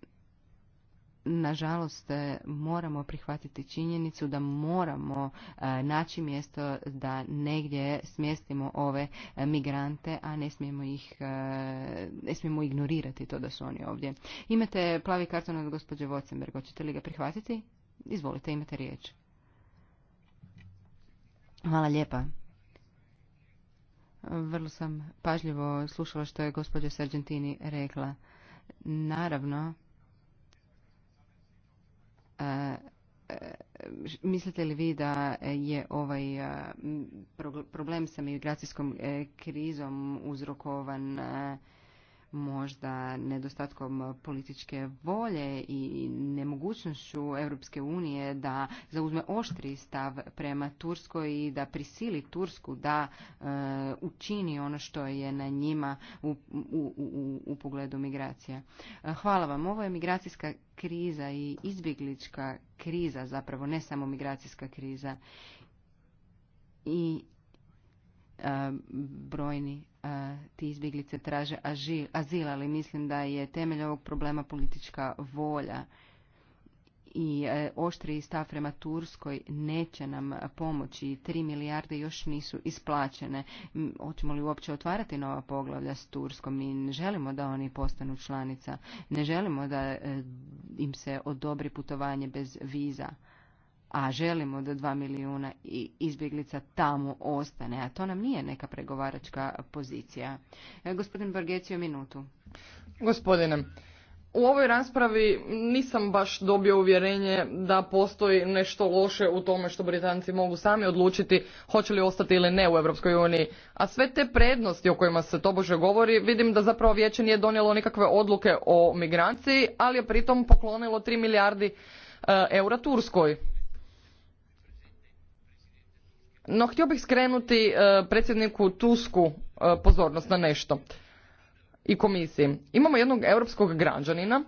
nažalost e, moramo prihvatiti činjenicu da moramo e, naći mjesto da negdje smjestimo ove e, migrante, a ne smijemo ih ne smijemo ignorirati to da su oni ovdje. Imate plavi karton od gospođe Vocenberg, hoćete li ga prihvatiti? Izvolite, imate riječ. Hvala lijepa. Vrlo sam pažljivo slušala što je gospođa Sargentini rekla. Naravno, e, e, mislite li vi da je ovaj e, problem sa migracijskom krizom uzrokovan možda nedostatkom političke volje i nemogućnošću Europske unije da zauzme oštri stav prema Turskoj i da prisili Tursku da e, učini ono što je na njima u, u, u, u pogledu migracija. E, hvala vam. Ovo je migracijska kriza i izbjeglička kriza, zapravo ne samo migracijska kriza. I E, brojni e, ti izbjeglice traže azil, ali mislim da je temelj ovog problema politička volja i e, oštri stav prema Turskoj neće nam pomoći. Tri milijarde još nisu isplaćene. Hoćemo li uopće otvarati nova poglavlja s Turskom? Mi ne želimo da oni postanu članica. Ne želimo da im se odobri putovanje bez viza a želimo da dva milijuna izbjeglica tamo ostane, a to nam nije neka pregovaračka pozicija. E, gospodin minutu. Gospodine, u ovoj raspravi nisam baš dobio uvjerenje da postoji nešto loše u tome što Britanci mogu sami odlučiti hoće li ostati ili ne u Europskoj uniji. A sve te prednosti o kojima se tobože govori vidim da zapravo vijeće nije donijelo nikakve odluke o migranciji, ali je pritom poklonilo 3 milijardi e, eura Turskoj. No htio bih skrenuti e, predsjedniku Tusku e, pozornost na nešto i komisiji. Imamo jednog europskog građanina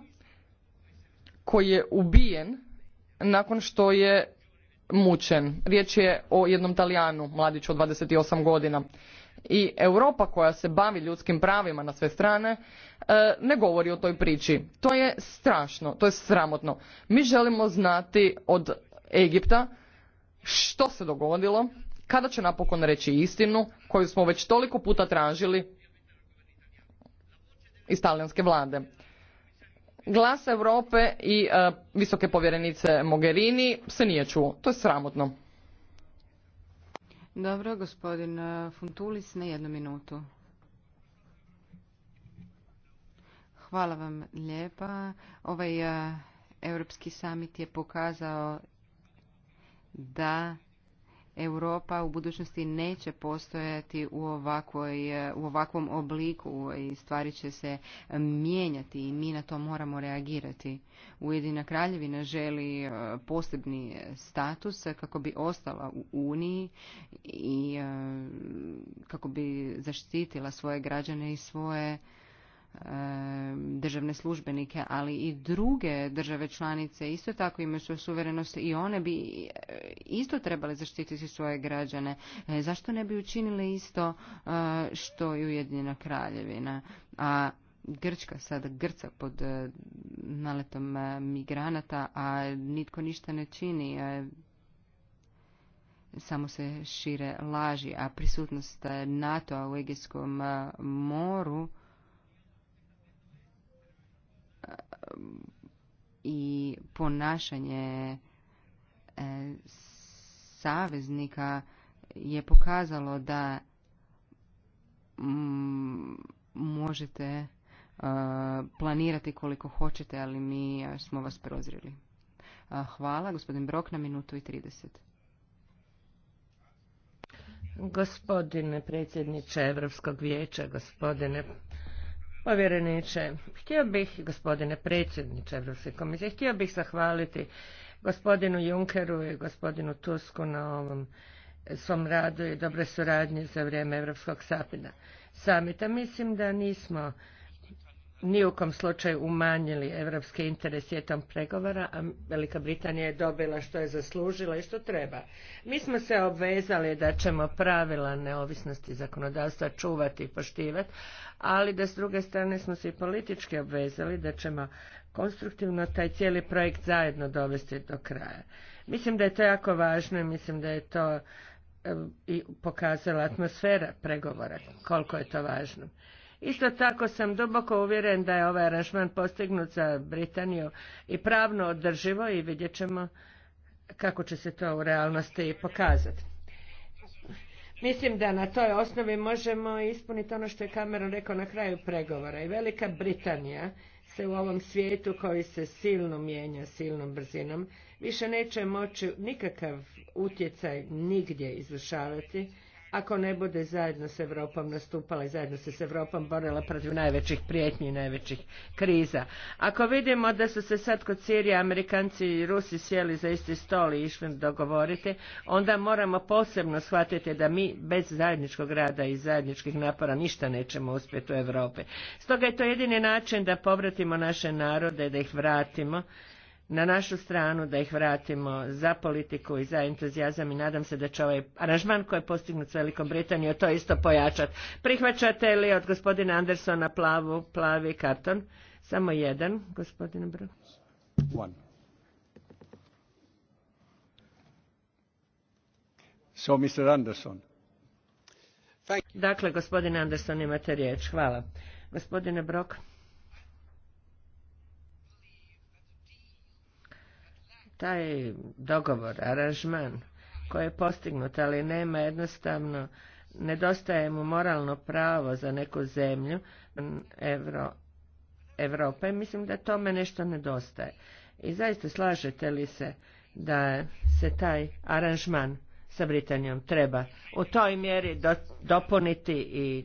koji je ubijen nakon što je mučen. Riječ je o jednom Talijanu, mladiću od 28 godina. I Europa koja se bavi ljudskim pravima na sve strane e, ne govori o toj priči. To je strašno, to je sramotno. Mi želimo znati od Egipta što se dogodilo kada će napokon reći istinu koju smo već toliko puta tražili iz talijanske vlade? Glas Europe i e, visoke povjerenice Mogherini se nije čuo. To je sramotno. Dobro, gospodin e, Funtulis, na jednu minutu. Hvala vam lijepa. Ovaj e, Europski samit je pokazao da Europa u budućnosti neće postojati u, ovakvoj, e, u ovakvom obliku i stvari će se mijenjati i mi na to moramo reagirati. Ujedina kraljevina želi e, posebni status kako bi ostala u Uniji i e, kako bi zaštitila svoje građane i svoje državne službenike, ali i druge države članice isto tako imaju svoju suverenost i one bi eh, isto trebale zaštititi svoje građane. E, zašto ne bi učinile isto eh, što i Ujedinjena kraljevina? A Grčka sada grca pod eh, naletom migranata, a nitko ništa ne čini samo se šire laži, a prisutnost NATO-a u Egijskom moru i ponašanje e, saveznika je pokazalo da mm, možete e, planirati koliko hoćete, ali mi e, smo vas prozrili. Hvala, gospodin Brok, na minutu i 30. Gospodine predsjedniče Europskog vijeća, gospodine Povjereniče, htio bih, gospodine predsjedniče Europske komisije, htio bih zahvaliti gospodinu Junkeru i gospodinu Tusku na ovom eh, svom radu i dobre suradnje za vrijeme Europskog Samita mislim da nismo ni u kom slučaju umanjili evropski interes tijekom pregovora, a Velika Britanija je dobila što je zaslužila i što treba. Mi smo se obvezali da ćemo pravila neovisnosti zakonodavstva čuvati i poštivati, ali da s druge strane smo se i politički obvezali da ćemo konstruktivno taj cijeli projekt zajedno dovesti do kraja. Mislim da je to jako važno i mislim da je to e, i pokazala atmosfera pregovora, koliko je to važno. Isto tako sam duboko uvjeren da je ovaj aranžman postignut za Britaniju i pravno održivo i vidjet ćemo kako će se to u realnosti pokazati. Mislim da na toj osnovi možemo ispuniti ono što je Cameron rekao na kraju pregovora. I Velika Britanija se u ovom svijetu koji se silno mijenja, silnom brzinom, više neće moći nikakav utjecaj nigdje izvršavati ako ne bude zajedno s Evropom nastupala i zajedno se s Evropom borila protiv najvećih prijetnji i najvećih kriza. Ako vidimo da su se sad kod Sirije Amerikanci i Rusi sjeli za isti stol i išli dogovoriti, onda moramo posebno shvatiti da mi bez zajedničkog rada i zajedničkih napora ništa nećemo uspjeti u Europi. Stoga je to jedini način da povratimo naše narode, da ih vratimo na našu stranu, da ih vratimo za politiku i za entuzijazam i nadam se da će ovaj aranžman koji je postignut s Velikom Britanijom to isto pojačati. Prihvaćate li od gospodina Andersona plavu, plavi karton? Samo jedan, gospodine Brok. So, Mr. Anderson. Dakle, gospodine Anderson, imate riječ. Hvala. Gospodine Brok. taj dogovor, aranžman koji je postignut, ali nema jednostavno, nedostaje mu moralno pravo za neku zemlju Evro, Evrope, mislim da tome nešto nedostaje. I zaista slažete li se da se taj aranžman sa Britanijom treba u toj mjeri do, dopuniti i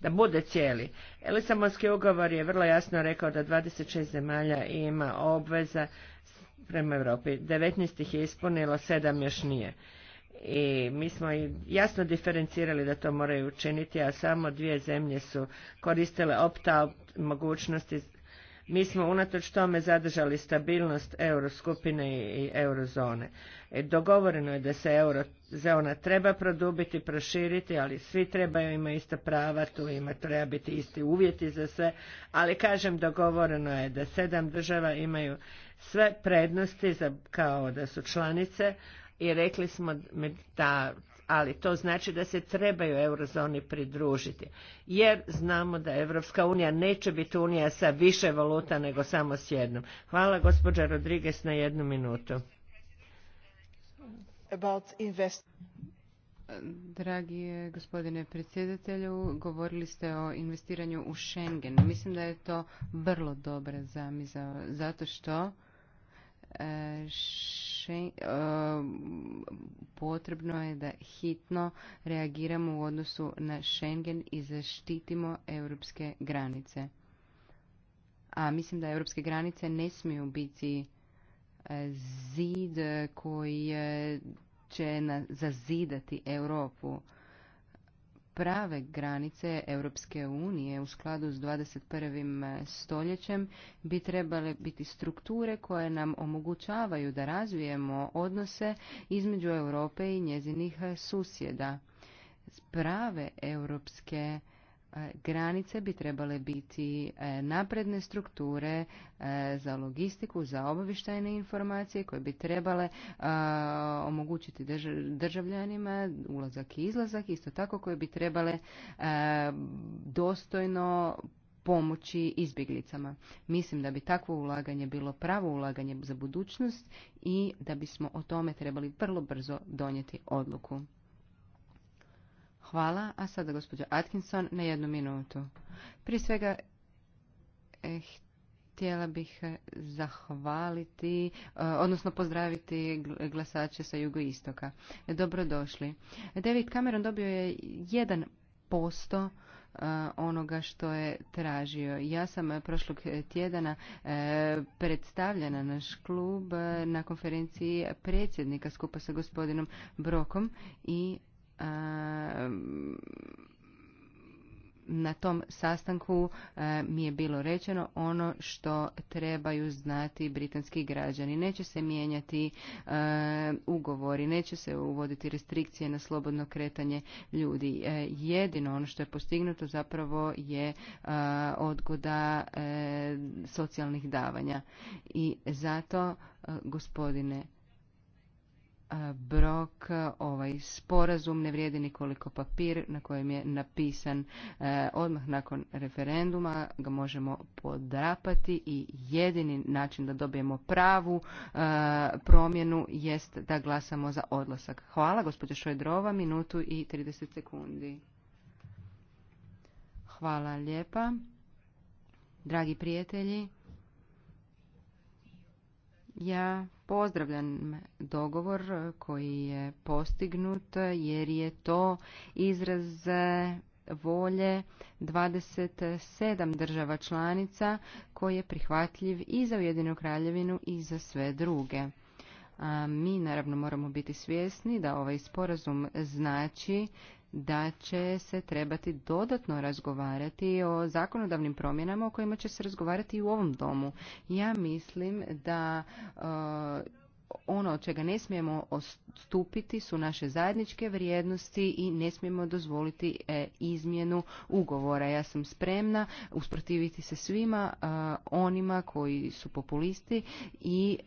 da bude cijeli. Lisabonski ugovor je vrlo jasno rekao da 26 zemalja ima obveza prema Europi. 19 ih je ispunilo, 7 još nije. I mi smo jasno diferencirali da to moraju učiniti, a samo dvije zemlje su koristile opt-out mogućnosti. Mi smo unatoč tome zadržali stabilnost euroskupine i eurozone. E, dogovoreno je da se eurozona treba produbiti, proširiti, ali svi trebaju ima ista prava, tu ima treba biti isti uvjeti za sve, ali kažem dogovoreno je da sedam država imaju sve prednosti za, kao da su članice i rekli smo da ali to znači da se trebaju eurozoni pridružiti, jer znamo da Evropska unija neće biti unija sa više valuta nego samo s jednom. Hvala gospođa Rodriguez na jednu minutu. Dragi gospodine predsjedatelju, govorili ste o investiranju u Schengen. Mislim da je to vrlo dobra zamisao, zato što E, e, potrebno je da hitno reagiramo u odnosu na Schengen i zaštitimo europske granice. A mislim da europske granice ne smiju biti e, zid koji će zazidati Europu prave granice Europske unije u skladu s 21. stoljećem bi trebale biti strukture koje nam omogućavaju da razvijemo odnose između Europe i njezinih susjeda. Prave europske E, granice bi trebale biti e, napredne strukture e, za logistiku, za obavištajne informacije koje bi trebale omogućiti državljanima ulazak i izlazak, isto tako koje bi trebale dostojno pomoći izbjeglicama. Mislim da bi takvo ulaganje bilo pravo ulaganje za budućnost i da bismo o tome trebali vrlo brzo donijeti odluku. Hvala. A sada gospođa Atkinson na jednu minutu. Prije svega eh, htjela bih eh, zahvaliti, eh, odnosno pozdraviti glasače sa jugoistoka. Dobrodošli. David Cameron dobio je jedan posto onoga što je tražio. Ja sam prošlog tjedana predstavljena naš klub na konferenciji predsjednika skupa sa gospodinom Brokom i na tom sastanku mi je bilo rečeno ono što trebaju znati britanski građani. Neće se mijenjati ugovori, neće se uvoditi restrikcije na slobodno kretanje ljudi. E, jedino ono što je postignuto zapravo je odgoda socijalnih davanja. I zato, gospodine E, Brok, e, ovaj sporazum ne vrijedi nikoliko papir na kojem je napisan e, odmah nakon referenduma, ga možemo podrapati i jedini način da dobijemo pravu promjenu jest da glasamo za odlasak. Hvala, gospođa Šojdrova, minutu i 30 sekundi. Hvala lijepa. Dragi prijatelji, ja pozdravljam dogovor koji je postignut jer je to izraz volje 27 država članica koji je prihvatljiv i za Ujedinu kraljevinu i za sve druge. mi naravno moramo biti svjesni da ovaj sporazum znači da će se trebati dodatno razgovarati o zakonodavnim promjenama o kojima će se razgovarati i u ovom domu. Ja mislim da uh, ono od čega ne smijemo odstupiti su naše zajedničke vrijednosti i ne smijemo dozvoliti e, izmjenu ugovora. Ja sam spremna usprotiviti se svima uh, onima koji su populisti i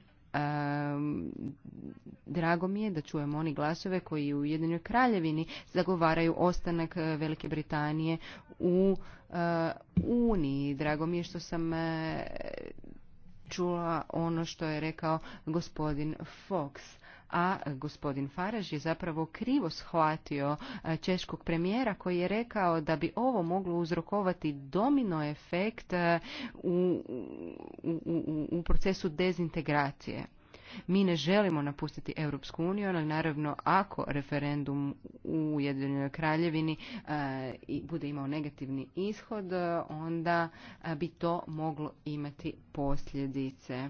drago mi je da čujem oni glasove koji u Jedinoj Kraljevini zagovaraju ostanak eh, Velike Britanije u eh, Uniji. Drago mi je što sam eh, čula ono što je rekao gospodin Fox a gospodin Faraž je zapravo krivo shvatio e, češkog premijera koji je rekao da bi ovo moglo uzrokovati domino efekt e, u, u, u, procesu dezintegracije. Mi ne želimo napustiti Europsku uniju, ali naravno ako referendum u Ujedinjenoj kraljevini e, bude imao negativni ishod, e, onda bi to moglo imati posljedice.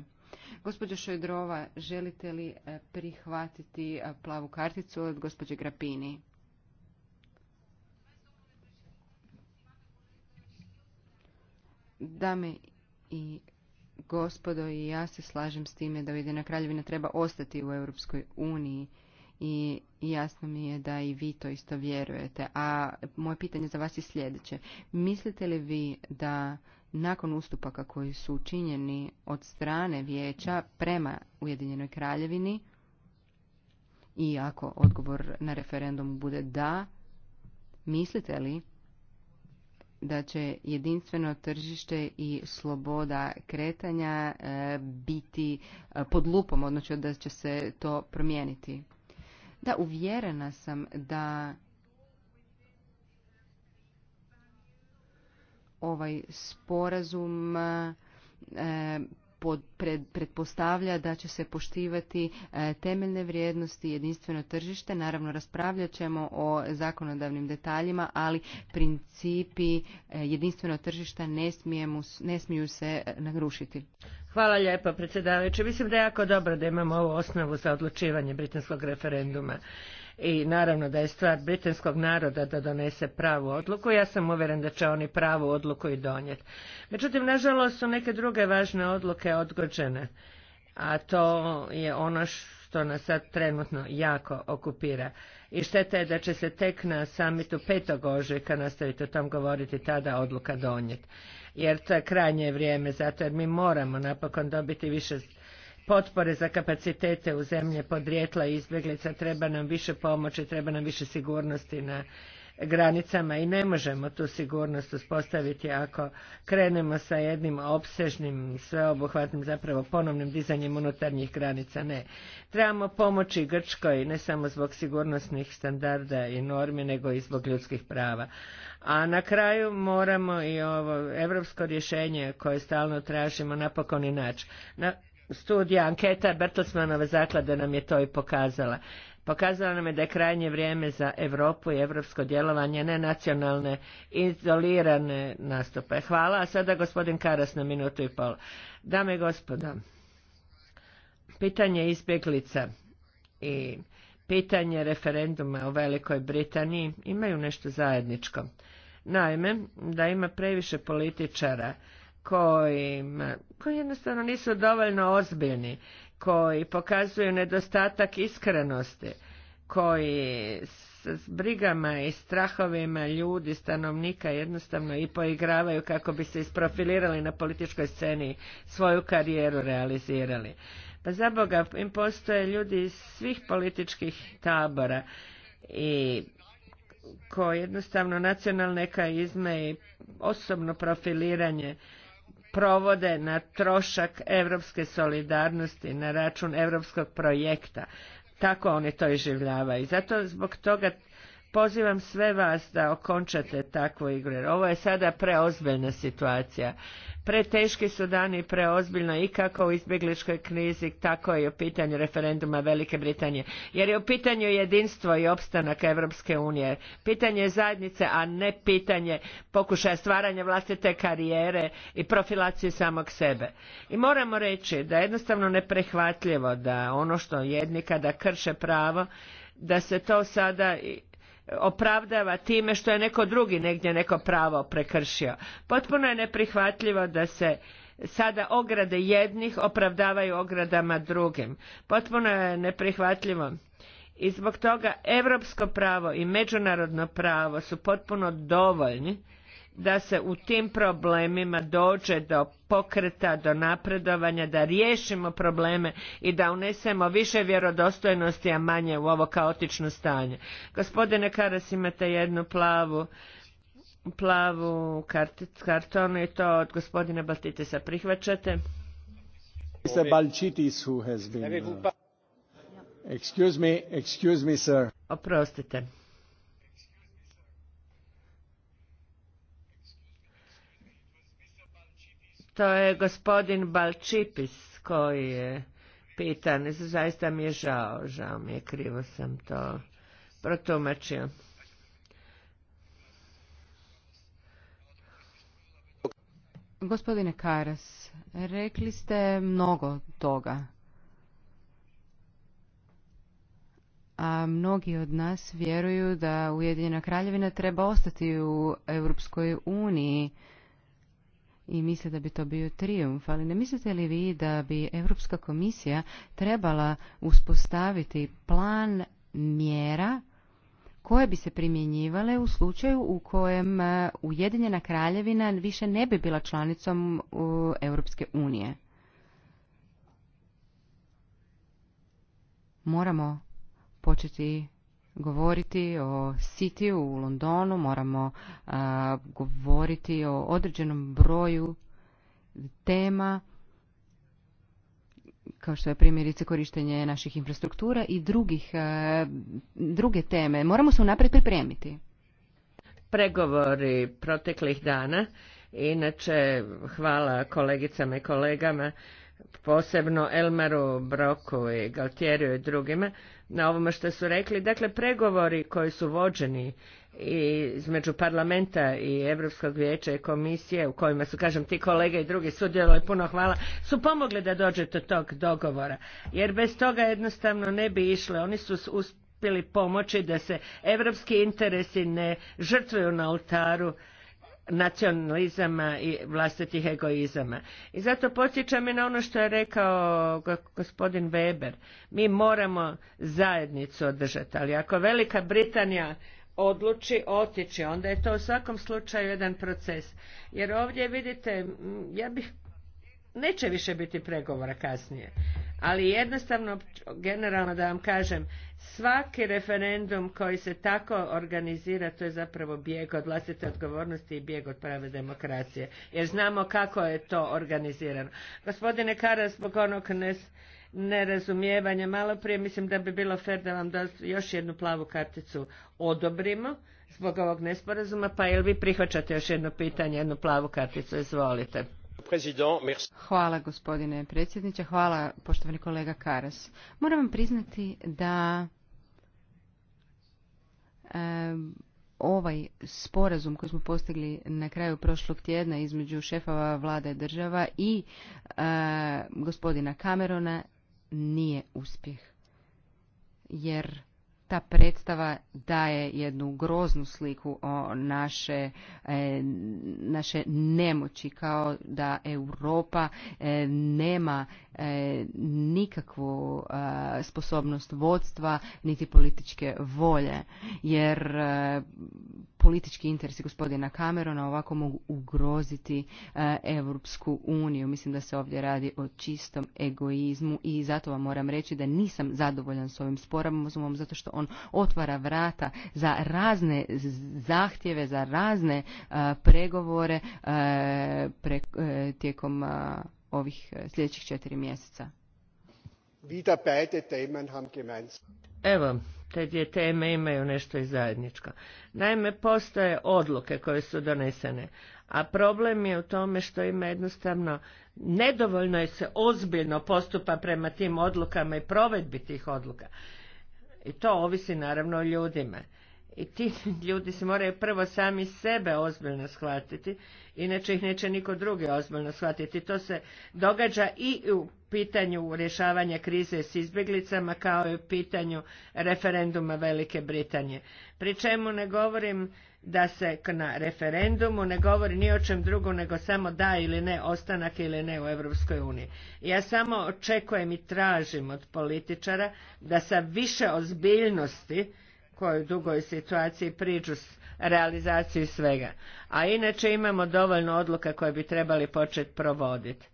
Gospođo Šojdrova, želite li e, prihvatiti e, plavu karticu od gospođe Grapini? Dame i gospodo, i ja se slažem s time da Ujedina kraljevina treba ostati u Europskoj uniji i jasno mi je da i vi to isto vjerujete. A moje pitanje za vas je sljedeće. Mislite li vi da nakon ustupaka koji su učinjeni od strane vijeća prema Ujedinjenoj kraljevini i ako odgovor na referendum bude da, mislite li da će jedinstveno tržište i sloboda kretanja e, biti e, pod lupom, odnosno da će se to promijeniti? Da, uvjerena sam da ovaj sporazum eh, predpostavlja pretpostavlja da će se poštivati eh, temeljne vrijednosti jedinstveno tržište. Naravno, raspravljat ćemo o zakonodavnim detaljima, ali principi eh, jedinstveno tržišta ne, ne smiju se nagrušiti. Hvala lijepa, predsjedavajući. Mislim da je jako dobro da imamo ovu osnovu za odlučivanje britanskog referenduma i naravno da je stvar britanskog naroda da donese pravu odluku. Ja sam uvjeren da će oni pravu odluku i donijeti. Međutim, nažalost su neke druge važne odluke odgođene, a to je ono što nas sad trenutno jako okupira. I šteta je da će se tek na samitu petog ožujka nastaviti o tom govoriti tada odluka donijeti jer to je krajnje vrijeme, zato jer mi moramo napokon dobiti više potpore za kapacitete u zemlje podrijetla i izbjeglica, treba nam više pomoći, treba nam više sigurnosti na granicama i ne možemo tu sigurnost uspostaviti ako krenemo sa jednim opsežnim, sveobuhvatnim, zapravo ponovnim dizanjem unutarnjih granica. Ne. Trebamo pomoći Grčkoj ne samo zbog sigurnosnih standarda i normi, nego i zbog ljudskih prava. A na kraju moramo i ovo evropsko rješenje koje stalno tražimo napokon i naći. Na, studija anketa Bertelsmanove zaklade nam je to i pokazala. Pokazala nam je da je krajnje vrijeme za Europu i europsko djelovanje, ne nacionalne, izolirane nastupe. Hvala, a sada gospodin Karas na minutu i pol. Dame i gospodo, pitanje izbjeglica i pitanje referenduma u Velikoj Britaniji imaju nešto zajedničko. Naime, da ima previše političara koji jednostavno nisu dovoljno ozbiljni, koji pokazuju nedostatak iskrenosti, koji s, brigama i strahovima ljudi, stanovnika jednostavno i poigravaju kako bi se isprofilirali na političkoj sceni svoju karijeru realizirali. Pa za Boga, im postoje ljudi iz svih političkih tabora i koji jednostavno nacionalne kaizme i osobno profiliranje provode na trošak europske solidarnosti, na račun europskog projekta. Tako oni to i Zato zbog toga pozivam sve vas da okončate takvu igru, ovo je sada preozbiljna situacija. Preteški su dani preozbiljno i kako u izbjegličkoj krizi, tako i u pitanju referenduma Velike Britanije. Jer je u pitanju jedinstvo i opstanak Evropske unije. Pitanje je zajednice, a ne pitanje pokušaja stvaranja vlastite karijere i profilacije samog sebe. I moramo reći da je jednostavno neprehvatljivo da ono što jednika da krše pravo, da se to sada opravdava time što je neko drugi negdje neko pravo prekršio. Potpuno je neprihvatljivo da se sada ograde jednih opravdavaju ogradama drugim. Potpuno je neprihvatljivo i zbog toga europsko pravo i međunarodno pravo su potpuno dovoljni da se u tim problemima dođe do pokreta, do napredovanja, da riješimo probleme i da unesemo više vjerodostojnosti, a manje u ovo kaotično stanje. Gospodine Karas, imate jednu plavu plavu kartonu i to od gospodina Baltitisa prihvaćate. Uh, excuse me, excuse me sir. Oprostite. to je gospodin Balčipis koji je pitan. Zaista mi je žao, žao mi je, krivo sam to protumačio. Gospodine Karas, rekli ste mnogo toga. A mnogi od nas vjeruju da Ujedinjena kraljevina treba ostati u Europskoj uniji i misle da bi to bio trijumf, ali ne mislite li vi da bi Europska komisija trebala uspostaviti plan mjera koje bi se primjenjivale u slučaju u kojem e, Ujedinjena kraljevina više ne bi bila članicom Europske unije? Moramo početi govoriti o City u Londonu, moramo govoriti o određenom broju tema kao što je primjerice korištenje naših infrastruktura i drugih, druge teme. Moramo se unaprijed pripremiti. Pregovori proteklih dana, inače hvala kolegicama i kolegama, posebno Elmaru Broku i Galtjeriju i drugima, na ovome što su rekli. Dakle, pregovori koji su vođeni i između parlamenta i Europskog vijeća i komisije u kojima su, kažem, ti kolege i drugi sudjelovali, puno hvala, su pomogli da dođe do tog dogovora. Jer bez toga jednostavno ne bi išle. Oni su uspjeli pomoći da se europski interesi ne žrtvuju na oltaru nacionalizama i vlastitih egoizama. I zato podsjećam i na ono što je rekao gospodin Weber. Mi moramo zajednicu održati, ali ako Velika Britanija odluči otići, onda je to u svakom slučaju jedan proces. Jer ovdje vidite, ja bih neće više biti pregovora kasnije. Ali jednostavno, generalno da vam kažem, svaki referendum koji se tako organizira, to je zapravo bijeg od vlastite odgovornosti i bijeg od prave demokracije. Jer znamo kako je to organizirano. Gospodine Karas, zbog onog nes, nerazumijevanja malo prije, mislim da bi bilo fer da vam još jednu plavu karticu odobrimo zbog ovog nesporazuma, pa jel vi prihvaćate još jedno pitanje, jednu plavu karticu, izvolite. Hvala gospodine predsjedniče, hvala poštovani kolega Karas. Moram vam priznati da ovaj sporazum koji smo postigli na kraju prošlog tjedna između šefova vlade država i gospodina Camerona nije uspjeh. Jer ta predstava daje jednu groznu sliku o naše, e, naše nemoći kao da Europa e, nema E, nikakvu e, sposobnost vodstva niti političke volje jer e, politički interesi gospodina Camerona ovako mogu ugroziti Europsku uniju. Mislim da se ovdje radi o čistom egoizmu i zato vam moram reći da nisam zadovoljan s ovim sporazumom zato što on otvara vrata za razne zahtjeve, za razne pregovore tijekom ovih e, sljedećih četiri mjeseca. Evo, te dvije teme imaju nešto i zajedničko. Naime, postoje odluke koje su donesene, a problem je u tome što ima jednostavno nedovoljno je se ozbiljno postupa prema tim odlukama i provedbi tih odluka. I to ovisi naravno o ljudima. I ti ljudi se moraju prvo sami sebe ozbiljno shvatiti, inače ih neće niko drugi ozbiljno shvatiti. To se događa i u pitanju rješavanja krize s izbjeglicama, kao i u pitanju referenduma Velike Britanije. Pri čemu ne govorim da se na referendumu ne govori ni o čem drugom nego samo da ili ne ostanak ili ne u Europskoj uniji. Ja samo očekujem i tražim od političara da sa više ozbiljnosti kojoj dugoj situaciji priđu s realizaciju svega. A inače imamo dovoljno odluka koje bi trebali početi provoditi.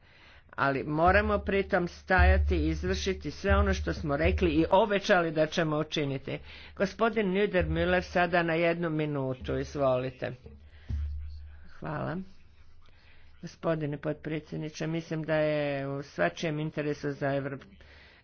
Ali moramo pritom stajati i izvršiti sve ono što smo rekli i obećali da ćemo učiniti. Gospodin Müller sada na jednu minutu, izvolite. Hvala. Gospodine potpredsjedniče, mislim da je u svačijem interesu za Evrop...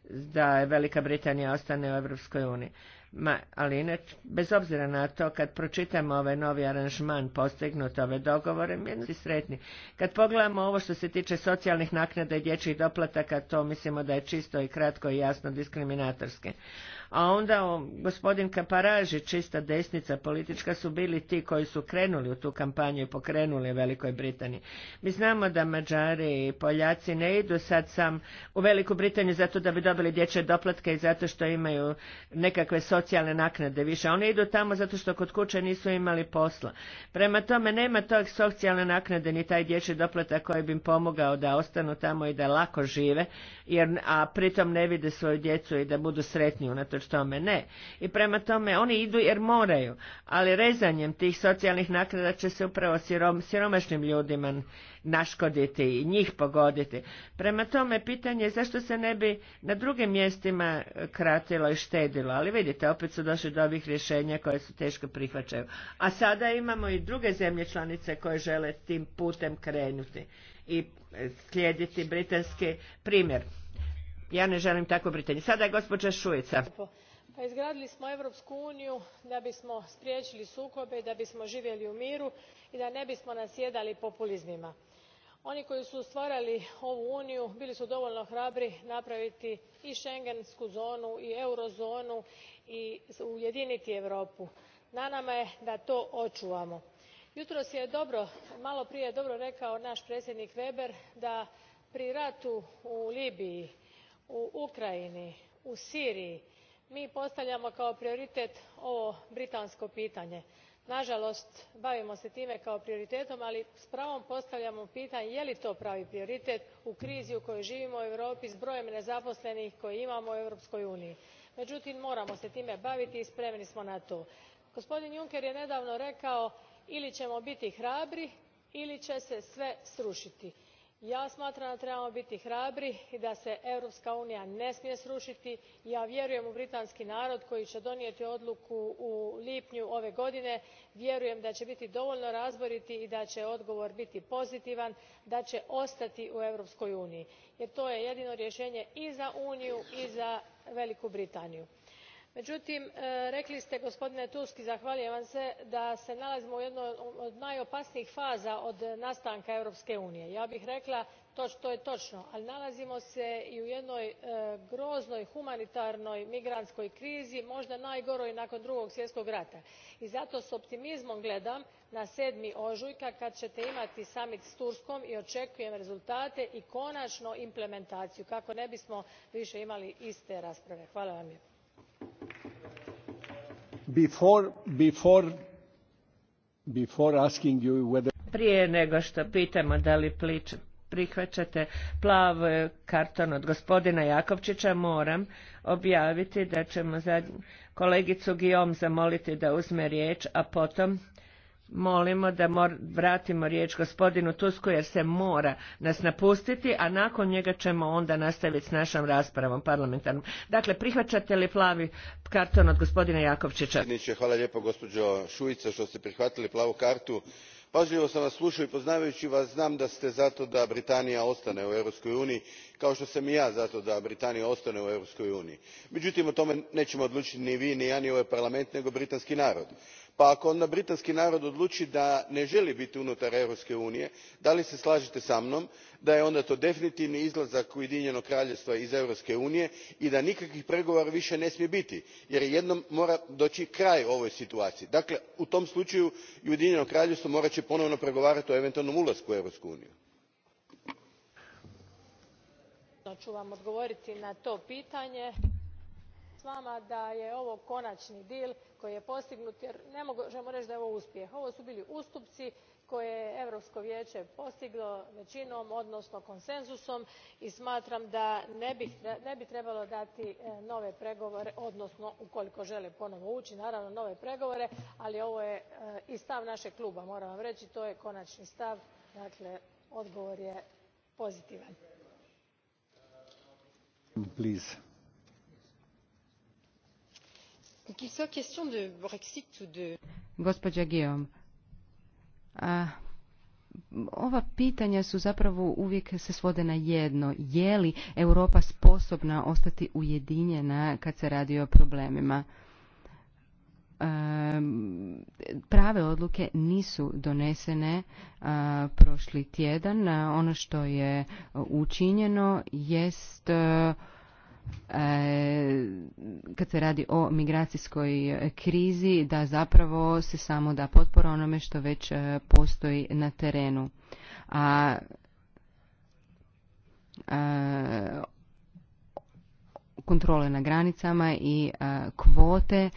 da Velika Britanija ostane u Europskoj uniji. Ma, ali inače, bez obzira na to, kad pročitamo ovaj novi aranžman, postignut ove dogovore, mi sretni. Kad pogledamo ovo što se tiče socijalnih naknada i dječjih doplataka, to mislimo da je čisto i kratko i jasno diskriminatorske a onda gospodin Kaparaži, čista desnica politička, su bili ti koji su krenuli u tu kampanju i pokrenuli u Velikoj Britaniji. Mi znamo da Mađari i Poljaci ne idu sad sam u Veliku Britaniju zato da bi dobili dječje doplatke i zato što imaju nekakve socijalne naknade više. Oni idu tamo zato što kod kuće nisu imali posla. Prema tome nema tog socijalne naknade ni taj dječji doplatak koji bi im pomogao da ostanu tamo i da lako žive, jer, a pritom ne vide svoju djecu i da budu sretni nato unatoč tome, ne. I prema tome oni idu jer moraju, ali rezanjem tih socijalnih naknada će se upravo sirom, siromašnim ljudima naškoditi i njih pogoditi. Prema tome pitanje je zašto se ne bi na drugim mjestima e, kratilo i štedilo, ali vidite opet su došli do ovih rješenja koje su teško prihvaćaju. A sada imamo i druge zemlje članice koje žele tim putem krenuti i e, slijediti britanski primjer ja ne želim takvo Britanije. Sada je gospođa Šujica. Pa izgradili smo Europsku uniju da bismo spriječili sukobe, da bismo živjeli u miru i da ne bismo nasjedali populizmima. Oni koji su stvarali ovu uniju bili su dovoljno hrabri napraviti i schengensku zonu i eurozonu i ujediniti Europu. Na nama je da to očuvamo. Jutros je dobro, prije prije dobro rekao naš predsjednik Weber da pri ratu u Libiji u ukrajini u siriji mi postavljamo kao prioritet ovo britansko pitanje. Nažalost, bavimo se time kao prioritetom ali s pravom postavljamo pitanje je li to pravi prioritet u krizi u kojoj živimo u europi s brojem nezaposlenih koje imamo u europskoj uniji. meutim moramo se time baviti i spremni smo na to. gospodin juncker je nedavno rekao ili ćemo biti hrabri ili će se sve srušiti ja smatram da trebamo biti hrabri i da se europska unija ne smije srušiti ja vjerujem u britanski narod koji će donijeti odluku u lipnju ove godine vjerujem da će biti dovoljno razboriti i da će odgovor biti pozitivan da će ostati u europskoj uniji jer to je jedino rješenje i za uniju i za veliku britaniju međutim e, rekli ste gospodine tusk zahvaljujem vam se da se nalazimo u jednoj od najopasnijih faza od nastanka europske unije. ja bih rekla to je točno ali nalazimo se i u jednoj e, groznoj humanitarnoj migrantskoj krizi možda najgoroj nakon drugog svjetskog rata i zato s optimizmom gledam na. seven ožujka kad ćete imati summit s turskom i očekujem rezultate i konačno implementaciju kako ne bismo više imali iste rasprave. hvala vam prije nego što pitamo da li prihvaćate plav karton od gospodina Jakovčića, moram objaviti da ćemo za kolegicu Gijom zamoliti da uzme riječ, a potom molimo da vratimo riječ gospodinu Tusku jer se mora nas napustiti, a nakon njega ćemo onda nastaviti s našom raspravom parlamentarnom. Dakle, prihvaćate li plavi karton od gospodina Jakovčića? Hvala lijepo gospođo Šujica što ste prihvatili plavu kartu. Pažljivo sam vas slušao i poznavajući vas znam da ste zato da Britanija ostane u Europskoj uniji kao što sam i ja zato da Britanija ostane u Europskoj uniji. Međutim, o tome nećemo odlučiti ni vi ni ja ni ovaj parlament nego britanski narod pa ako onda britanski narod odluči da ne želi biti unutar europske unije da li se sa mnom da je onda to definitivni izlazak ujedinjenog kraljevstva iz europske unije i da nikakvih pregovora više ne smije biti jer jednom mora doći kraj ovoj situaciji. dakle u tom slučaju ujedinjeno kraljevstvo morat će ponovno pregovarati o eventualnom ulasku u europsku uniju. odgovoriti na to pitanje vama da je ovo konačni dil koji je postignut jer ne moemo reći da je ovo uspjeh. ovo su bili ustupci koje je europsko vijeće postiglo veinom odnosno konsenzusom i smatram da ne bi trebalo dati e, nove pregovore odnosno ukoliko žele ponovo ući, naravno nove pregovore ali ovo je e, i stav naeg kluba moram vam rei to je konačni stav dakle odgovor je pozitivan qu'il soit Guillaume, a, ova pitanja su zapravo uvijek se svode na jedno. Je li Europa sposobna ostati ujedinjena kad se radi o problemima? prave odluke nisu donesene prošli tjedan. Ono što je učinjeno jest E, kad se radi o migracijskoj krizi da zapravo se samo da potpora onome što već e, postoji na terenu. A, a e, kontrole na granicama i kvote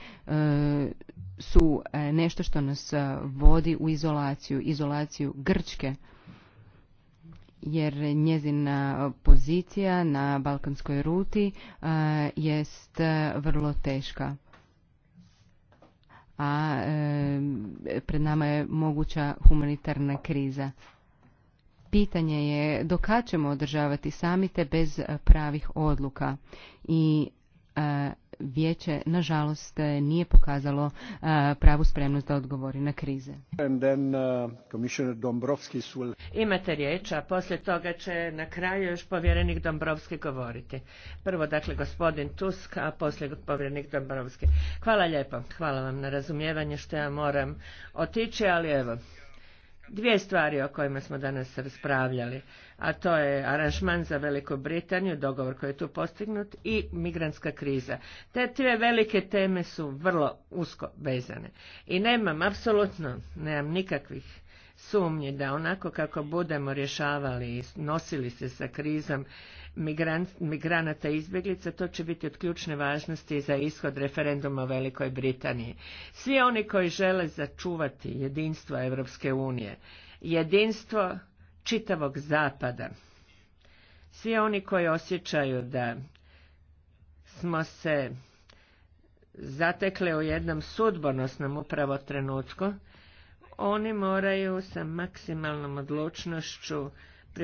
su nešto što nas vodi u izolaciju, izolaciju Grčke jer njezina pozicija na balkanskoj ruti jest vrlo teška a e, pred nama je moguća humanitarna kriza. Pitanje je do kad ćemo održavati samite bez pravih odluka i vijeće nažalost e, nije pokazalo e, pravu spremnost da odgovori na krize. Uh, Imate riječ, a poslije toga će na kraju još povjerenik Dombrovski govoriti. Prvo dakle gospodin Tusk, a poslije povjerenik Dombrovski. Hvala lijepo, hvala vam na razumijevanje što ja moram otići, ali evo, dvije stvari o kojima smo danas raspravljali, a to je aranžman za Veliku Britaniju, dogovor koji je tu postignut i migrantska kriza. Te dvije velike teme su vrlo usko vezane i nemam apsolutno, nemam nikakvih sumnji da onako kako budemo rješavali i nosili se sa krizom migranata i izbjeglica, to će biti od ključne važnosti za ishod referenduma u Velikoj Britaniji. Svi oni koji žele začuvati jedinstvo Evropske unije, jedinstvo čitavog zapada, svi oni koji osjećaju da smo se zatekli u jednom sudbonosnom upravo trenutku, oni moraju sa maksimalnom odlučnošću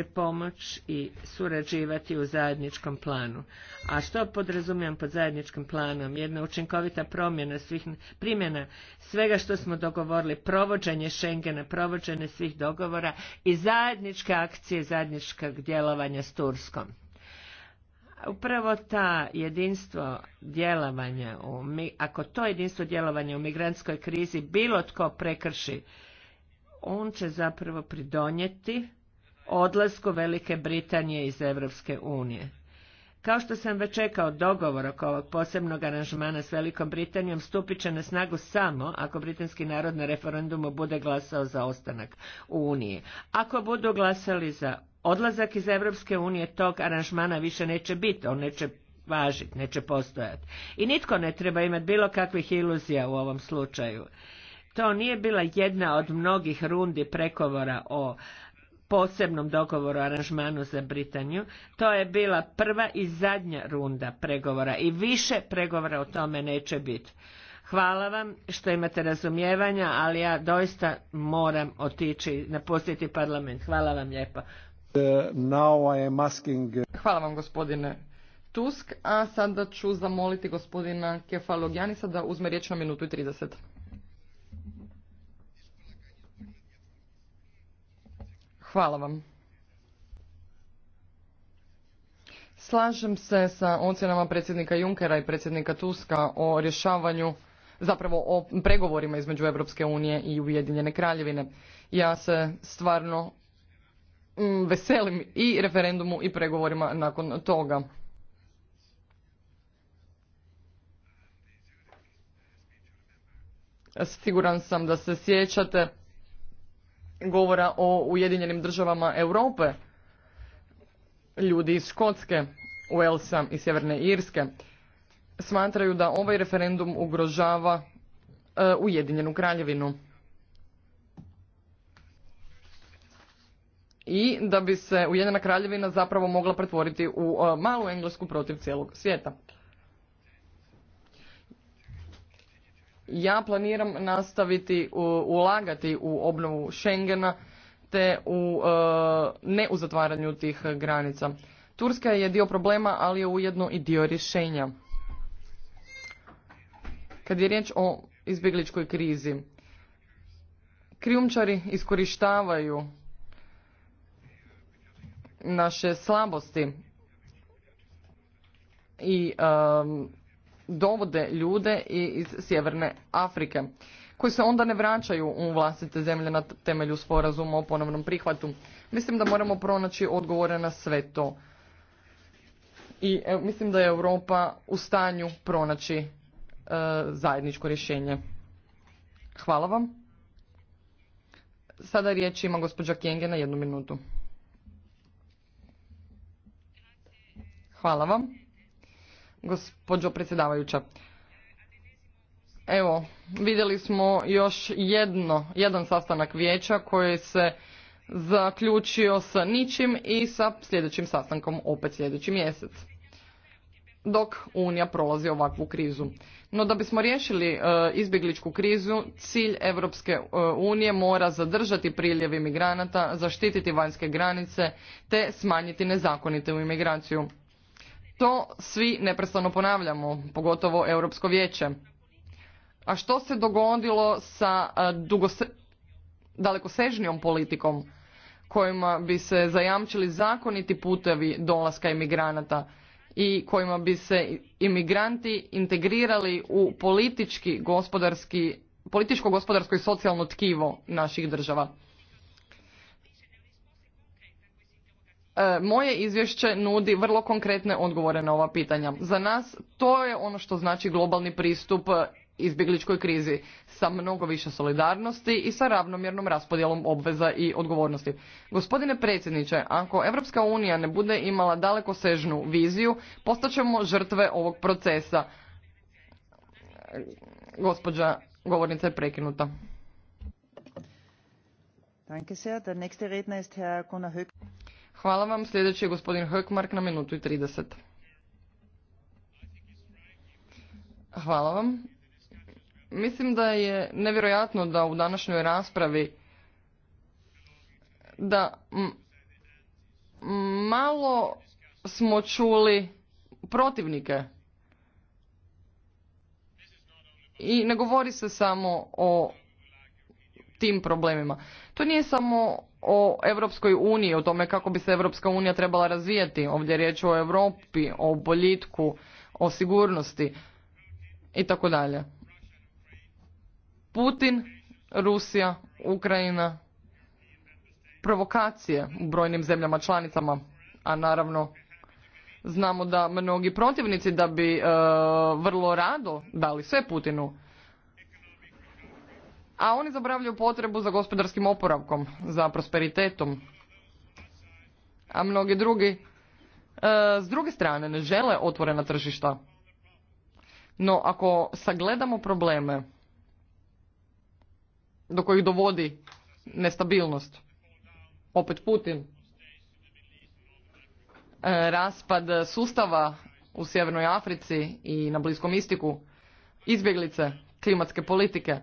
pomoć i surađivati u zajedničkom planu. A što podrazumijem pod zajedničkim planom? Jedna učinkovita promjena svih primjena svega što smo dogovorili, provođenje Schengena, provođenje svih dogovora i zajedničke akcije, zajedničkog djelovanja s Turskom. Upravo ta jedinstvo djelovanja, u, ako to jedinstvo djelovanja u migrantskoj krizi bilo tko prekrši, on će zapravo pridonijeti odlasku Velike Britanije iz Europske unije. Kao što sam već čekao, dogovor oko ovog posebnog aranžmana s Velikom Britanijom stupit će na snagu samo ako britanski narod na referendumu bude glasao za ostanak u Uniji. Ako budu glasali za odlazak iz Europske unije, tog aranžmana više neće biti, on neće važiti, neće postojati. I nitko ne treba imati bilo kakvih iluzija u ovom slučaju. To nije bila jedna od mnogih rundi prekovora o posebnom dogovoru aranžmanu za Britaniju. To je bila prva i zadnja runda pregovora i više pregovora o tome neće biti. Hvala vam što imate razumijevanja, ali ja doista moram otići napustiti parlament. Hvala vam lijepo. E, Hvala vam gospodine Tusk, a sada ću zamoliti gospodina Kefalogijanisa da uzme riječ na minutu i 30. Hvala vam. Slažem se sa ocjenama predsjednika Junkera i predsjednika Tuska o rješavanju zapravo o pregovorima između Europske unije i Ujedinjene kraljevine. Ja se stvarno mm, veselim i referendumu i pregovorima nakon toga. Siguran sam da se sjećate govora o Ujedinjenim državama Europe, ljudi iz Škotske, Walesa i Sjeverne Irske, smatraju da ovaj referendum ugrožava e, Ujedinjenu kraljevinu. I da bi se Ujedinjena kraljevina zapravo mogla pretvoriti u e, malu Englesku protiv cijelog svijeta. Ja planiram nastaviti ulagati u obnovu Schengena te u e, ne u zatvaranju tih granica. Turska je dio problema, ali je ujedno i dio rješenja. Kad je riječ o izbjegličkoj krizi, krijumčari iskorištavaju naše slabosti i e, dovode ljude iz Sjeverne Afrike koji se onda ne vraćaju u vlastite zemlje na temelju sporazuma o ponovnom prihvatu. Mislim da moramo pronaći odgovore na sve to. I mislim da je Europa u stanju pronaći e, zajedničko rješenje. Hvala vam. Sada riječ ima gospođa Kenge na jednu minutu. Hvala vam gospođo predsjedavajuća. Evo, vidjeli smo još jedno, jedan sastanak vijeća koji se zaključio sa ničim i sa sljedećim sastankom opet sljedeći mjesec dok Unija prolazi ovakvu krizu. No da bismo riješili e, izbjegličku krizu, cilj Europske e, unije mora zadržati priljev imigranata, zaštititi vanjske granice te smanjiti nezakonitu imigraciju. To svi neprestano ponavljamo, pogotovo Europsko vijeće. A što se dogodilo sa e, dugose, dalekosežnijom politikom kojima bi se zajamčili zakoniti putevi dolaska imigranata i kojima bi se imigranti integrirali u političko, gospodarsko i socijalno tkivo naših država. E, moje izvješće nudi vrlo konkretne odgovore na ova pitanja. Za nas to je ono što znači globalni pristup e, izbjegličkoj krizi sa mnogo više solidarnosti i sa ravnomjernom raspodjelom obveza i odgovornosti. Gospodine predsjedniče, ako Europska unija ne bude imala dalekosežnu viziju, postaćemo žrtve ovog procesa. E, gospođa govornica je prekinuta. Hvala vam. Sljedeći je gospodin Hökmark na minutu i 30. Hvala vam. Mislim da je nevjerojatno da u današnjoj raspravi da malo smo čuli protivnike. I ne govori se samo o tim problemima. To nije samo o Europskoj uniji, o tome kako bi se Europska unija trebala razvijati. Ovdje je riječ o Europi, o boljitku, o sigurnosti i tako dalje. Putin, Rusija, Ukrajina, provokacije u brojnim zemljama članicama, a naravno znamo da mnogi protivnici da bi e, vrlo rado dali sve Putinu a oni zaboravljaju potrebu za gospodarskim oporavkom, za prosperitetom. A mnogi drugi e, s druge strane ne žele otvorena tržišta. No ako sagledamo probleme do kojih dovodi nestabilnost, opet Putin, e, raspad sustava u Sjevernoj Africi i na Bliskom istiku, izbjeglice, klimatske politike,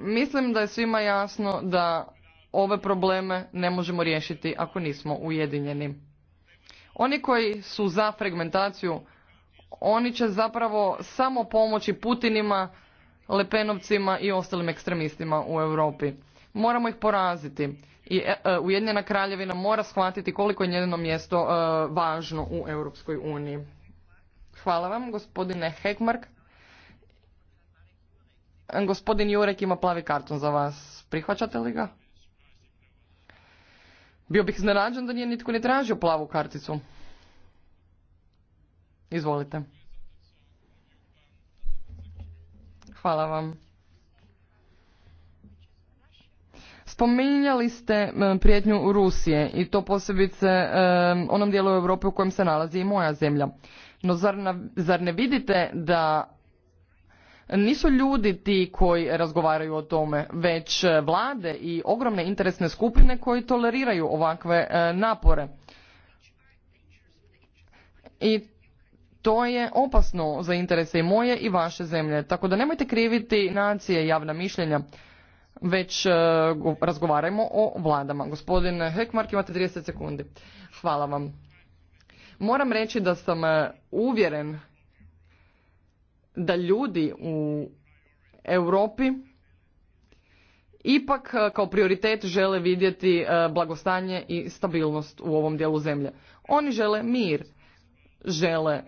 Mislim da je svima jasno da ove probleme ne možemo riješiti ako nismo ujedinjeni. Oni koji su za fragmentaciju, oni će zapravo samo pomoći Putinima, Lepenovcima i ostalim ekstremistima u Europi. Moramo ih poraziti i e, e, Ujedinjena kraljevina mora shvatiti koliko je njeno mjesto e, važno u Europskoj uniji. Hvala vam, gospodine Hekmark. Gospodin Jurek ima plavi karton za vas. Prihvaćate li ga? Bio bih iznenađen da nije nitko ne tražio plavu karticu. Izvolite. Hvala vam. Spominjali ste e, prijetnju Rusije i to posebice e, onom dijelu Europe u kojem se nalazi i moja zemlja. No zar ne vidite da nisu ljudi ti koji razgovaraju o tome, već e, vlade i ogromne interesne skupine koji toleriraju ovakve e, napore. I to je opasno za interese i moje i vaše zemlje. Tako da nemojte kriviti nacije i javna mišljenja, već e, razgovarajmo o vladama. Gospodin Hekmark, imate 30 sekundi. Hvala vam. Moram reći da sam uvjeren da ljudi u Europi ipak e, kao prioritet žele vidjeti e, blagostanje i stabilnost u ovom dijelu zemlje. Oni žele mir, žele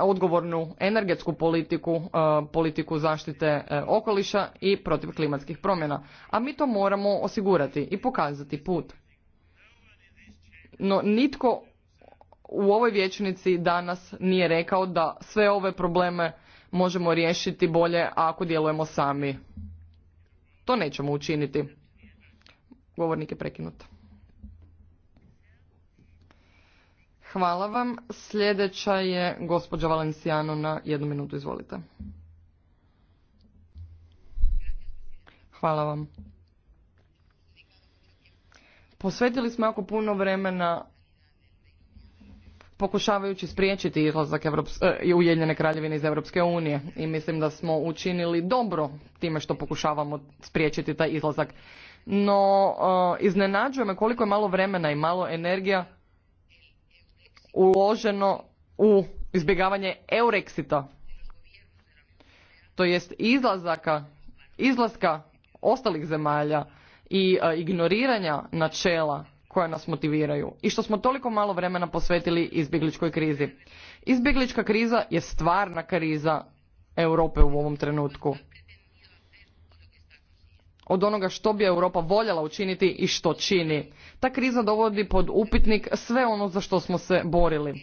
odgovornu energetsku politiku, e, politiku zaštite okoliša i protiv klimatskih promjena. A mi to moramo osigurati i pokazati put. No nitko u ovoj vijećnici danas nije rekao da sve ove probleme možemo riješiti bolje ako djelujemo sami. To nećemo učiniti. Govornik je prekinut. Hvala vam. Sljedeća je gospođa Valencijano na jednu minutu. Izvolite. Hvala vam. Posvetili smo jako puno vremena pokušavajući spriječiti izlazak e, i Ujedinjene kraljevine iz Europske unije i mislim da smo učinili dobro time što pokušavamo spriječiti taj izlazak. No, e, iznenađuje me koliko je malo vremena i malo energija uloženo u izbjegavanje eureksita. to jest izlazaka, izlaska ostalih zemalja i e, ignoriranja načela koja nas motiviraju i što smo toliko malo vremena posvetili izbjegličkoj krizi. Izbjeglička kriza je stvarna kriza Europe u ovom trenutku. Od onoga što bi Europa voljela učiniti i što čini. Ta kriza dovodi pod upitnik sve ono za što smo se borili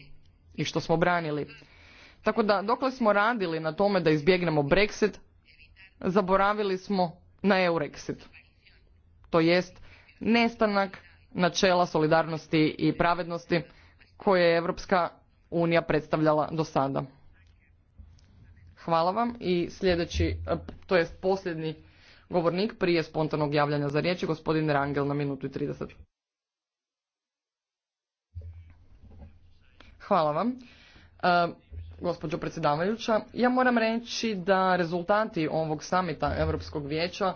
i što smo branili. Tako da dokle smo radili na tome da izbjegnemo Brexit, zaboravili smo na Eurexit. To jest nestanak načela solidarnosti i pravednosti koje je Europska unija predstavljala do sada. Hvala vam i sljedeći, to jest posljednji govornik prije spontanog javljanja za riječ, gospodin Rangel na minutu i 30. Hvala vam. E, gospođo predsjedavajuća, ja moram reći da rezultati ovog samita Europskog vijeća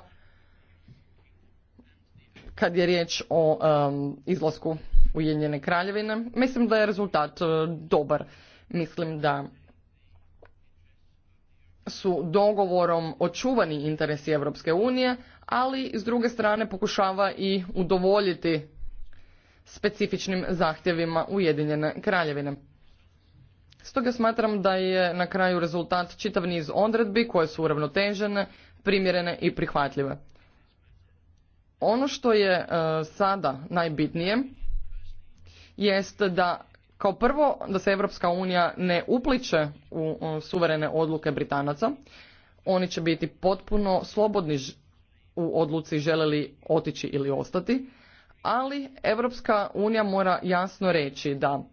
kad je riječ o um, izlasku Ujedinjene kraljevine. Mislim da je rezultat e, dobar. Mislim da su dogovorom očuvani interesi Europske unije, ali s druge strane pokušava i udovoljiti specifičnim zahtjevima Ujedinjene kraljevine. Stoga smatram da je na kraju rezultat čitav niz odredbi koje su uravnotežene, primjerene i prihvatljive. Ono što je e, sada najbitnije jest da kao prvo da se Europska unija ne upliče u e, suverene odluke Britanaca. Oni će biti potpuno slobodni u odluci žele li otići ili ostati, ali Europska unija mora jasno reći da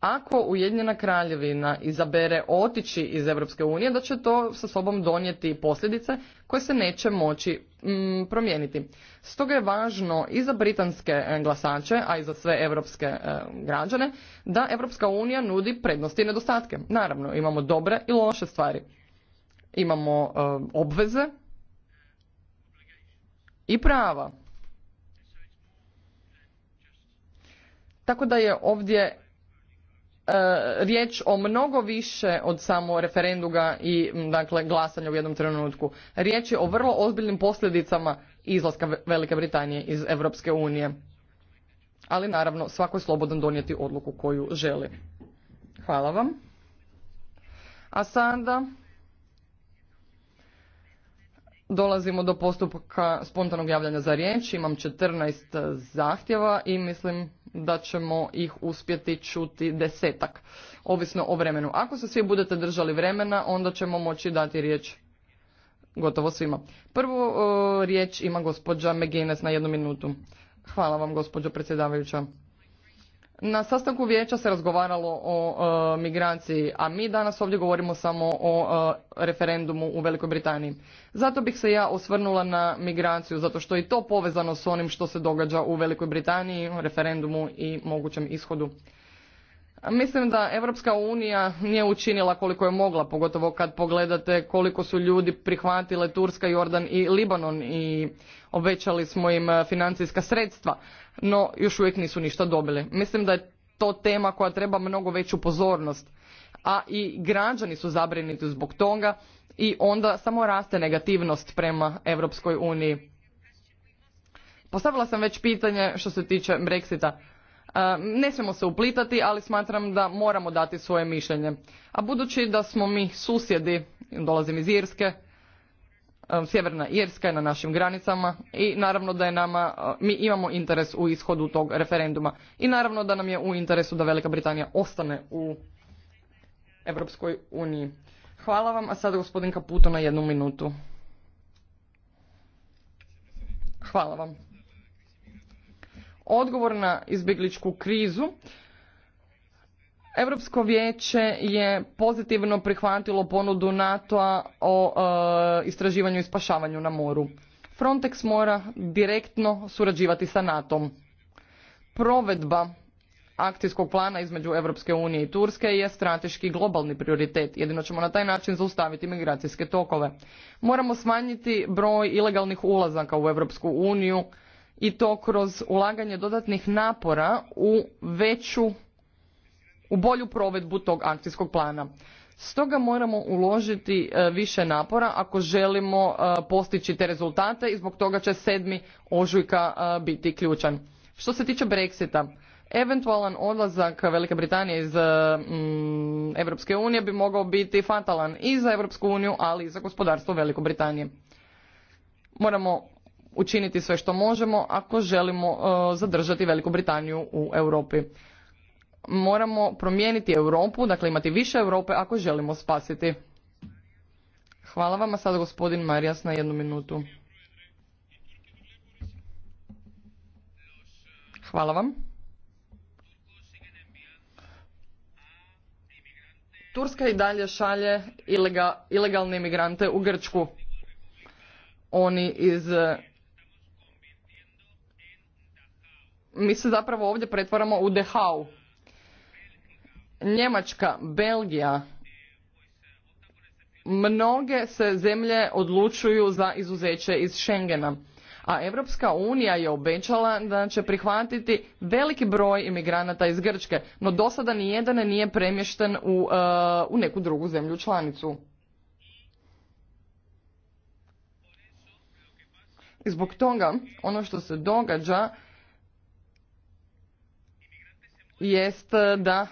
ako Ujedinjena kraljevina izabere otići iz Europske unije, da će to sa sobom donijeti posljedice koje se neće moći mm, promijeniti. Stoga je važno i za britanske e, glasače, a i za sve europske e, građane, da Europska unija nudi prednosti i nedostatke. Naravno, imamo dobre i loše stvari. Imamo e, obveze i prava. Tako da je ovdje E, riječ o mnogo više od samo referenduga i dakle glasanja u jednom trenutku. Riječ je o vrlo ozbiljnim posljedicama izlaska Velike Britanije iz Europske unije. Ali naravno svako je slobodan donijeti odluku koju želi. Hvala vam. A sada dolazimo do postupka spontanog javljanja za riječ. Imam 14 zahtjeva i mislim da ćemo ih uspjeti čuti desetak, ovisno o vremenu. Ako se svi budete držali vremena, onda ćemo moći dati riječ gotovo svima. Prvu riječ ima gospođa Megines na jednu minutu. Hvala vam gospođo predsjedavajuća. Na sastanku vijeća se razgovaralo o e, migraciji, a mi danas ovdje govorimo samo o e, referendumu u Velikoj Britaniji. Zato bih se ja osvrnula na migraciju, zato što je i to povezano s onim što se događa u Velikoj Britaniji, referendumu i mogućem ishodu. Mislim da Europska unija nije učinila koliko je mogla, pogotovo kad pogledate koliko su ljudi prihvatile Turska, Jordan i Libanon i obećali smo im eh, financijska sredstva, no još uvijek nisu ništa dobili. Mislim da je to tema koja treba mnogo veću pozornost, a i građani su zabrinuti zbog toga i onda samo raste negativnost prema Europskoj uniji. Postavila sam već pitanje što se tiče Brexita ne smijemo se uplitati, ali smatram da moramo dati svoje mišljenje. A budući da smo mi susjedi, dolazim iz Irske, Sjeverna Irska je na našim granicama i naravno da je nama, mi imamo interes u ishodu tog referenduma i naravno da nam je u interesu da Velika Britanija ostane u Europskoj uniji. Hvala vam, a sada gospodin Kaputo na jednu minutu. Hvala vam odgovor na izbjegličku krizu Europsko vijeće je pozitivno prihvatilo ponudu NATO-a o e, istraživanju i spašavanju na moru. Frontex mora direktno surađivati sa NATO-om. Provedba akcijskog plana između Europske unije i Turske je strateški globalni prioritet. Jedino ćemo na taj način zaustaviti migracijske tokove. Moramo smanjiti broj ilegalnih ulazaka u Europsku uniju i to kroz ulaganje dodatnih napora u veću u bolju provedbu tog akcijskog plana. Stoga moramo uložiti e, više napora ako želimo e, postići te rezultate i zbog toga će sedmi ožujka e, biti ključan. Što se tiče Brexita, eventualan odlazak Velike Britanije iz Europske mm, unije bi mogao biti fatalan i za Europsku uniju, ali i za gospodarstvo Velike Britanije. Moramo učiniti sve što možemo ako želimo e, zadržati Veliku Britaniju u Europi. Moramo promijeniti Europu, dakle imati više Europe ako želimo spasiti. Hvala vam, a sada gospodin Marijas na jednu minutu. Hvala vam. Turska i dalje šalje ilegalne imigrante u Grčku. Oni iz mi se zapravo ovdje pretvaramo u dehau. Njemačka, Belgija, mnoge se zemlje odlučuju za izuzeće iz Schengena. A Europska unija je obećala da će prihvatiti veliki broj imigranata iz Grčke, no do sada nijedan nije premješten u, uh, u neku drugu zemlju članicu. I zbog toga ono što se događa jest e, da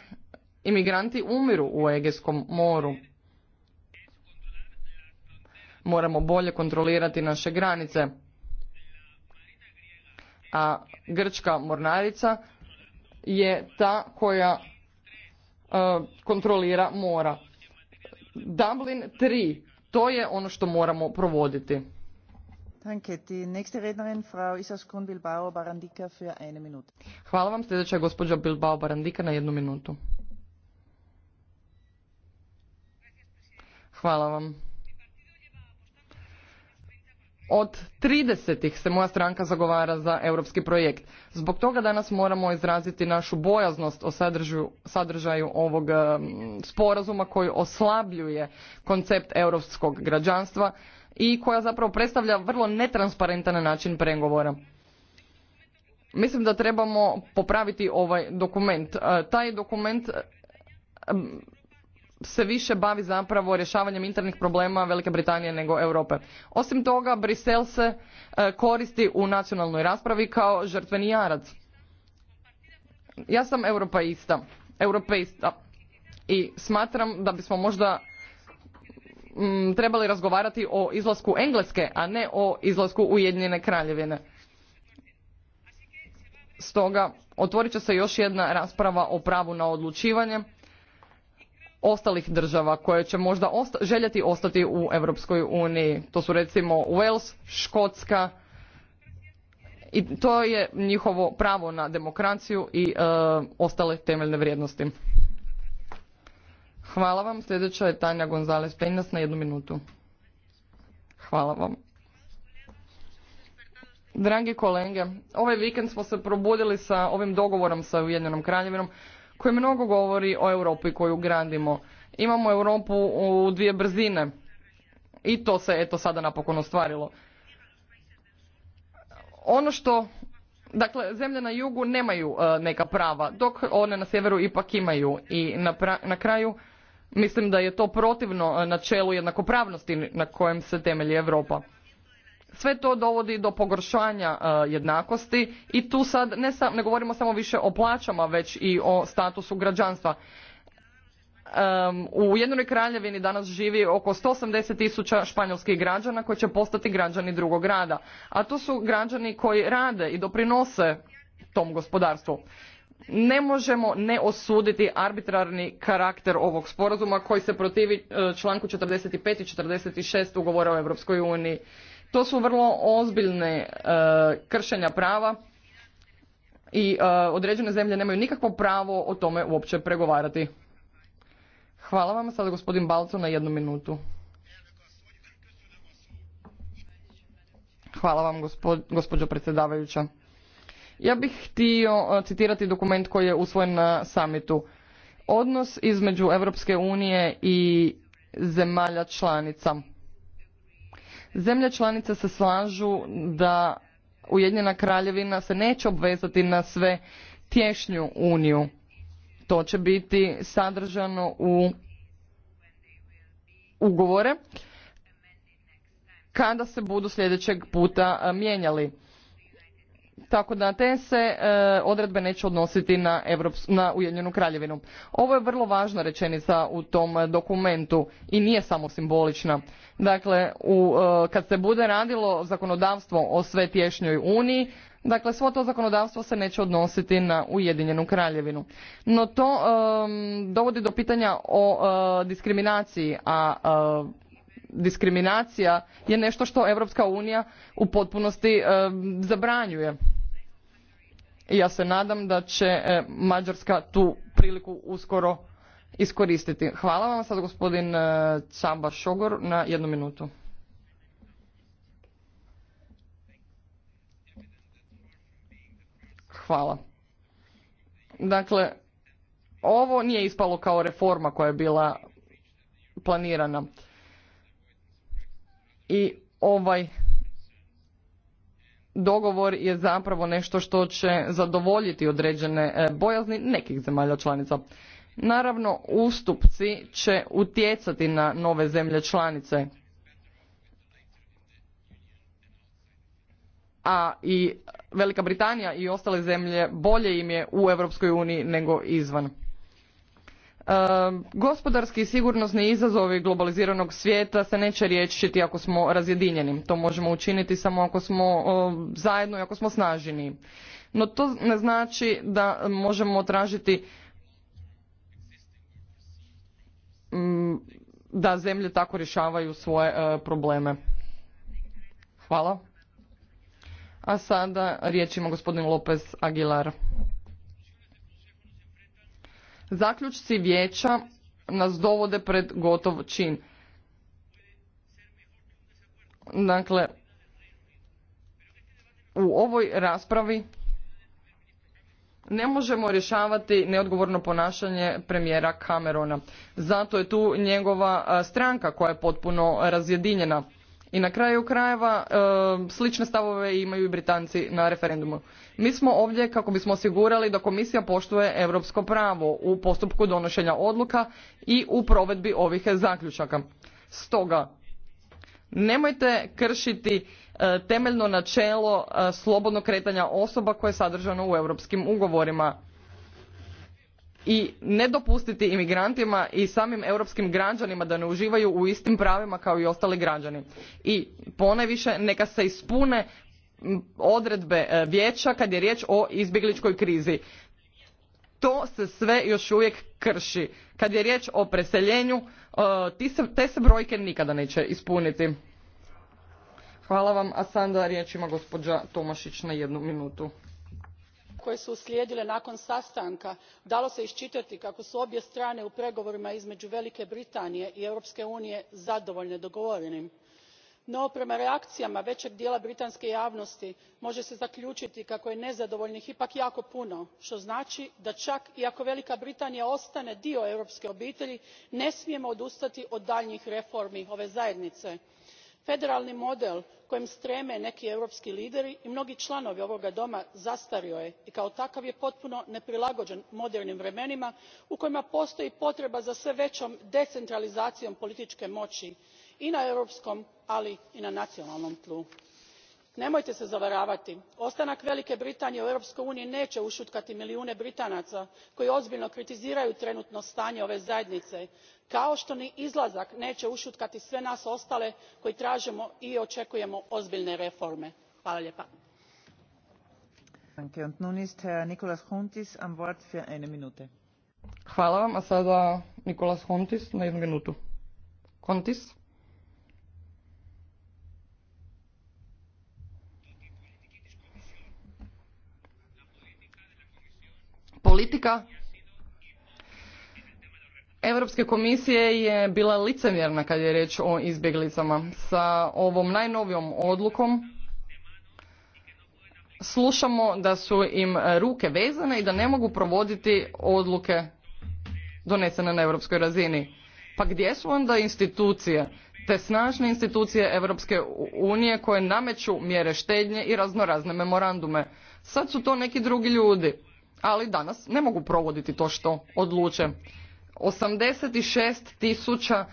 imigranti umiru u Egeskom moru. Moramo bolje kontrolirati naše granice. A grčka mornarica je ta koja e, kontrolira mora. Dublin 3, to je ono što moramo provoditi. Danke. Die nächste Barandika Hvala vam. Sljedeća je gospođa Bilbao Barandika na jednu minutu. Hvala vam. Od 30. se moja stranka zagovara za europski projekt. Zbog toga danas moramo izraziti našu bojaznost o sadržaju, sadržaju ovog sporazuma koji oslabljuje koncept europskog građanstva, i koja zapravo predstavlja vrlo netransparentan način pregovora. Mislim da trebamo popraviti ovaj dokument. E, taj dokument e, se više bavi zapravo rješavanjem internih problema Velike Britanije nego Europe. Osim toga, Brisel se e, koristi u nacionalnoj raspravi kao žrtveni jarac. Ja sam europeista, europeista i smatram da bismo možda Mm, trebali razgovarati o izlasku Engleske, a ne o izlasku Ujedinjene kraljevine. Stoga otvorit će se još jedna rasprava o pravu na odlučivanje ostalih država koje će možda željeti ostati u Europskoj uniji. To su recimo Wales, Škotska i to je njihovo pravo na demokraciju i e, ostale temeljne vrijednosti. Hvala vam. Sljedeća je Tanja Gonzalez Penjas na jednu minutu. Hvala vam. Dragi kolege, ovaj vikend smo se probudili sa ovim dogovorom sa Ujedinjenom kraljevinom koji mnogo govori o Europi koju gradimo. Imamo Europu u dvije brzine i to se eto sada napokon ostvarilo. Ono što Dakle, zemlje na jugu nemaju e, neka prava, dok one na sjeveru ipak imaju. I na, na kraju Mislim da je to protivno e, načelu jednakopravnosti na kojem se temelji Europa. Sve to dovodi do pogoršanja e, jednakosti i tu sad ne, govorimo samo više o plaćama, već i o statusu građanstva. u Jednoj kraljevini danas živi oko 180 tisuća španjolskih građana koji će postati građani drugog rada. A to su građani koji rade i doprinose tom gospodarstvu ne možemo ne osuditi arbitrarni karakter ovog sporazuma koji se protivi e, članku 45 i 46 ugovora o Europskoj uniji. To su vrlo ozbiljne e, kršenja prava i e, određene zemlje nemaju nikakvo pravo o tome uopće pregovarati. Hvala vam. Sada gospodin Balco na jednu minutu. Hvala vam gospođo predsjedavajuća. Ja bih htio eh, citirati dokument koji je usvojen na samitu. Odnos između Europske unije i zemalja članica. Zemlje članice se slažu da Ujedinjena kraljevina se neće obvezati na sve tješnju uniju. To će biti sadržano u ugovore kada se budu sljedećeg puta eh, mijenjali tako da te se e, odredbe neće odnositi na, na Ujedinjenu kraljevinu. Ovo je vrlo važna rečenica u tom dokumentu i nije samo simbolična. Dakle, u, e, kad se bude radilo zakonodavstvo o sve tješnjoj uniji, Dakle, svo to zakonodavstvo se neće odnositi na Ujedinjenu kraljevinu. No to e, dovodi do pitanja o diskriminaciji, a diskriminacija je nešto što Europska unija u potpunosti e, zabranjuje. I ja se nadam da će e, Mađarska tu priliku uskoro iskoristiti. Hvala vam sad gospodin Čamba e, Šogor na jednu minutu. Hvala. Dakle, ovo nije ispalo kao reforma koja je bila planirana i ovaj dogovor je zapravo nešto što će zadovoljiti određene e, bojazni nekih zemalja članica. Naravno, ustupci će utjecati na nove zemlje članice. A i Velika Britanija i ostale zemlje bolje im je u Europskoj uniji nego izvan. Gospodarski i sigurnosni izazovi globaliziranog svijeta se neće riješiti ako smo razjedinjeni. To možemo učiniti samo ako smo zajedno i ako smo snažniji. No to ne znači da možemo tražiti mm, da zemlje tako rješavaju svoje e, probleme. Hvala. A sada riječ ima gospodin Lopez Aguilar. Zaključci vijeća nas dovode pred gotov čin. Dakle, u ovoj raspravi ne možemo rješavati neodgovorno ponašanje premijera Camerona. Zato je tu njegova stranka koja je potpuno razjedinjena. I na kraju krajeva slične stavove imaju i Britanci na referendumu. Mi smo ovdje kako bismo osigurali da komisija poštuje europsko pravo u postupku donošenja odluka i u provedbi ovih zaključaka. Stoga, nemojte kršiti e, temeljno načelo e, slobodnog kretanja osoba koje je sadržano u europskim ugovorima i ne dopustiti imigrantima i samim europskim građanima da ne uživaju u istim pravima kao i ostali građani. I ponajviše neka se ispune odredbe e, vijeća kad je riječ o izbjegličkoj krizi. To se sve još uvijek krši. Kad je riječ o preseljenju, e, te se brojke nikada neće ispuniti. Hvala vam, a sada riječ ima gospođa Tomašić na jednu minutu koje su uslijedile nakon sastanka dalo se iščitati kako su obje strane u pregovorima između velike britanije i europske unije zadovoljne dogovorenim no prema reakcijama većeg dijela britanske javnosti može se zaključiti kako je nezadovoljnih ipak jako puno što znači da čak i ako velika britanija ostane dio europske obitelji ne smijemo odustati od daljnjih reformi ove zajednice federalni model kojem streme neki europski lideri i mnogi lanovi ovoga doma zastario je i kao takav je potpuno neprilagoen modernim vremenima u kojima postoji potreba za sve većom decentralizacijom političke moi i na europskom ali i na nacionalnom tlu nemojte se zavaravati ostanak velike britanije u europskoj uniji neće ušutkati milijune britanaca koji ozbiljno kritiziraju trenutno stanje ove zajednice kao što ni izlazak neće ušutkati sve nas ostale koji tražimo i očekujemo ozbiljne reforme. politika Europske komisije je bila licemjerna kad je riječ o izbjeglicama. Sa ovom najnovijom odlukom slušamo da su im ruke vezane i da ne mogu provoditi odluke donesene na europskoj razini. Pa gdje su onda institucije? Te snažne institucije Europske unije koje nameću mjere štednje i raznorazne memorandume. Sad su to neki drugi ljudi ali danas ne mogu provoditi to što odluče. 86 tisuća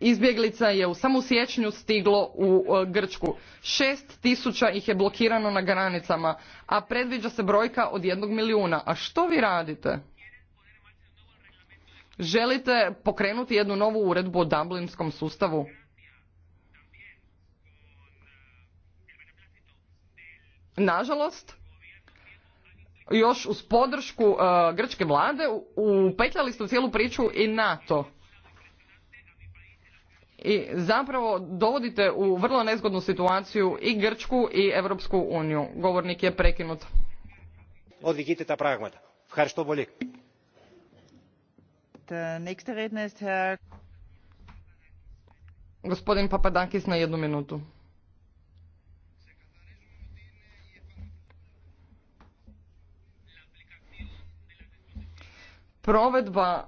izbjeglica je u samo siječnju stiglo u e, Grčku. 6 tisuća ih je blokirano na granicama, a predviđa se brojka od jednog milijuna. A što vi radite? Želite pokrenuti jednu novu uredbu o dublinskom sustavu? Nažalost, još uz podršku e, grčke vlade upetljali ste u cijelu priču i NATO. I zapravo dovodite u vrlo nezgodnu situaciju i Grčku i Europsku uniju. Govornik je prekinut. Odvikite ta pragmata. Hvala bolje Gospodin Papadakis na jednu minutu. provedba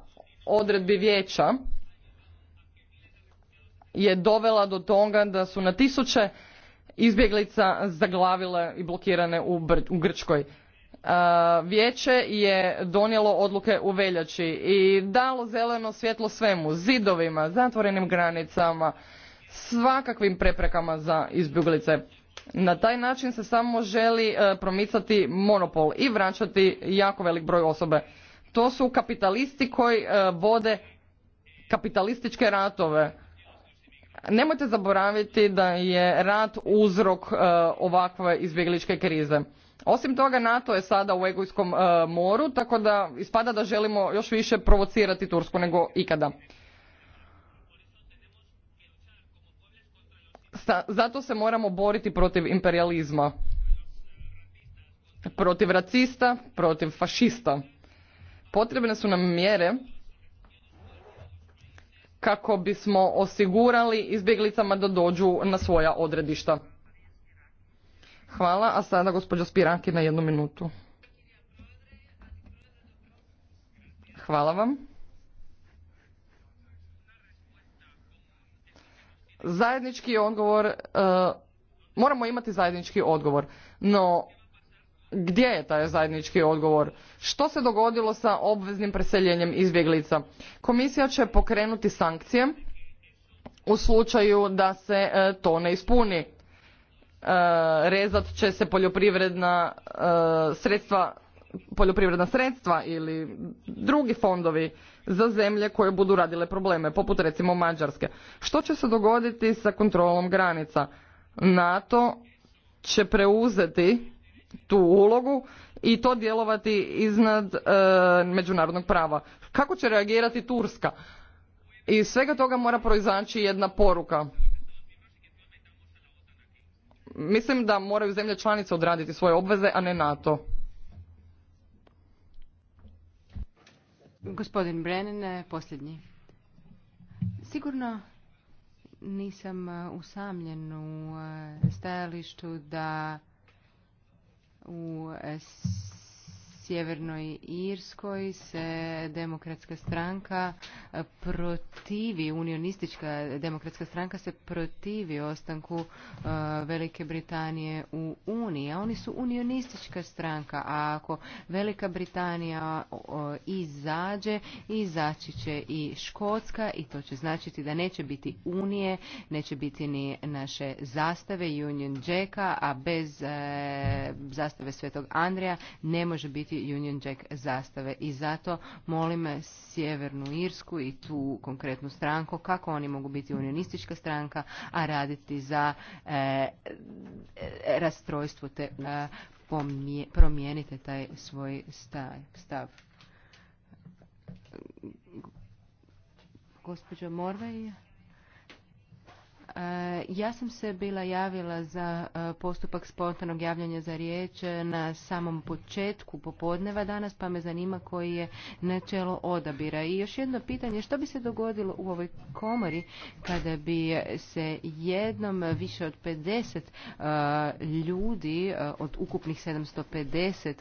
odredbi vijeća je dovela do toga da su na tisuće izbjeglica zaglavile i blokirane u, Grčkoj. E, vijeće je donijelo odluke u veljači i dalo zeleno svjetlo svemu, zidovima, zatvorenim granicama, svakakvim preprekama za izbjeglice. Na taj način se samo želi e, promicati monopol i vraćati jako velik broj osobe to su kapitalisti koji e, vode kapitalističke ratove. Nemojte zaboraviti da je rat uzrok e, ovakve izbjegličke krize. Osim toga, NATO je sada u Egojskom e, moru, tako da ispada da želimo još više provocirati Tursku nego ikada. Zato se moramo boriti protiv imperializma, protiv racista, protiv fašista. Potrebne su nam mjere kako bismo osigurali izbjeglicama da dođu na svoja odredišta. Hvala, a sada gospođo Spiranki na jednu minutu. Hvala vam. Zajednički odgovor, e, moramo imati zajednički odgovor, no gdje je taj zajednički odgovor? Što se dogodilo sa obveznim preseljenjem izbjeglica? Komisija će pokrenuti sankcije u slučaju da se e, to ne ispuni. E, rezat će se poljoprivredna e, sredstva poljoprivredna sredstva ili drugi fondovi za zemlje koje budu radile probleme, poput recimo Mađarske. Što će se dogoditi sa kontrolom granica? NATO će preuzeti tu ulogu i to djelovati iznad e, međunarodnog prava. Kako će reagirati Turska? Iz svega toga mora proizaći jedna poruka. Mislim da moraju zemlje članice odraditi svoje obveze, a ne NATO. Gospodin Brennan, posljednji. Sigurno nisam e, usamljen u e, stajalištu da u Sjevernoj Irskoj se demokratska stranka e, protivi, unionistička demokratska stranka se protivi ostanku e, Velike Britanije u Uniji. A oni su unionistička stranka, a ako Velika Britanija izađe, izaći će i Škotska i to će značiti da neće biti Unije, neće biti ni naše zastave Union Jacka, a bez e, zastave Svetog Andreja ne može biti Union Jack zastave i zato molim Sjevernu Irsku i tu konkretnu stranku kako oni mogu biti unionistička stranka, a raditi za e, e rastrojstvo te e, promijenite taj svoj stav. stav. Gospođo Morvej, ja sam se bila javila za e, postupak spontanog javljanja za riječ e, na samom početku popodneva danas, pa me zanima koji je načelo odabira. I još jedno pitanje, što bi se dogodilo u ovoj komori kada bi se jednom više od 50 e, ljudi od ukupnih 750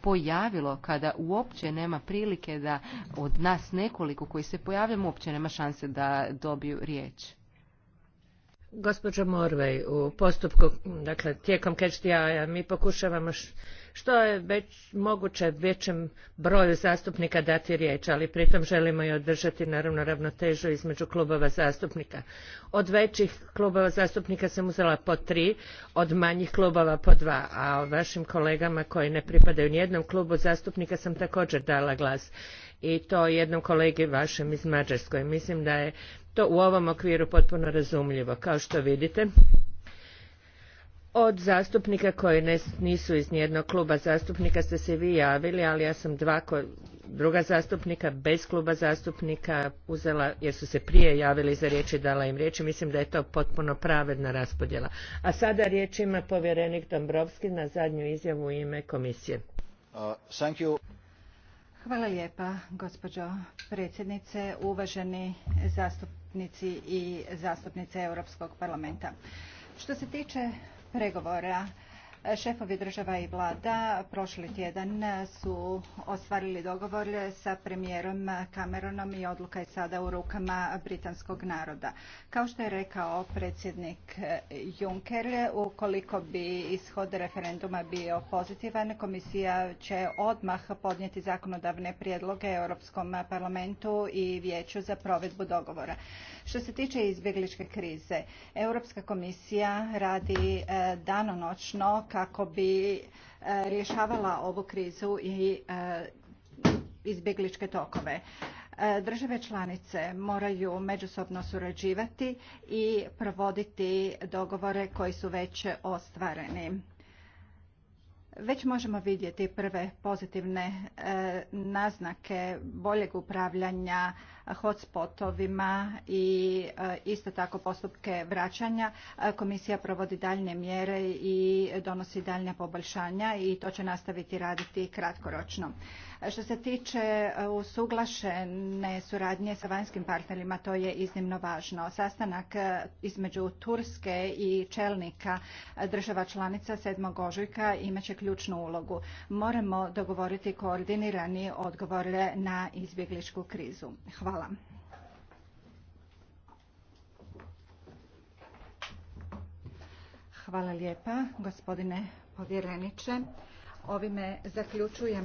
pojavilo kada uopće nema prilike da od nas nekoliko koji se pojavljamo uopće nema šanse da dobiju riječ? Gospođo Morvej, u postupku, dakle tijekom catch mi pokušavamo što je moguće većem broju zastupnika dati riječ, ali pritom želimo i održati naravno ravnotežu između klubova zastupnika. Od većih klubova zastupnika sam uzela po tri, od manjih klubova po dva, a o vašim kolegama koji ne pripadaju nijednom klubu zastupnika sam također dala glas i to jednom kolegi vašem iz Mađarske. Mislim da je to u ovom okviru potpuno razumljivo. Kao što vidite, od zastupnika koji nisu iz nijednog kluba zastupnika ste se vi javili, ali ja sam dva druga zastupnika bez kluba zastupnika uzela jer su se prije javili za riječ i dala im riječ mislim da je to potpuno pravedna raspodjela. A sada riječ ima povjerenik Dombrovski na zadnju izjavu u ime komisije. Uh, Hvala lijepa, gospođo predsjednice, uvaženi zastupnici i zastupnice Europskog parlamenta. Što se tiče pregovora Šefovi država i vlada prošli tjedan su ostvarili dogovor sa premijerom Cameronom i odluka je sada u rukama britanskog naroda. Kao što je rekao predsjednik Juncker, ukoliko bi ishod referenduma bio pozitivan, komisija će odmah podnijeti zakonodavne prijedloge Europskom parlamentu i vijeću za provedbu dogovora. Što se tiče izbjegličke krize, Europska komisija radi e, danonoćno kako bi e, rješavala ovu krizu i e, izbjegličke tokove. Države članice moraju međusobno surađivati i provoditi dogovore koji su već ostvareni. Već možemo vidjeti prve pozitivne naznake boljeg upravljanja hotspotovima i e, isto tako postupke vraćanja. E, Komisija provodi daljne mjere i donosi daljnja poboljšanja i to će nastaviti raditi kratkoročno. Što se tiče e, usuglašene suradnje sa vanjskim partnerima, to je iznimno važno. Sastanak e, između Turske i čelnika država članica 7. ožujka imaće ključnu ulogu. Moramo dogovoriti koordinirani odgovor na izbjegličku krizu. Hvala. Hvala lijepa, gospodine povjereniče. Ovime zaključujem